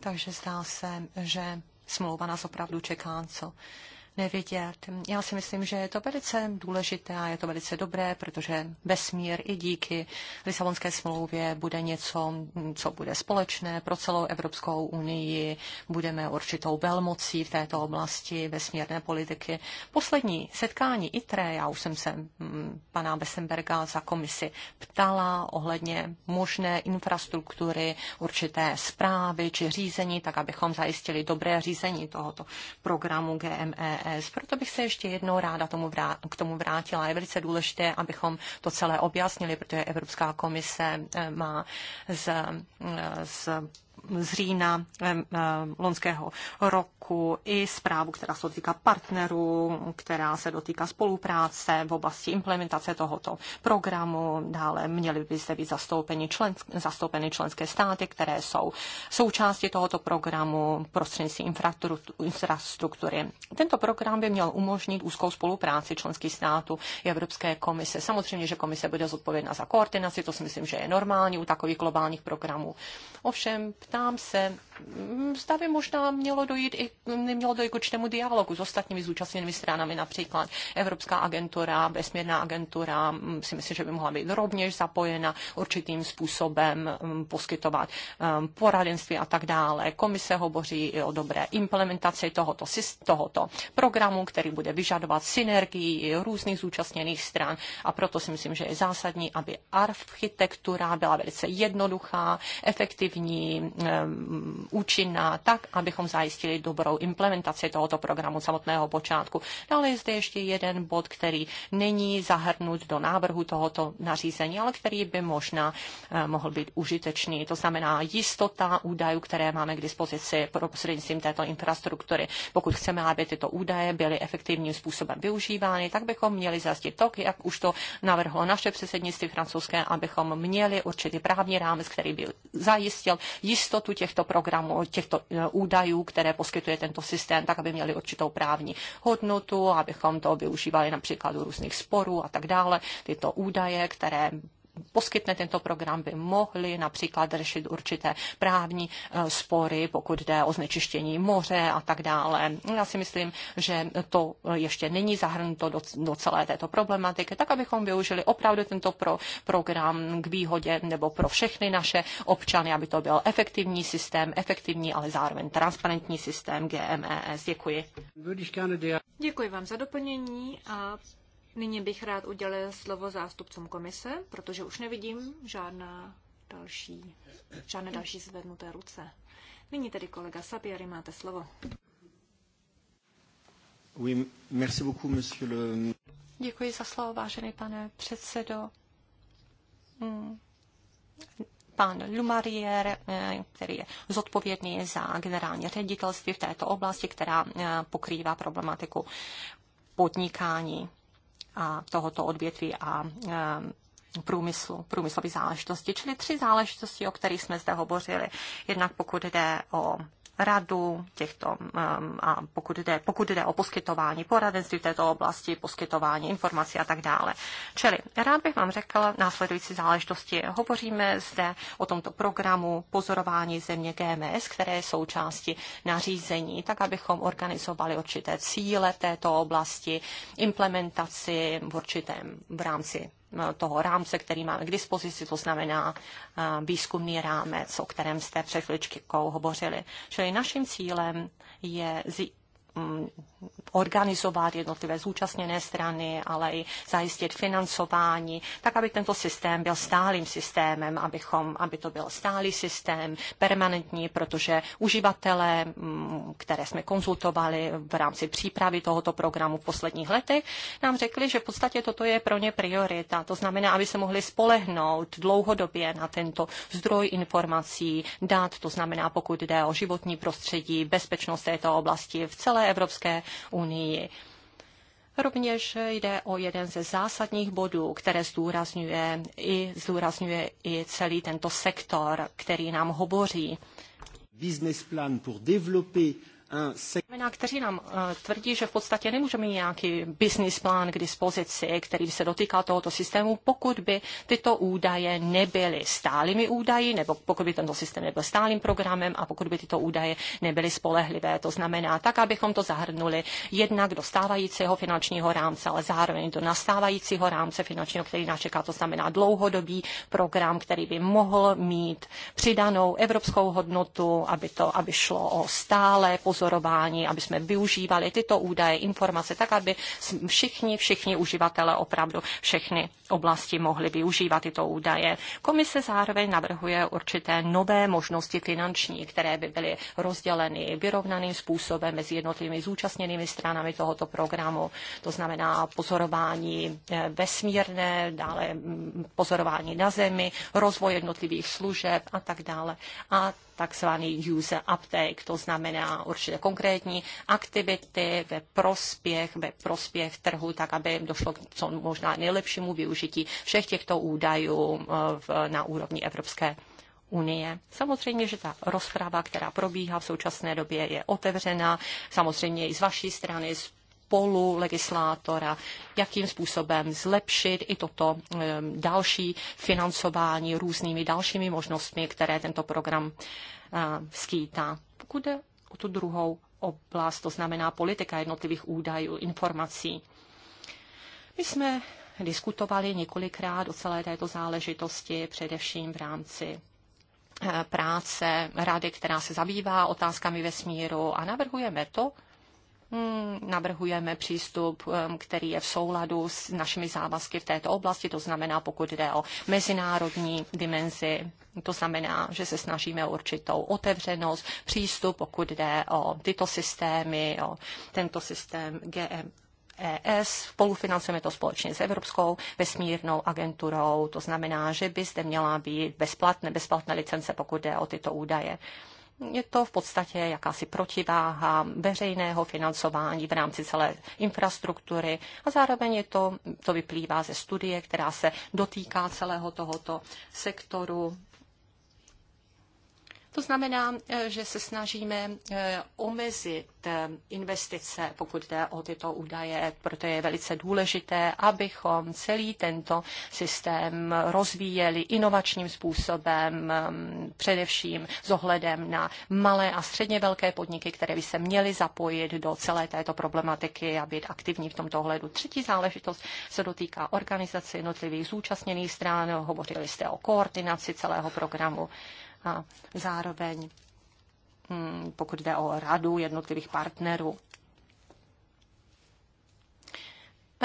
takže zdá se, že smlouva nás opravdu čeká, co nevidět. Já si myslím, že je to velice důležité a je to velice dobré, protože vesmír i díky Lisabonské smlouvě bude něco, co bude společné pro celou Evropskou unii. Budeme určitou velmocí v této oblasti vesmírné politiky. Poslední setkání ITRE, já už jsem se mm, pana Besenberga za komisi ptala ohledně možné infrastruktury, určité zprávy či řízení, tak abychom zajistili dobré řízení tohoto programu GME ETS. Proto bych se ještě jednou ráda tomu vrát, k tomu vrátila. Je velice důležité, abychom to celé objasnili, protože Evropská komise eh, má z, eh, z z října eh, eh, lonského roku i zprávu, která se dotýká partnerů, která se dotýká spolupráce v oblasti implementace tohoto programu. Dále měly by zde být zastoupeny, člen, zastoupeny členské státy, které jsou součástí tohoto programu prostřednictvím infrastruktury. Tento program by měl umožnit úzkou spolupráci členských států i Evropské komise. Samozřejmě, že komise bude zodpovědná za koordinaci, to si myslím, že je normální u takových globálních programů. Ovšem, Ptám se zda by možná mělo dojít i nemělo dojít k určitému dialogu s ostatními zúčastněnými stranami, například Evropská agentura, vesmírná agentura, mm, si myslím, že by mohla být rovněž zapojena určitým způsobem mm, poskytovat mm, poradenství a tak dále. Komise hovoří i o dobré implementaci tohoto, tohoto programu, který bude vyžadovat synergii různých zúčastněných stran a proto si myslím, že je zásadní, aby architektura byla velice jednoduchá, efektivní, um, účinná tak, abychom zajistili dobrou implementaci tohoto programu samotného počátku. Dále no, je zde ještě jeden bod, který není zahrnut do návrhu tohoto nařízení, ale který by možná eh, mohl být užitečný. To znamená jistota údajů, které máme k dispozici prostřednictvím této infrastruktury. Pokud chceme, aby tyto údaje byly efektivním způsobem využívány, tak bychom měli zjistit to, jak už to navrhlo naše předsednictví francouzské, abychom měli určitý právní rámec, který by zajistil jistotu těchto programů těchto e, údajů, které poskytuje tento systém, tak aby měli určitou právní hodnotu, abychom to využívali například u různých sporů a tak dále. Tyto údaje, které poskytne tento program, by mohli například řešit určité právní eh, spory, pokud jde o znečištění moře a tak dále. Já si myslím, že to ještě není zahrnuto do, do celé této problematiky, tak abychom využili opravdu tento pro, program k výhodě nebo pro všechny naše občany, aby to byl efektivní systém, efektivní, ale zároveň transparentní systém GMES. Děkuji. Děkuji vám za doplnění a Nyní bych rád udělil slovo zástupcům komise, protože už nevidím žádná další, žádné další zvednuté ruce. Nyní tedy kolega Sapiari, máte slovo. Oui, merci beaucoup, monsieur le... Děkuji za slovo, vážený pane předsedo. Hmm pan Lumarier, eh, který je zodpovědný za generální ředitelství v této oblasti, která eh, pokrývá problematiku podnikání a tohoto odvětví a eh, průmyslu, průmyslové záležitosti, čili tři záležitosti, o kterých jsme zde hovořili. Jednak pokud jde o radu těchto, um, a pokud jde, pokud jde o poskytování poradenství v této oblasti, poskytování informací a tak dále. Čili rád bych vám řekl následující záležitosti. Hovoříme zde o tomto programu pozorování země GMS, které je součástí nařízení, tak abychom organizovali určité cíle této oblasti, implementaci v určitém v rámci Eh, toho rámce, který máme k dispozici, to znamená eh, výzkumný rámec, o kterém jste před chvíličkou hovořili. Čili naším cílem je Mm, organizovat jednotlivé zúčastněné strany, ale i zajistit financování, tak aby tento systém byl stálým systémem, abychom, aby to byl stálý systém, permanentní, protože uživatelé, mm, které jsme konzultovali v rámci přípravy tohoto programu v posledních letech, nám řekli, že v podstatě toto je pro ně priorita. To znamená, aby se mohli spolehnout dlouhodobě na tento zdroj informací, dat, to znamená, pokud jde o životní prostředí, bezpečnost této oblasti v celé celé Evropské unii. Rovněž jde o jeden ze zásadních bodů, které zdůrazňuje i, zdůrazňuje i celý tento sektor, který nám hovoří. Business plan pour développer Uh, kteří nám uh, tvrdí, že v podstatě nemůžeme mít nějaký business plán k dispozici, který by se dotýká tohoto systému, pokud by tyto údaje nebyly stálými údaji, nebo pokud by tento systém nebyl stálým programem a pokud by tyto údaje nebyly spolehlivé. To znamená tak, abychom to zahrnuli jednak do stávajícího finančního rámce, ale zároveň do nastávajícího rámce finančního, který nás čeká. To znamená dlouhodobý program, který by mohl mít přidanou evropskou hodnotu, aby to aby šlo o stále pozorování, aby jsme využívali tyto údaje, informace, tak aby všichni, všichni uživatelé opravdu všechny oblasti mohli využívat tyto údaje. Komise zároveň navrhuje určité nové možnosti finanční, které by byly rozděleny vyrovnaným způsobem mezi jednotlivými zúčastněnými stranami tohoto programu, to znamená pozorování eh, vesmírné, dále mm, pozorování na zemi, rozvoj jednotlivých služeb a tak dále. A takzvaný user uptake, to znamená určitě konkrétní aktivity ve prospěch, ve prospěch trhu, tak aby došlo k co možná nejlepšímu využití všech těchto údajů eh, v, na úrovni Evropské unie. Samozřejmě, že ta rozprava, která probíhá v současné době, je otevřená. Samozřejmě i z vaší strany, z spolu legislátora, jakým způsobem zlepšit i toto eh, další financování různými dalšími možnostmi, které tento program eh, skýtá. Pokud jde o tu druhou oblast, to znamená politika jednotlivých údajů, informací. My jsme diskutovali několikrát o celé této záležitosti, především v rámci eh, práce rady, která se zabývá otázkami vesmíru a navrhujeme to, Hmm, navrhujeme přístup, který je v souladu s našimi závazky v této oblasti, to znamená, pokud jde o mezinárodní dimenzi, to znamená, že se snažíme o určitou otevřenost, přístup, pokud jde o tyto systémy, o tento systém GM, ES, spolufinancujeme to společně s Evropskou vesmírnou agenturou, to znamená, že by zde měla být bezplatné, bezplatné licence, pokud jde o tyto údaje je to v podstatě jakási protiváha veřejného financování v rámci celé infrastruktury a zároveň je to, to vyplývá ze studie, která se dotýká celého tohoto sektoru to znamená, eh, že se snažíme eh, omezit eh, investice, pokud jde o tyto údaje, proto je velice důležité, abychom celý tento systém rozvíjeli inovačním způsobem, především s ohledem na malé a středně velké podniky, které by se měly zapojit do celé této problematiky a být aktivní v tomto ohledu. Třetí záležitost se dotýká organizace jednotlivých zúčastněných stran. Hovořili jste o koordinaci celého programu a zároveň hm, pokud jde o radu jednotlivých partnerů.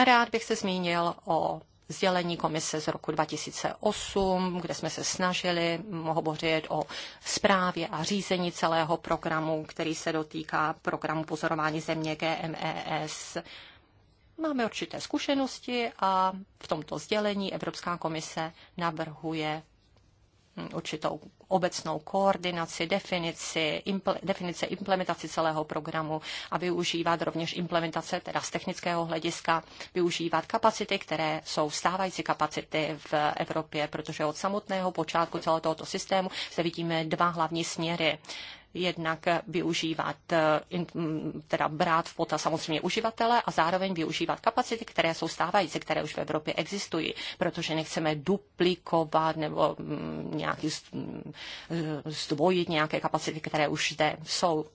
Rád bych se zmínil o sdělení komise z roku 2008, kde jsme se snažili hm, hovořit o zprávě a řízení celého programu, který se dotýká programu pozorování země GMES. Máme určité zkušenosti a v tomto sdělení Evropská komise navrhuje určitou obecnou koordinaci, definici, impl, definice implementaci celého programu a využívat rovněž implementace, teda z technického hlediska, využívat kapacity, které jsou stávající kapacity v Evropě, protože od samotného počátku celého tohoto systému se vidíme dva hlavní směry jednak využívat, eh, mm, teda brát v potaz samozřejmě uživatele a zároveň využívat kapacity, které jsou stávající, které už v Evropě existují, protože nechceme duplikovat nebo mm, nějaký mm, eh, zdvojit nějaké kapacity, které už zde jsou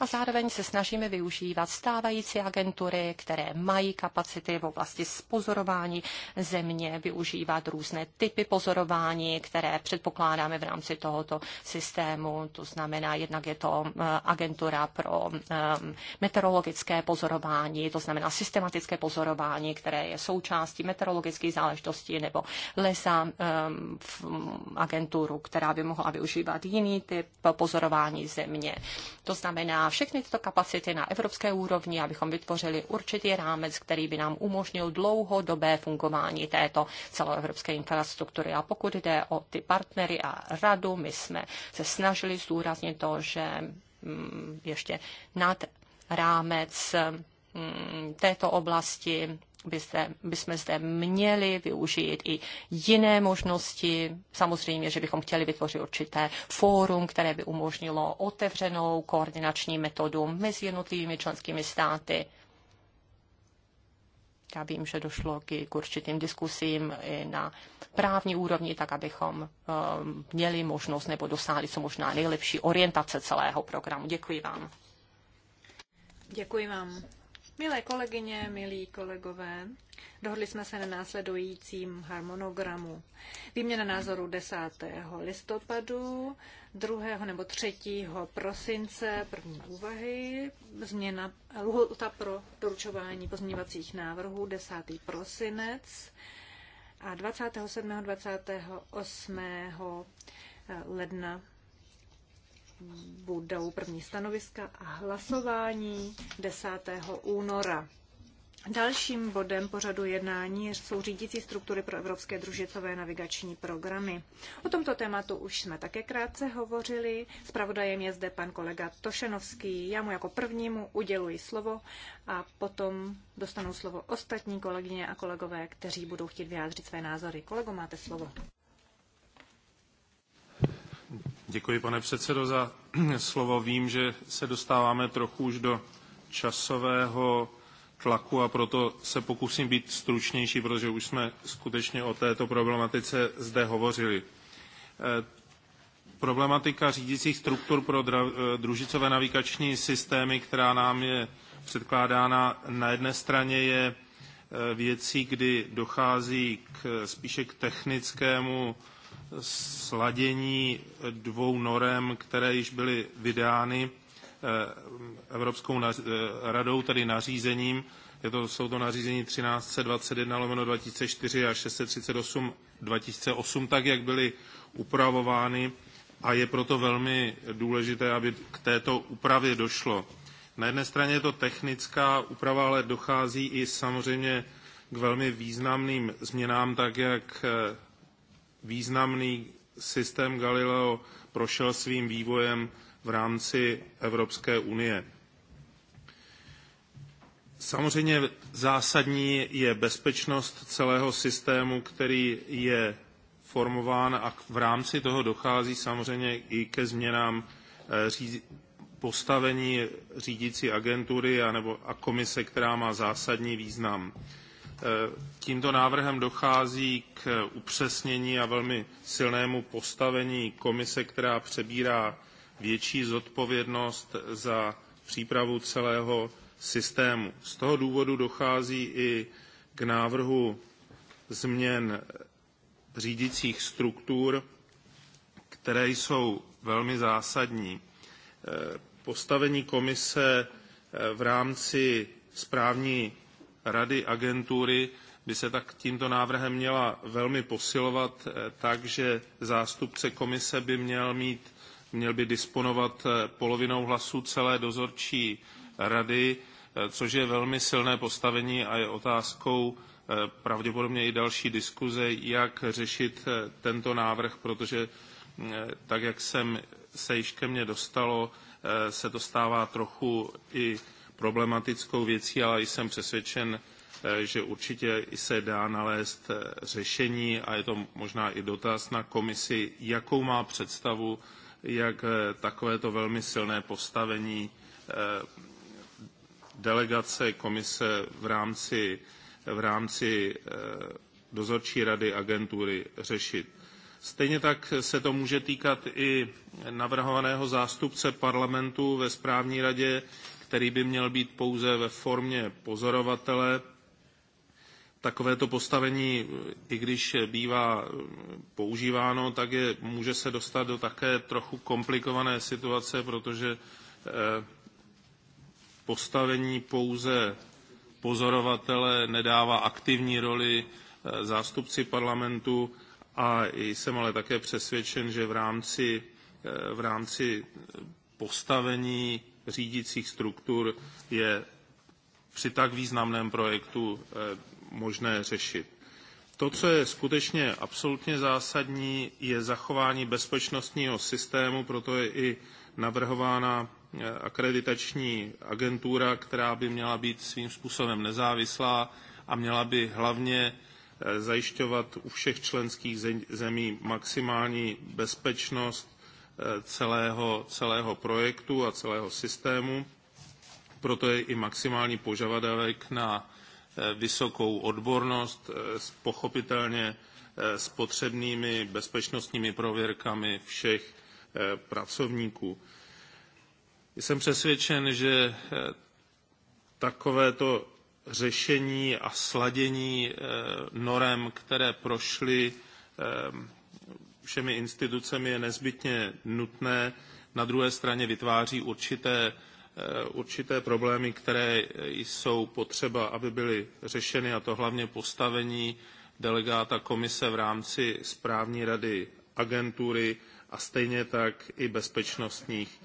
a zároveň se snažíme využívat stávající agentury, které mají kapacity v oblasti pozorování země, využívat různé typy pozorování, které předpokládáme v rámci tohoto systému. To znamená, jednak je to eh, agentura pro eh, meteorologické pozorování, to znamená systematické pozorování, které je součástí meteorologických záležitostí nebo lesa eh, agenturu, která by mohla využívat jiný typ pozorování země. To znamená, všechny tyto kapacity na evropské úrovni, abychom vytvořili určitý rámec, který by nám umožnil dlouhodobé fungování této celoevropské infrastruktury. A pokud jde o ty partnery a radu, my jsme se snažili zdůraznit to, že mm, ještě nad rámec mm, této oblasti byste, bychom zde měli využít i jiné možnosti. Samozřejmě, že bychom chtěli vytvořit určité fórum, které by umožnilo otevřenou koordinační metodu mezi jednotlivými členskými státy. Já vím, že došlo k, k určitým diskusím i na právní úrovni, tak abychom um, měli možnost nebo dosáhli co možná nejlepší orientace celého programu. Děkuji vám. Děkuji vám. Milé kolegyně, milí kolegové, dohodli jsme se na následujícím harmonogramu. Výměna názoru 10. listopadu, 2. nebo 3. prosince, první úvahy, změna lhuta pro doručování pozměňovacích návrhů 10. prosinec a 27. 28. ledna budou první stanoviska a hlasování 10. února. Dalším bodem pořadu jednání jsou řídící struktury pro evropské družicové navigační programy. O tomto tématu už jsme také krátce hovořili. Spravodajem je zde pan kolega Tošenovský. Já mu jako prvnímu uděluji slovo a potom dostanou slovo ostatní kolegyně a kolegové, kteří budou chtít vyjádřit své názory. Kolego, máte slovo. Děkuji, pane předsedo, za *clears throat* slovo. Vím, že se dostáváme trochu už do časového tlaku a proto se pokusím být stručnější, protože už jsme skutečně o této problematice zde hovořili. E, problematika řídících struktur pro e, družicové navigační systémy, která nám je předkládána na jedné straně, je e, věcí, kdy dochází k, spíše k technickému sladění dvou norem, které již byly vydány eh, Evropskou eh, radou, tedy nařízením. Je to, jsou to nařízení 1321 lomeno 2004 a 638 2008, tak jak byly upravovány a je proto velmi důležité, aby k této úpravě došlo. Na jedné straně je to technická úprava, ale dochází i samozřejmě k velmi významným změnám, tak jak eh, významný systém Galileo prošel svým vývojem v rámci Evropské unie. Samozřejmě zásadní je bezpečnost celého systému, který je formován a v rámci toho dochází samozřejmě i ke změnám eh, postavení řídící agentury a komise, která má zásadní význam. Tímto návrhem dochází k upřesnění a velmi silnému postavení komise, která přebírá větší zodpovědnost za přípravu celého systému. Z toho důvodu dochází i k návrhu změn řídicích struktur, které jsou velmi zásadní. Postavení komise v rámci správní rady agentury by se tak tímto návrhem měla velmi posilovat eh, tak, že zástupce komise by měl mít měl by disponovat eh, polovinou hlasů celé dozorčí rady, eh, což je velmi silné postavení a je otázkou pravděpodobně i další diskuze, jak řešit tento návrh, protože tak, jak jsem se již ke mně dostalo, se to stává trochu i problematickou věcí, ale jsem přesvědčen, eh, že určitě se dá nalézt eh, řešení a je to možná i dotaz na komisi, jakou má představu, jak eh, takovéto velmi silné postavení delegace komise v rámci, v rámci dozorčí rady agentury řešit. Stejně tak se to může týkat i navrhovaného zástupce parlamentu ve správní radě který by měl být pouze ve formě pozorovatele. Takovéto postavení, i když bývá používáno, tak je, může se dostat do také trochu komplikované situace, protože eh, postavení pouze pozorovatele nedává aktivní roli eh, zástupci parlamentu a jsem ale také přesvědčen, že v rámci, eh, v rámci postavení řídících struktur je při tak významném projektu eh, možné řešit. To, co je skutečně absolutně zásadní, je zachování bezpečnostního systému, proto je i navrhována eh, akreditační agentura, která by měla být svým způsobem nezávislá a měla by hlavně eh, zajišťovat u všech členských zemí maximální bezpečnost Eh, celého, celého projektu a celého systému. Proto je i maximální požadavek na eh, vysokou odbornost, eh, pochopitelně s potřebnými bezpečnostními prověrkami všech pracovníků. Jsem přesvědčen, že takovéto řešení a sladění norem, které prošly všemi institucemi je nezbytně nutné, na druhé straně vytváří určité, eh, určité problémy, které jsou potřeba, aby byly řešeny, a to hlavně postavení delegáta komise v rámci správní rady agentury a stejně tak i bezpečnostních,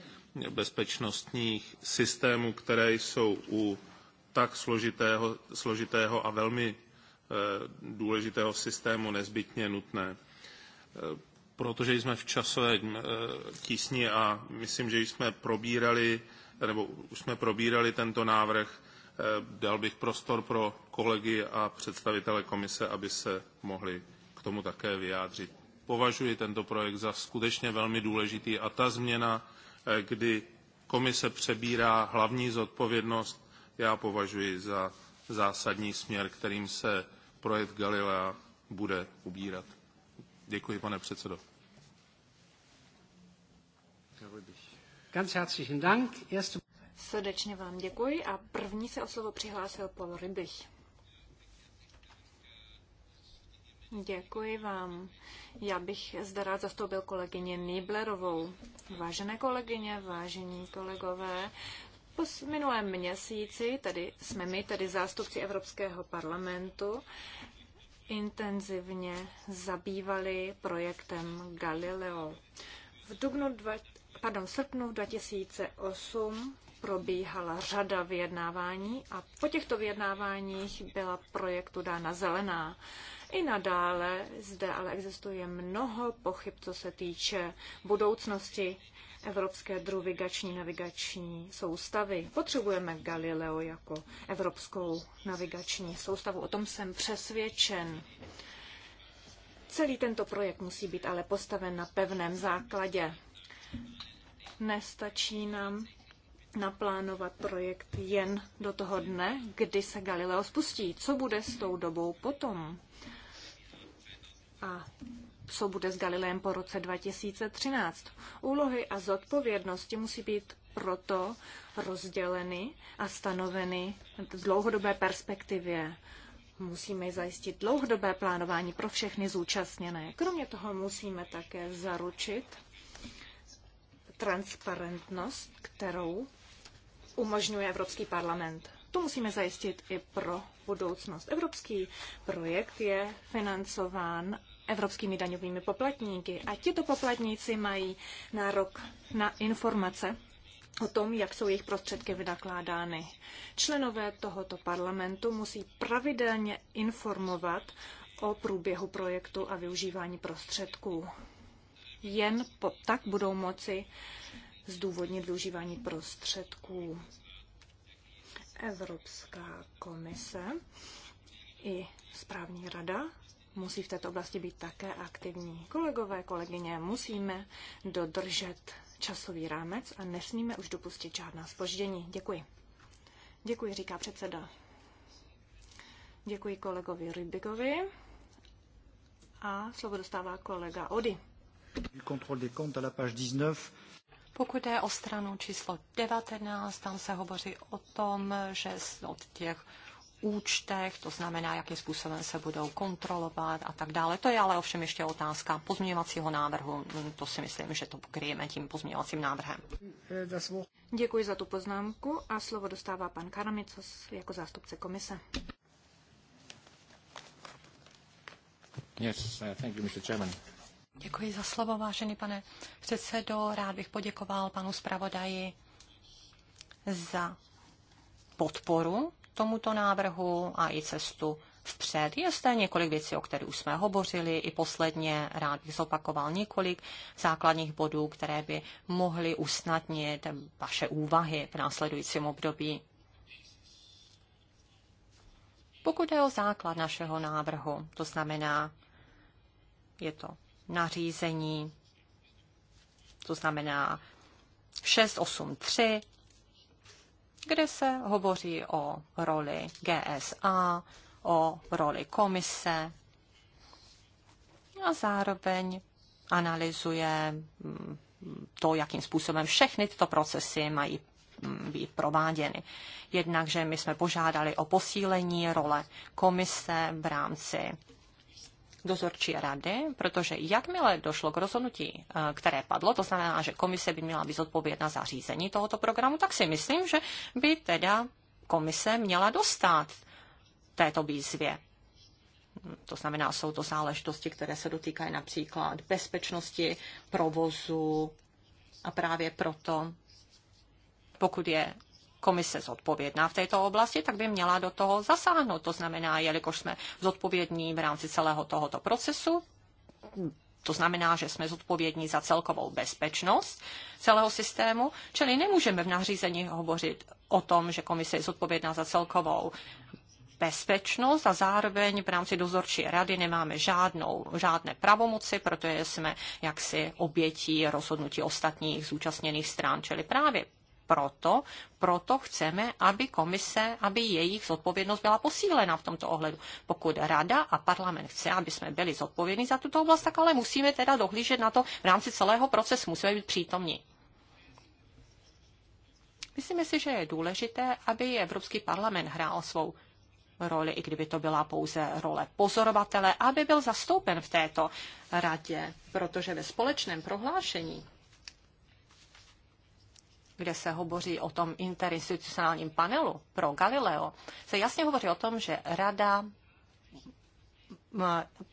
bezpečnostních systémů, které jsou u tak složitého, složitého a velmi eh, důležitého systému nezbytně nutné. Eh, protože jsme v časové eh, tísni a myslím, že jsme probírali, nebo už jsme probírali tento návrh, eh, dal bych prostor pro kolegy a představitele komise, aby se mohli k tomu také vyjádřit. Považuji tento projekt za skutečně velmi důležitý a ta změna, eh, kdy komise přebírá hlavní zodpovědnost, já považuji za zásadní směr, kterým se projekt Galilea bude ubírat. Děkuji, pane předsedo. Ganz herzlichen Dank. Erste... Srdečně vám děkuji a první se o slovo přihlásil Paul Rybich. Děkuji vám. Já bych zde rád zastoupil kolegyně Nýblerovou. Vážené kolegyně, vážení kolegové, po minulém měsíci, tedy jsme my, tedy zástupci Evropského parlamentu, intenzivně zabývali projektem Galileo. V, dubnu dva, pardon, v srpnu 2008 probíhala řada vyjednávání a po těchto vyjednáváních byla projektu dána zelená. I nadále zde ale existuje mnoho pochyb, co se týče budoucnosti evropské druvigační navigační soustavy. Potřebujeme Galileo jako evropskou navigační soustavu, o tom jsem přesvědčen. Celý tento projekt musí být ale postaven na pevném základě. Nestačí nám naplánovat projekt jen do toho dne, kdy se Galileo spustí. Co bude s tou dobou potom? A co bude s Galileem po roce 2013. Úlohy a zodpovědnosti musí být proto rozděleny a stanoveny v dlouhodobé perspektivě. Musíme zajistit dlouhodobé plánování pro všechny zúčastněné. Kromě toho musíme také zaručit transparentnost, kterou umožňuje Evropský parlament. To musíme zajistit i pro budoucnost. Evropský projekt je financován evropskými daňovými poplatníky. A tito poplatníci mají nárok na informace o tom, jak jsou jejich prostředky vynakládány. Členové tohoto parlamentu musí pravidelně informovat o průběhu projektu a využívání prostředků. Jen po, tak budou moci zdůvodnit využívání prostředků. Evropská komise i správní rada musí v této oblasti být také aktivní. Kolegové, kolegyně, musíme dodržet časový rámec a nesmíme už dopustit žádná spoždění. Děkuji. Děkuji, říká předseda. Děkuji kolegovi Rybigovi. A slovo dostává kolega Ody. Pokud je o stranu číslo 19, tam se hovoří o tom, že od těch účtech, to znamená, jakým způsobem se budou kontrolovat a tak dále. To je ale ovšem ještě otázka pozměňovacího návrhu. Mm, to si myslím, že to pokryjeme tím pozměňovacím návrhem. Děkuji za tu poznámku a slovo dostává pan Karamicos jako zástupce komise. Yes, uh, thank you, Mr. Chairman. Děkuji za slovo, vážený pane předsedo. Rád bych poděkoval panu zpravodaji za podporu tomuto návrhu a i cestu vpřed. Je zde několik věcí, o kterých jsme hovořili. I posledně rád bych zopakoval několik základních bodů, které by mohly usnadnit vaše úvahy v následujícím období. Pokud je o základ našeho návrhu, to znamená, je to nařízení, to znamená 683 kde se hovoří o roli GSA, o roli komise a zároveň analyzuje mm, to, jakým způsobem všechny tyto procesy mají mm, být prováděny. Jednakže my jsme požádali o posílení role komise v rámci dozorčí rady, protože jakmile došlo k rozhodnutí, eh, které padlo, to znamená, že komise by měla být zodpovědná za řízení tohoto programu, tak si myslím, že by teda komise měla dostat této výzvě. To znamená, jsou to záležitosti, které se dotýkají například bezpečnosti, provozu a právě proto, pokud je komise zodpovědná v této oblasti, tak by měla do toho zasáhnout. To znamená, jelikož jsme zodpovědní v rámci celého tohoto procesu, to znamená, že jsme zodpovědní za celkovou bezpečnost celého systému, čili nemůžeme v nařízení hovořit o tom, že komise je zodpovědná za celkovou bezpečnost a zároveň v rámci dozorčí rady nemáme žádnou, žádné pravomoci, protože jsme jaksi obětí rozhodnutí ostatních zúčastněných stran. Čili právě proto, proto chceme, aby komise, aby jejich zodpovědnost byla posílena v tomto ohledu. Pokud rada a parlament chce, aby jsme byli zodpovědní za tuto oblast, tak ale musíme teda dohlížet na to v rámci celého procesu, musíme být přítomní. Myslíme si, že je důležité, aby Evropský parlament hrál svou roli, i kdyby to byla pouze role pozorovatele, aby byl zastoupen v této radě, protože ve společném prohlášení kde se hovoří o tom interinstitucionálním panelu pro Galileo, se jasně hovoří o tom, že rada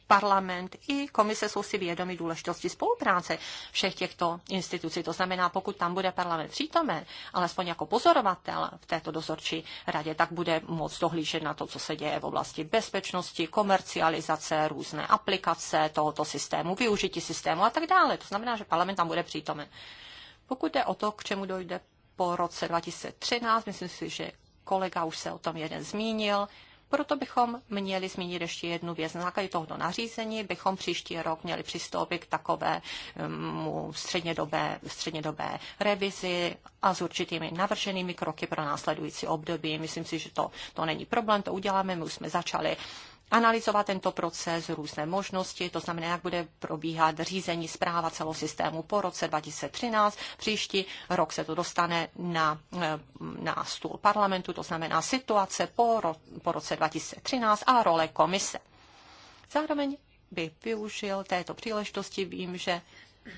parlament i komise jsou si vědomi důležitosti spolupráce všech těchto institucí. To znamená, pokud tam bude parlament přítomen, alespoň jako pozorovatel v této dozorčí radě, tak bude moc dohlížet na to, co se děje v oblasti bezpečnosti, komercializace, různé aplikace tohoto systému, využití systému a tak dále. To znamená, že parlament tam bude přítomen. Pokud jde o to, k čemu dojde po roce 2013, myslím si, že kolega už se o tom jeden zmínil, proto bychom měli zmínit ještě jednu věc. Na základě tohoto nařízení bychom příští rok měli přistoupit k takové mm, střednědobé, střednědobé revizi a s určitými navrženými kroky pro následující období. Myslím si, že to, to není problém, to uděláme. My už jsme začali analyzovat tento proces, různé možnosti, to znamená, jak bude probíhat řízení zpráva celého systému po roce 2013. Příští rok se to dostane na, eh, na stůl parlamentu, to znamená situace po, ro, po roce 2013 a role komise. Zároveň bych využil této příležitosti, vím, že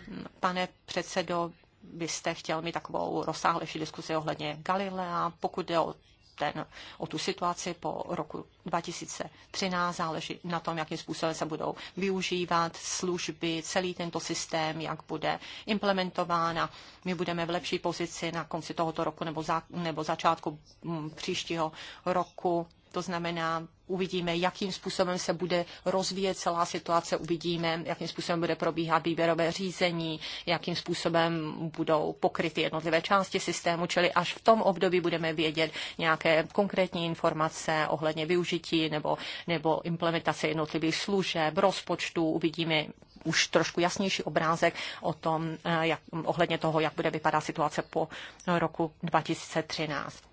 hm, pane předsedo, byste chtěl mít takovou rozsáhlejší diskusi ohledně Galilea, pokud jde o ten, o tu situaci po roku 2013. Záleží na tom, jakým způsobem se budou využívat služby, celý tento systém, jak bude implementována. My budeme v lepší pozici na konci tohoto roku nebo, za, nebo začátku mm, příštího roku to znamená, uvidíme, jakým způsobem se bude rozvíjet celá situace, uvidíme, jakým způsobem bude probíhat výběrové řízení, jakým způsobem budou pokryty jednotlivé části systému, čili až v tom období budeme vědět nějaké konkrétní informace ohledně využití nebo, nebo implementace jednotlivých služeb, rozpočtu, uvidíme už trošku jasnější obrázek o tom, eh, jak, ohledně toho, jak bude vypadat situace po roku 2013.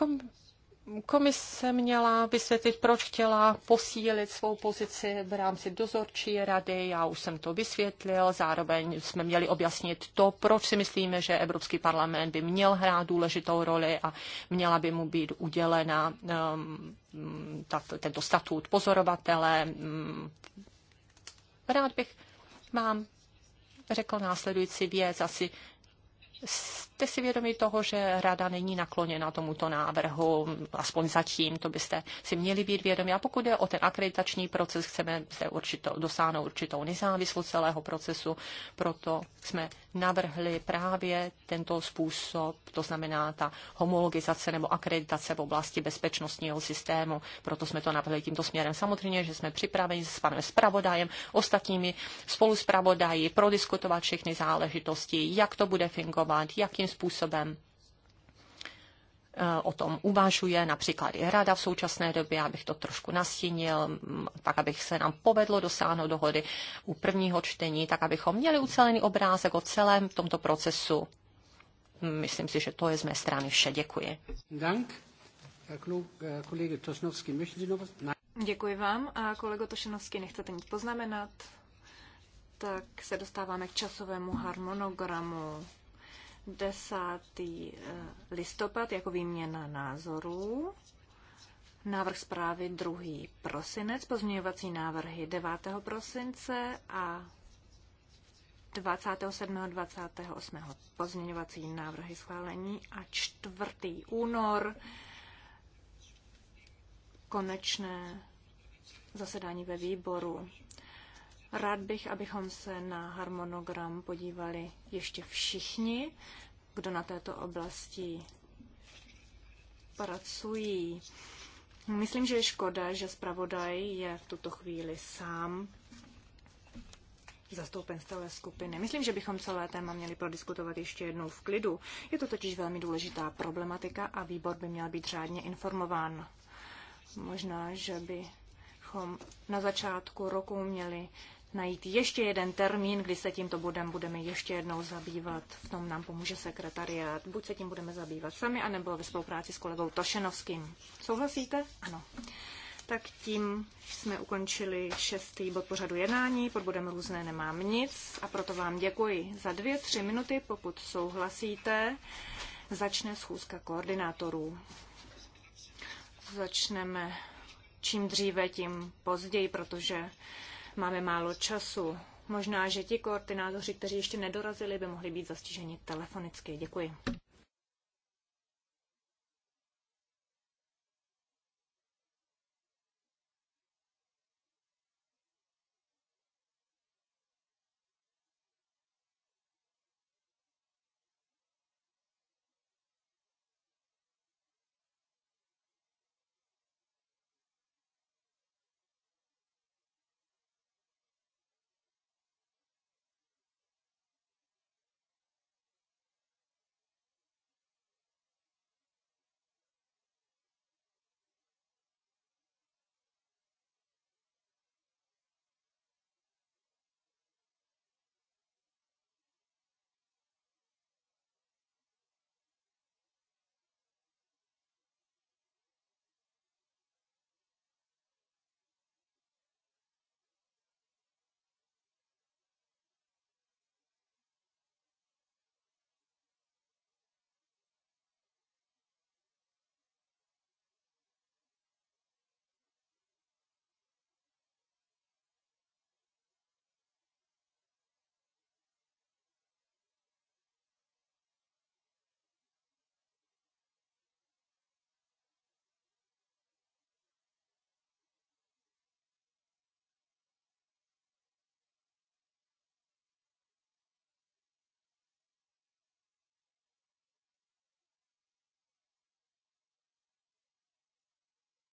Kom, komise měla vysvětlit, proč chtěla posílit svou pozici v rámci dozorčí rady. Já už jsem to vysvětlil. Zároveň jsme měli objasnit to, proč si myslíme, že Evropský parlament by měl hrát důležitou roli a měla by mu být udělena um, tato, tento statut pozorovatele. Um, rád bych vám řekl následující věc. Asi buďte si vědomi toho, že rada není nakloněna tomuto návrhu, aspoň zatím, to byste si měli být vědomi. A pokud je o ten akreditační proces, chceme se určitou, dosáhnout určitou nezávislost celého procesu, proto jsme navrhli právě tento způsob, to znamená ta homologizace nebo akreditace v oblasti bezpečnostního systému. Proto jsme to navrhli tímto směrem. Samozřejmě, že jsme připraveni s panem zpravodajem, ostatními spoluzpravodaji prodiskutovat všechny záležitosti, jak to bude fungovat, jakým způsobem eh, o tom uvažuje například i rada v současné době, abych to trošku nastínil, mm, tak abych se nám povedlo dosáhnout dohody u prvního čtení, tak abychom měli ucelený obrázek o celém tomto procesu. Myslím si, že to je z mé strany vše. Děkuji. Děkuji vám. A kolego Tošenovský, nechcete nic poznamenat? Tak se dostáváme k časovému harmonogramu. 10. Eh, listopad jako výměna názorů. Návrh zprávy 2. prosinec, pozměňovací návrhy 9. prosince a 27. 28. pozměňovací návrhy schválení a 4. únor konečné zasedání ve výboru. Rád bych, abychom se na harmonogram podívali ještě všichni, kdo na této oblasti pracují. Myslím, že je škoda, že zpravodaj je v tuto chvíli sám zastoupen z celé skupiny. Myslím, že bychom celé téma měli prodiskutovat ještě jednou v klidu. Je to totiž velmi důležitá problematika a výbor by měl být řádně informován. Možná, že bychom na začátku roku měli najít ještě jeden termín, kdy se tímto bodem budeme ještě jednou zabývat. V tom nám pomůže sekretariát. Buď se tím budeme zabývat sami, anebo ve spolupráci s kolegou Tošenovským. Souhlasíte? Ano. Tak tím jsme ukončili šestý bod pořadu jednání. Pod bodem různé nemám nic a proto vám děkuji za dvě, tři minuty, pokud souhlasíte. Začne schůzka koordinátorů. Začneme čím dříve, tím později, protože Máme málo času. Možná, že ti koordinátoři, kteří ještě nedorazili, by mohli být zastiženi telefonicky. Děkuji.